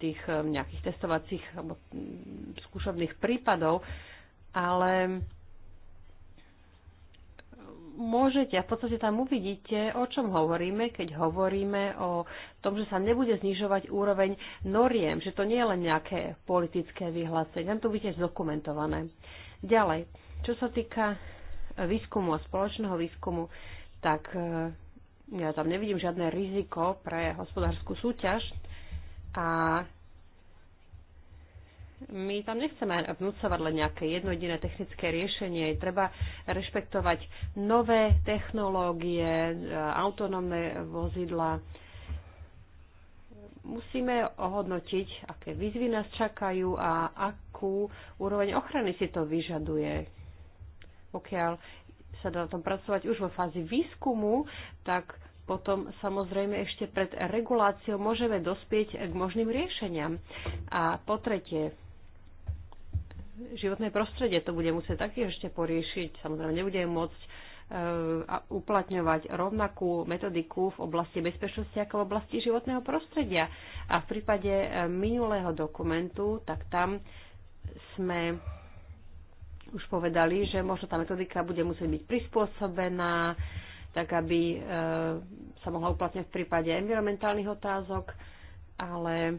S2: tých um, nejakých testovacích alebo mm, skúšobných prípadov, ale môžete a v podstate tam uvidíte, o čom hovoríme, keď hovoríme o tom, že sa nebude znižovať úroveň noriem, že to nie je len nejaké politické vyhlásenie, tam to bude zdokumentované. Ďalej, čo sa týka výskumu a spoločného výskumu, tak eh, ja tam nevidím žiadne riziko pre hospodárskú súťaž a my tam nechceme vnúcovať len nejaké jedno jediné technické riešenie. Treba rešpektovať nové technológie, autonómne vozidla. Musíme ohodnotiť, aké výzvy nás čakajú a akú úroveň ochrany si to vyžaduje. Pokiaľ sa dá tom pracovať už vo fázi výskumu, tak potom samozrejme ešte pred reguláciou môžeme dospieť k možným riešeniam. A po tretie, životné prostredie to bude musieť taktiež ešte poriešiť. Samozrejme, nebudeme môcť e, a uplatňovať rovnakú metodiku v oblasti bezpečnosti ako v oblasti životného prostredia. A v prípade e, minulého dokumentu, tak tam sme už povedali, že možno tá metodika bude musieť byť prispôsobená, tak aby e, sa mohla uplatňovať v prípade environmentálnych otázok, ale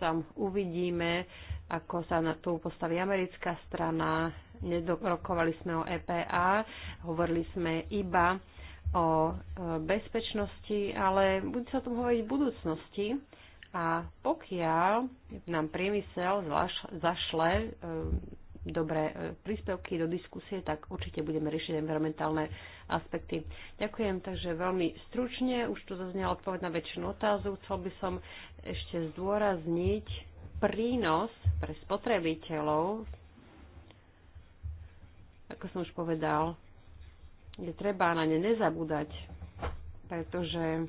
S2: tam uvidíme, ako sa na to postaví americká strana. Nedorokovali sme o EPA, hovorili sme iba o e, bezpečnosti, ale bude sa o tom hovoriť v budúcnosti. A pokiaľ nám priemysel zašle e, dobré e, príspevky do diskusie, tak určite budeme riešiť environmentálne aspekty. Ďakujem, takže veľmi stručne, už tu zaznela odpoveď na väčšinu otázov. Chcel by som ešte zdôrazniť prínos pre spotrebiteľov, ako som už povedal, je treba na ne nezabúdať, pretože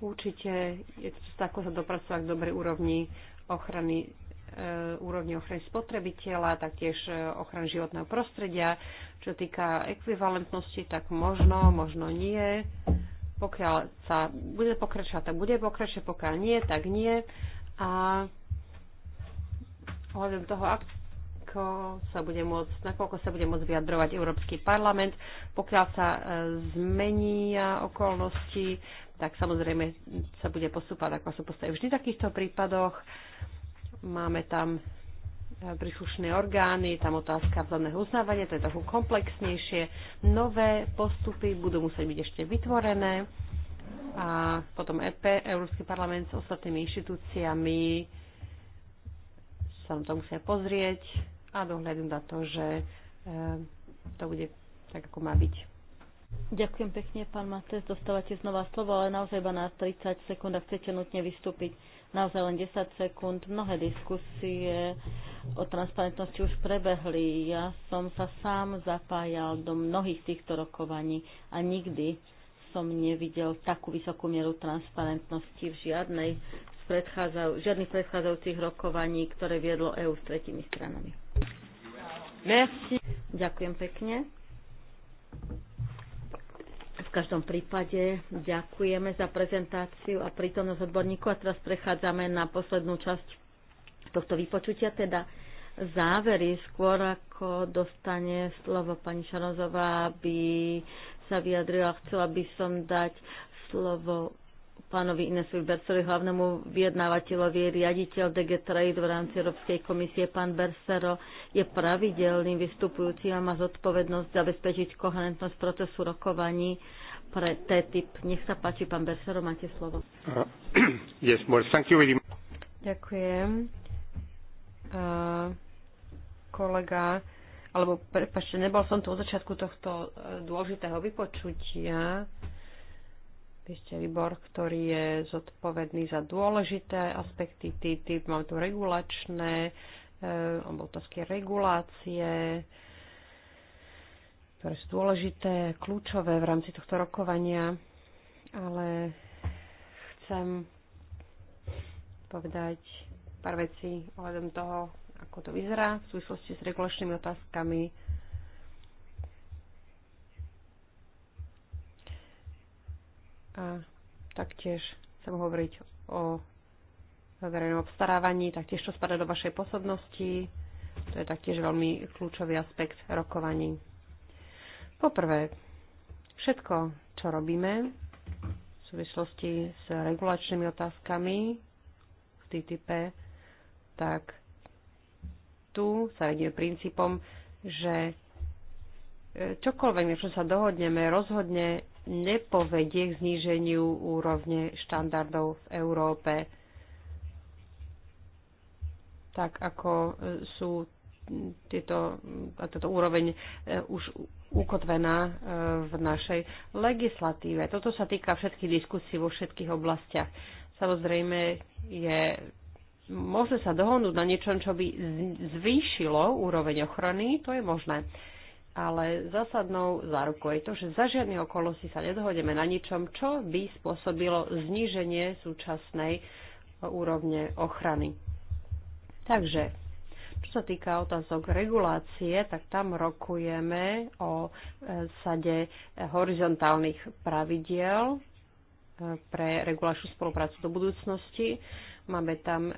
S2: určite je to tako sa dopracovať k dobrej úrovni ochrany E, úrovni ochrany spotrebiteľa, taktiež e, ochrany životného prostredia. Čo týka ekvivalentnosti, tak možno, možno nie. Pokiaľ sa bude pokračovať, tak bude pokračovať, pokiaľ nie, tak nie. A ohľadom toho, ako sa bude môcť, nakoľko sa bude môcť vyjadrovať Európsky parlament, pokiaľ sa e, zmenia okolnosti, tak samozrejme sa bude postúpať, ako sa postaví vždy v takýchto prípadoch. Máme tam eh, príslušné orgány, tam otázka vzájomného uznávania, to je trochu komplexnejšie. Nové postupy budú musieť byť ešte vytvorené a potom EP, Európsky parlament s ostatnými inštitúciami sa to musia pozrieť a dohľadom na to, že eh,
S3: to bude tak, ako má byť. Ďakujem pekne, pán Mates. Dostávate znova slovo, ale naozaj iba na 30 sekúnd, ak chcete nutne vystúpiť naozaj len 10 sekúnd. Mnohé diskusie o transparentnosti už prebehli. Ja som sa sám zapájal do mnohých týchto rokovaní a nikdy som nevidel takú vysokú mieru transparentnosti v žiadnej z žiadnych predchádzajúcich rokovaní, ktoré viedlo EÚ s tretimi stranami. Merci. Ďakujem pekne každom prípade ďakujeme za prezentáciu a prítomnosť odborníkov a teraz prechádzame na poslednú časť tohto vypočutia, teda závery, skôr ako dostane slovo pani Šanozová, aby sa vyjadrila, chcela by som dať slovo pánovi Inesu Berserovi, hlavnému vyjednávateľovi, riaditeľ DG Trade v rámci Európskej komisie. Pán Bersero je pravidelným vystupujúcim a má zodpovednosť zabezpečiť koherentnosť procesu rokovaní pre TTIP. Nech sa páči, pán Bersero, máte slovo.
S1: Uh, yes, more. Thank you very much.
S3: Ďakujem. Uh, kolega, alebo
S2: prepačte, nebol som tu od začiatku tohto uh, dôležitého vypočutia. Vy ste výbor, ktorý je zodpovedný za dôležité aspekty TTIP. Mám tu regulačné, uh, alebo otázky regulácie, ktoré sú dôležité, kľúčové v rámci tohto rokovania, ale chcem povedať pár vecí ohľadom toho, ako to vyzerá v súvislosti s regulačnými otázkami. A taktiež chcem hovoriť o verejnom obstarávaní, taktiež to spada do vašej posobnosti. To je taktiež veľmi kľúčový aspekt rokovaní. Poprvé, všetko, čo robíme v súvislosti s regulačnými otázkami v TTP, tak tu sa vedie princípom, že e, čokoľvek, na čo sa dohodneme, rozhodne nepovedie k zníženiu úrovne štandardov v Európe, tak ako e, sú tieto, táto úroveň e, už ukotvená e, v našej legislatíve. Toto sa týka všetkých diskusí vo všetkých oblastiach. Samozrejme je možné sa dohodnúť na niečom, čo by zvýšilo úroveň ochrany, to je možné. Ale zásadnou zárukou je to, že za žiadne okolnosti sa nedohodeme na ničom, čo by spôsobilo zníženie súčasnej úrovne ochrany. Takže čo sa týka otázok regulácie, tak tam rokujeme o e, sade horizontálnych pravidiel e, pre regulačnú spoluprácu do budúcnosti. Máme tam e,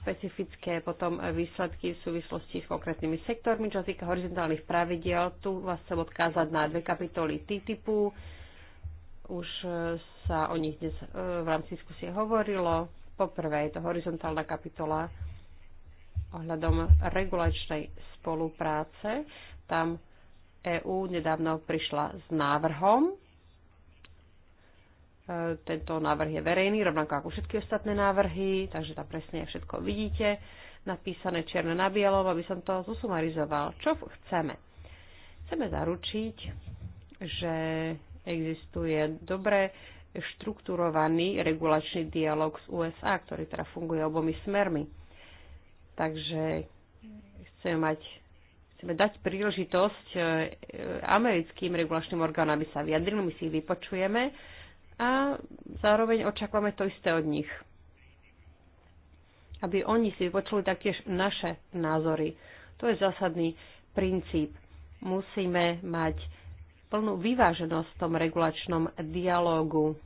S2: špecifické potom výsledky v súvislosti s konkrétnymi sektormi. Čo sa týka horizontálnych pravidiel, tu vás chcem odkázať na dve kapitoly TTIPu. Už sa o nich dnes v rámci diskusie hovorilo. Poprvé je to horizontálna kapitola ohľadom regulačnej spolupráce. Tam EÚ nedávno prišla s návrhom. E, tento návrh je verejný, rovnako ako všetky ostatné návrhy, takže tam presne všetko vidíte napísané čierne na bielom, aby som to zosumarizoval. Čo chceme? Chceme zaručiť, že existuje dobre štruktúrovaný regulačný dialog s USA, ktorý teda funguje obomi smermi. Takže chceme mať chceme dať príležitosť e, americkým regulačným orgánom, aby sa vyjadrili, my si ich vypočujeme a zároveň očakávame to isté od nich. Aby oni si vypočuli taktiež naše názory. To je zásadný princíp. Musíme mať plnú vyváženosť v tom regulačnom dialógu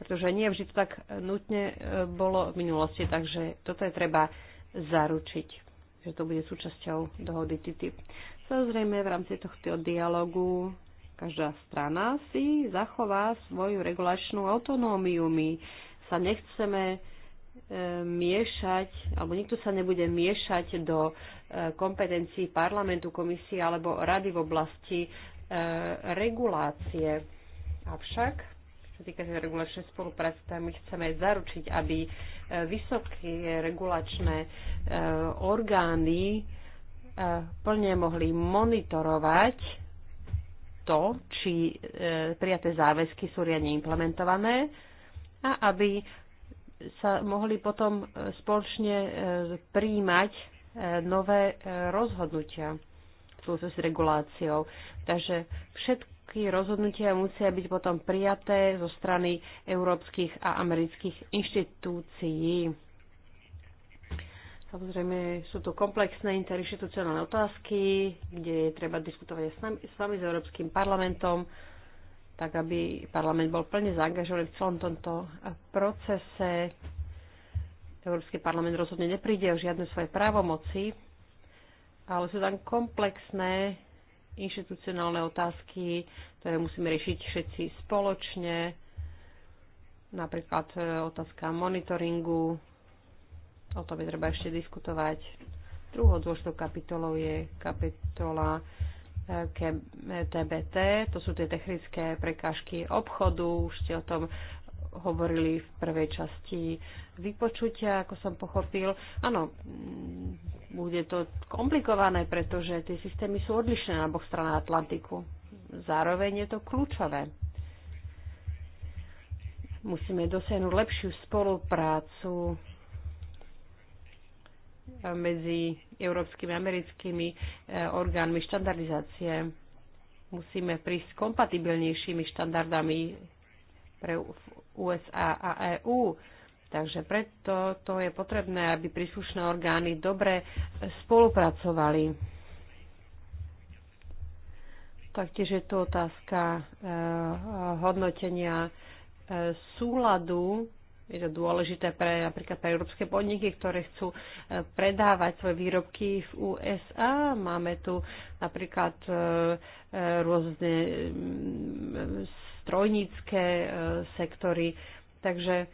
S2: pretože nie vždy to tak nutne e, bolo v minulosti, takže toto je treba zaručiť, že to bude súčasťou dohody TTIP. Samozrejme, v rámci tohto dialogu každá strana si zachová svoju regulačnú autonómiu. My sa nechceme e, miešať, alebo nikto sa nebude miešať do e, kompetencií parlamentu, komisie alebo rady v oblasti regulácie. Avšak sa týka tej regulačnej spolupráce, tak my chceme zaručiť, aby e, vysoké regulačné e, orgány e, plne mohli monitorovať to, či prijaté záväzky sú riadne implementované a aby sa mohli potom spoločne príjmať nové rozhodnutia v s reguláciou. Takže všetko všetky rozhodnutia musia byť potom prijaté zo strany európskych a amerických inštitúcií. Samozrejme sú tu komplexné interinstitucionálne otázky, kde je treba diskutovať s, nami, s vami, s Európskym parlamentom, tak aby parlament bol plne zaangažovaný v celom tomto procese. Európsky parlament rozhodne nepríde o žiadne svoje právomoci, ale sú tam komplexné inštitucionálne otázky, ktoré musíme riešiť všetci spoločne, napríklad e, otázka monitoringu, o tom je treba ešte diskutovať. Druhou dôležitou kapitolou je kapitola TBT, e, to sú tie technické prekážky obchodu, už ste o tom hovorili v prvej časti vypočutia, ako som pochopil. Áno, mm, bude to komplikované, pretože tie systémy sú odlišné na oboch stranách Atlantiku. Zároveň je to kľúčové. Musíme dosiahnuť lepšiu spoluprácu medzi európskymi a americkými eh, orgánmi štandardizácie. Musíme prísť s kompatibilnejšími štandardami pre USA a EÚ. Takže preto to je potrebné, aby príslušné orgány dobre spolupracovali. Taktiež je tu otázka e, hodnotenia e, súladu je to dôležité pre napríklad pre európske podniky, ktoré chcú e, predávať svoje výrobky v USA. Máme tu napríklad rôzne strojnícke e, sektory. Takže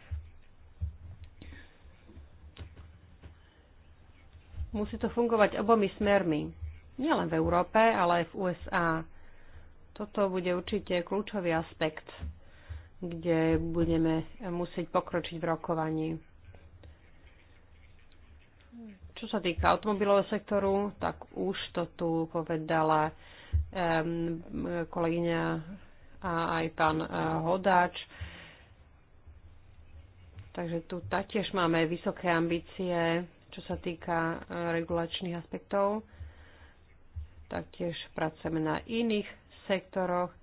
S2: musí to fungovať obomi smermi. Nielen v Európe, ale aj v USA. Toto bude určite kľúčový aspekt, kde budeme musieť pokročiť v rokovaní. Čo sa týka automobilového sektoru, tak už to tu povedala um, kolegyňa a aj pán e, Hodáč. Takže tu taktiež máme vysoké ambície, čo sa týka e, regulačných aspektov. Taktiež pracujeme na iných sektoroch.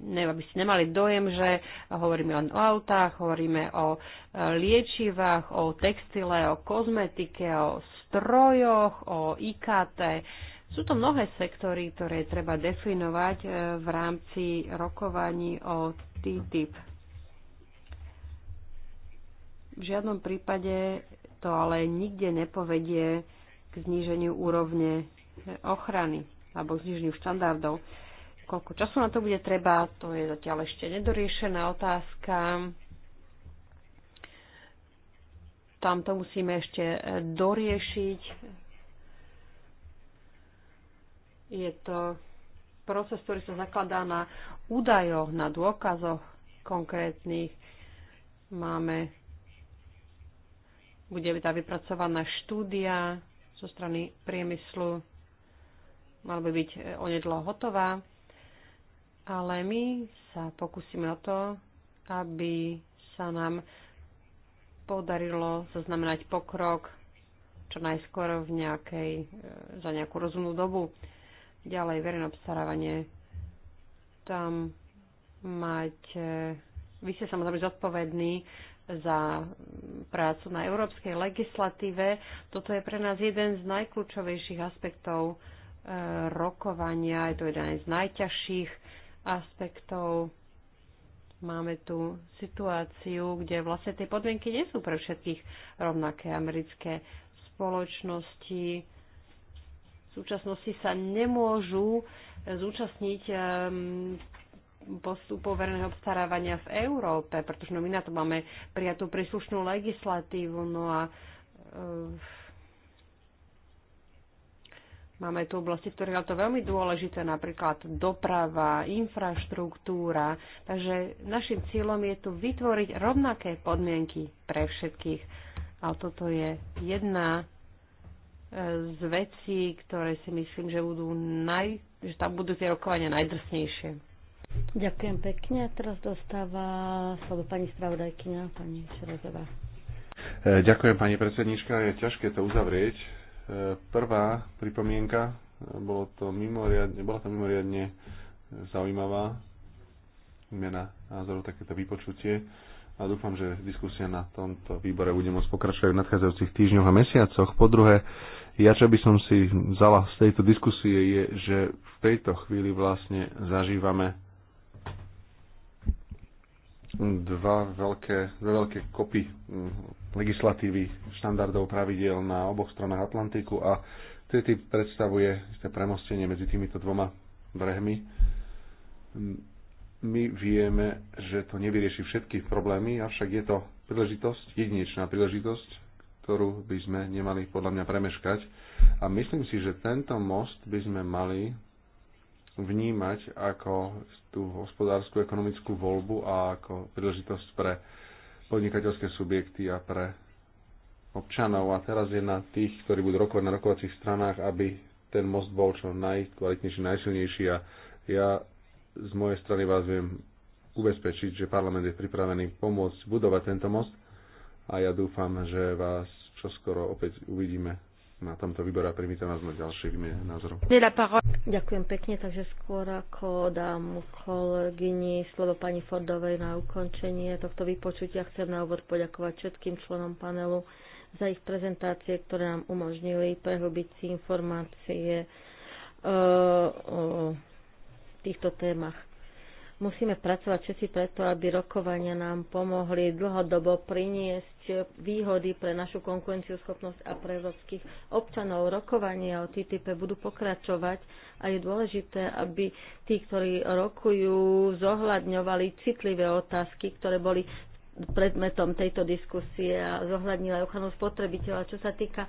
S2: Ne, aby ste nemali dojem, že hovoríme len o autách, hovoríme o e, liečivách, o textile, o kozmetike, o strojoch, o IKT. Sú to mnohé sektory, ktoré treba definovať e, v rámci rokovaní o TTIP. V žiadnom prípade to ale nikde nepovedie k zníženiu úrovne e, ochrany alebo k zníženiu štandardov. Koľko času na to bude treba, to je zatiaľ ešte nedoriešená otázka. Tam to musíme ešte doriešiť je to proces, ktorý sa zakladá na údajoch, na dôkazoch konkrétnych. Máme, bude tá vypracovaná štúdia zo strany priemyslu, mal by byť e, onedlo hotová, ale my sa pokúsime o to, aby sa nám podarilo zaznamenať pokrok čo najskôr v nejakej, e, za nejakú rozumnú dobu. Ďalej verejné obstarávanie. Tam mať... Vy ste samozrejme zodpovední za prácu na európskej legislatíve. Toto je pre nás jeden z najkľúčovejších aspektov e, rokovania. Je to jeden z najťažších aspektov máme tu situáciu, kde vlastne tie podmienky nie sú pre všetkých rovnaké americké spoločnosti v súčasnosti sa nemôžu e, zúčastniť e, postupov verejného obstarávania v Európe, pretože no my na to máme prijatú príslušnú legislatívu, no a e, máme tu oblasti, v ktorých je to veľmi dôležité, napríklad doprava, infraštruktúra, takže našim cieľom je tu vytvoriť rovnaké podmienky pre všetkých. A toto je jedna z vecí, ktoré si myslím, že, budú naj, že tam budú tie rokovania najdrsnejšie.
S3: Ďakujem pekne. Teraz dostáva slovo pani spravodajkyňa, pani Šerezová.
S1: E, ďakujem, pani predsednička. Je ťažké to uzavrieť. E, prvá pripomienka, bolo to mimoriadne, bola to mimoriadne zaujímavá mena názoru takéto vypočutie a dúfam, že diskusia na tomto výbore bude môcť pokračovať v nadchádzajúcich týždňoch a mesiacoch. Po druhé, ja čo by som si vzala z tejto diskusie je, že v tejto chvíli vlastne zažívame dva veľké, dva veľké kopy mm, legislatívy, štandardov, pravidiel na oboch stranách Atlantiku a tedy predstavuje isté premostenie medzi týmito dvoma brehmi. Mm, my vieme, že to nevyrieši všetky problémy, avšak je to príležitosť, jedinečná príležitosť ktorú by sme nemali podľa mňa premeškať. A myslím si, že tento most by sme mali vnímať ako tú hospodárskú, ekonomickú voľbu a ako príležitosť pre podnikateľské subjekty a pre občanov. A teraz je na tých, ktorí budú rokovať na rokovacích stranách, aby ten most bol čo najkvalitnejší, najsilnejší a ja z mojej strany vás viem ubezpečiť, že parlament je pripravený pomôcť budovať tento most a ja dúfam, že vás čo skoro opäť uvidíme na tomto výbore a príjmite nás na ďalšie výmene názorov.
S3: Ďakujem pekne, takže skôr ako dám kolegyni slovo pani Fordovej na ukončenie tohto vypočutia, chcem na úvod poďakovať všetkým členom panelu za ich prezentácie, ktoré nám umožnili prehlbiť si informácie eh, o týchto témach. Musíme pracovať všetci preto, aby rokovania nám pomohli dlhodobo priniesť výhody pre našu konkurencioschopnosť a pre európskych občanov. Rokovania o TTIP budú pokračovať a je dôležité, aby tí, ktorí rokujú, zohľadňovali citlivé otázky, ktoré boli predmetom tejto diskusie a zohľadnila aj ochranu spotrebiteľa. Čo sa týka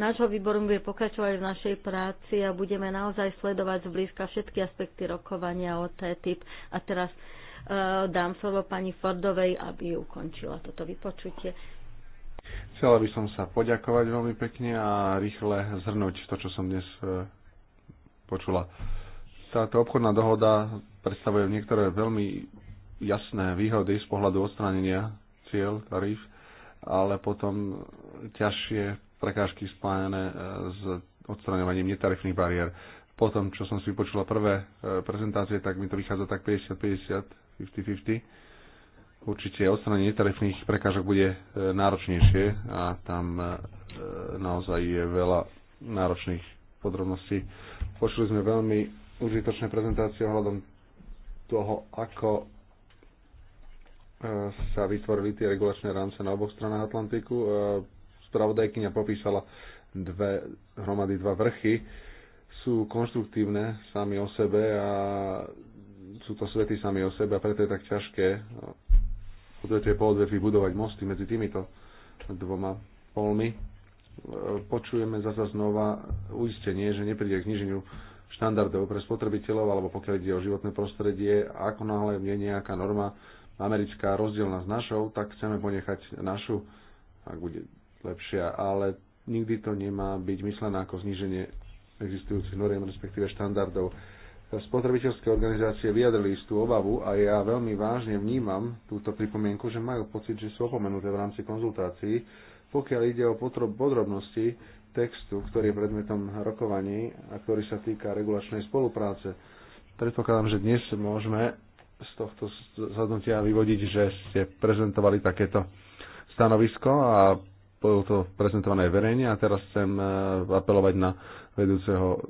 S3: nášho výboru, bude pokračovať v našej práci a budeme naozaj sledovať zblízka všetky aspekty rokovania o TTIP. A teraz uh, dám slovo pani Fordovej, aby ukončila toto vypočutie.
S1: Chcela by som sa poďakovať veľmi pekne a rýchle zhrnúť to, čo som dnes e, počula. Táto obchodná dohoda predstavuje niektoré veľmi jasné výhody z pohľadu odstránenia cieľ, tarif, ale potom ťažšie prekážky spájane e, s odstraňovaním netarifných bariér. Potom, čo som si počula prvé e, prezentácie, tak mi to vychádza tak 50-50, 50-50. Určite odstranenie netarifných prekážok bude e, náročnejšie a tam naozaj je veľa náročných podrobností. Počuli sme veľmi užitočné prezentácie ohľadom toho, ako sa vytvorili tie regulačné rámce na oboch stranách Atlantiku. Spravodajkynia popísala dve hromady, dva vrchy. Sú konštruktívne sami o sebe a sú to svety sami o sebe a preto je tak ťažké odvetie no, po odvetví budovať mosty medzi týmito dvoma polmi. Počujeme zasa znova uistenie, že nepríde k zniženiu štandardov pre spotrebiteľov alebo pokiaľ ide o životné prostredie, ako náhle je nejaká norma americká rozdielna s našou, tak chceme ponechať našu, ak bude lepšia, ale nikdy to nemá byť myslené ako zníženie existujúcich noriem, respektíve štandardov. Spotrebiteľské organizácie vyjadrili istú obavu a ja veľmi vážne vnímam túto pripomienku, že majú pocit, že sú opomenuté v rámci konzultácií, pokiaľ ide o podrobnosti textu, ktorý je predmetom rokovaní a ktorý sa týka regulačnej spolupráce. Predpokladám, že dnes môžeme z tohto zhodnutia vyvodiť, že ste prezentovali takéto stanovisko a bolo to prezentované verejne a teraz chcem e, apelovať na vedúceho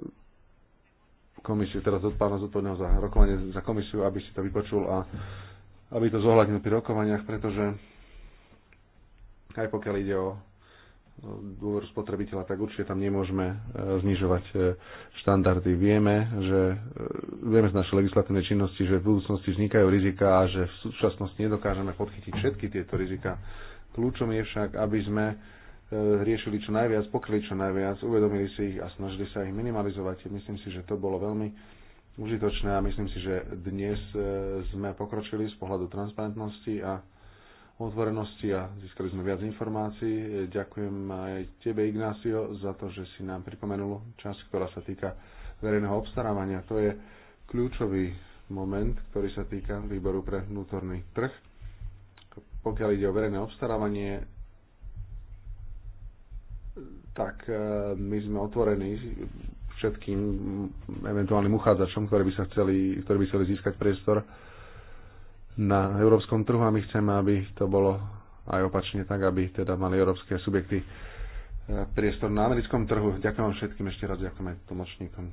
S1: komisiu, teraz od pána zodpovedného za rokovanie za komisiu, aby si to vypočul a aby to zohľadnil pri rokovaniach, pretože aj pokiaľ ide o dôveru spotrebiteľa, tak určite tam nemôžeme e, znižovať e, štandardy. Vieme, že e, vieme z našej legislatívnej činnosti, že v budúcnosti vznikajú rizika a že v súčasnosti nedokážeme podchytiť všetky tieto rizika. Kľúčom je však, aby sme riešili čo najviac, pokryli čo najviac, uvedomili si ich a snažili sa ich minimalizovať. Myslím si, že to bolo veľmi užitočné a myslím si, že dnes sme pokročili z pohľadu transparentnosti a otvorenosti a získali sme viac informácií. Ďakujem aj tebe, Ignácio, za to, že si nám pripomenul časť, ktorá sa týka verejného obstarávania. To je kľúčový moment, ktorý sa týka výboru pre vnútorný trh. Pokiaľ ide o verejné obstarávanie, tak e, my sme otvorení všetkým eventuálnym uchádzačom, ktorí by, sa chceli, ktorí by chceli získať priestor na európskom trhu a my chceme, aby to bolo aj opačne tak, aby teda mali európske subjekty e, priestor na americkom trhu. Ďakujem vám všetkým ešte raz, ďakujem aj tlmočníkom.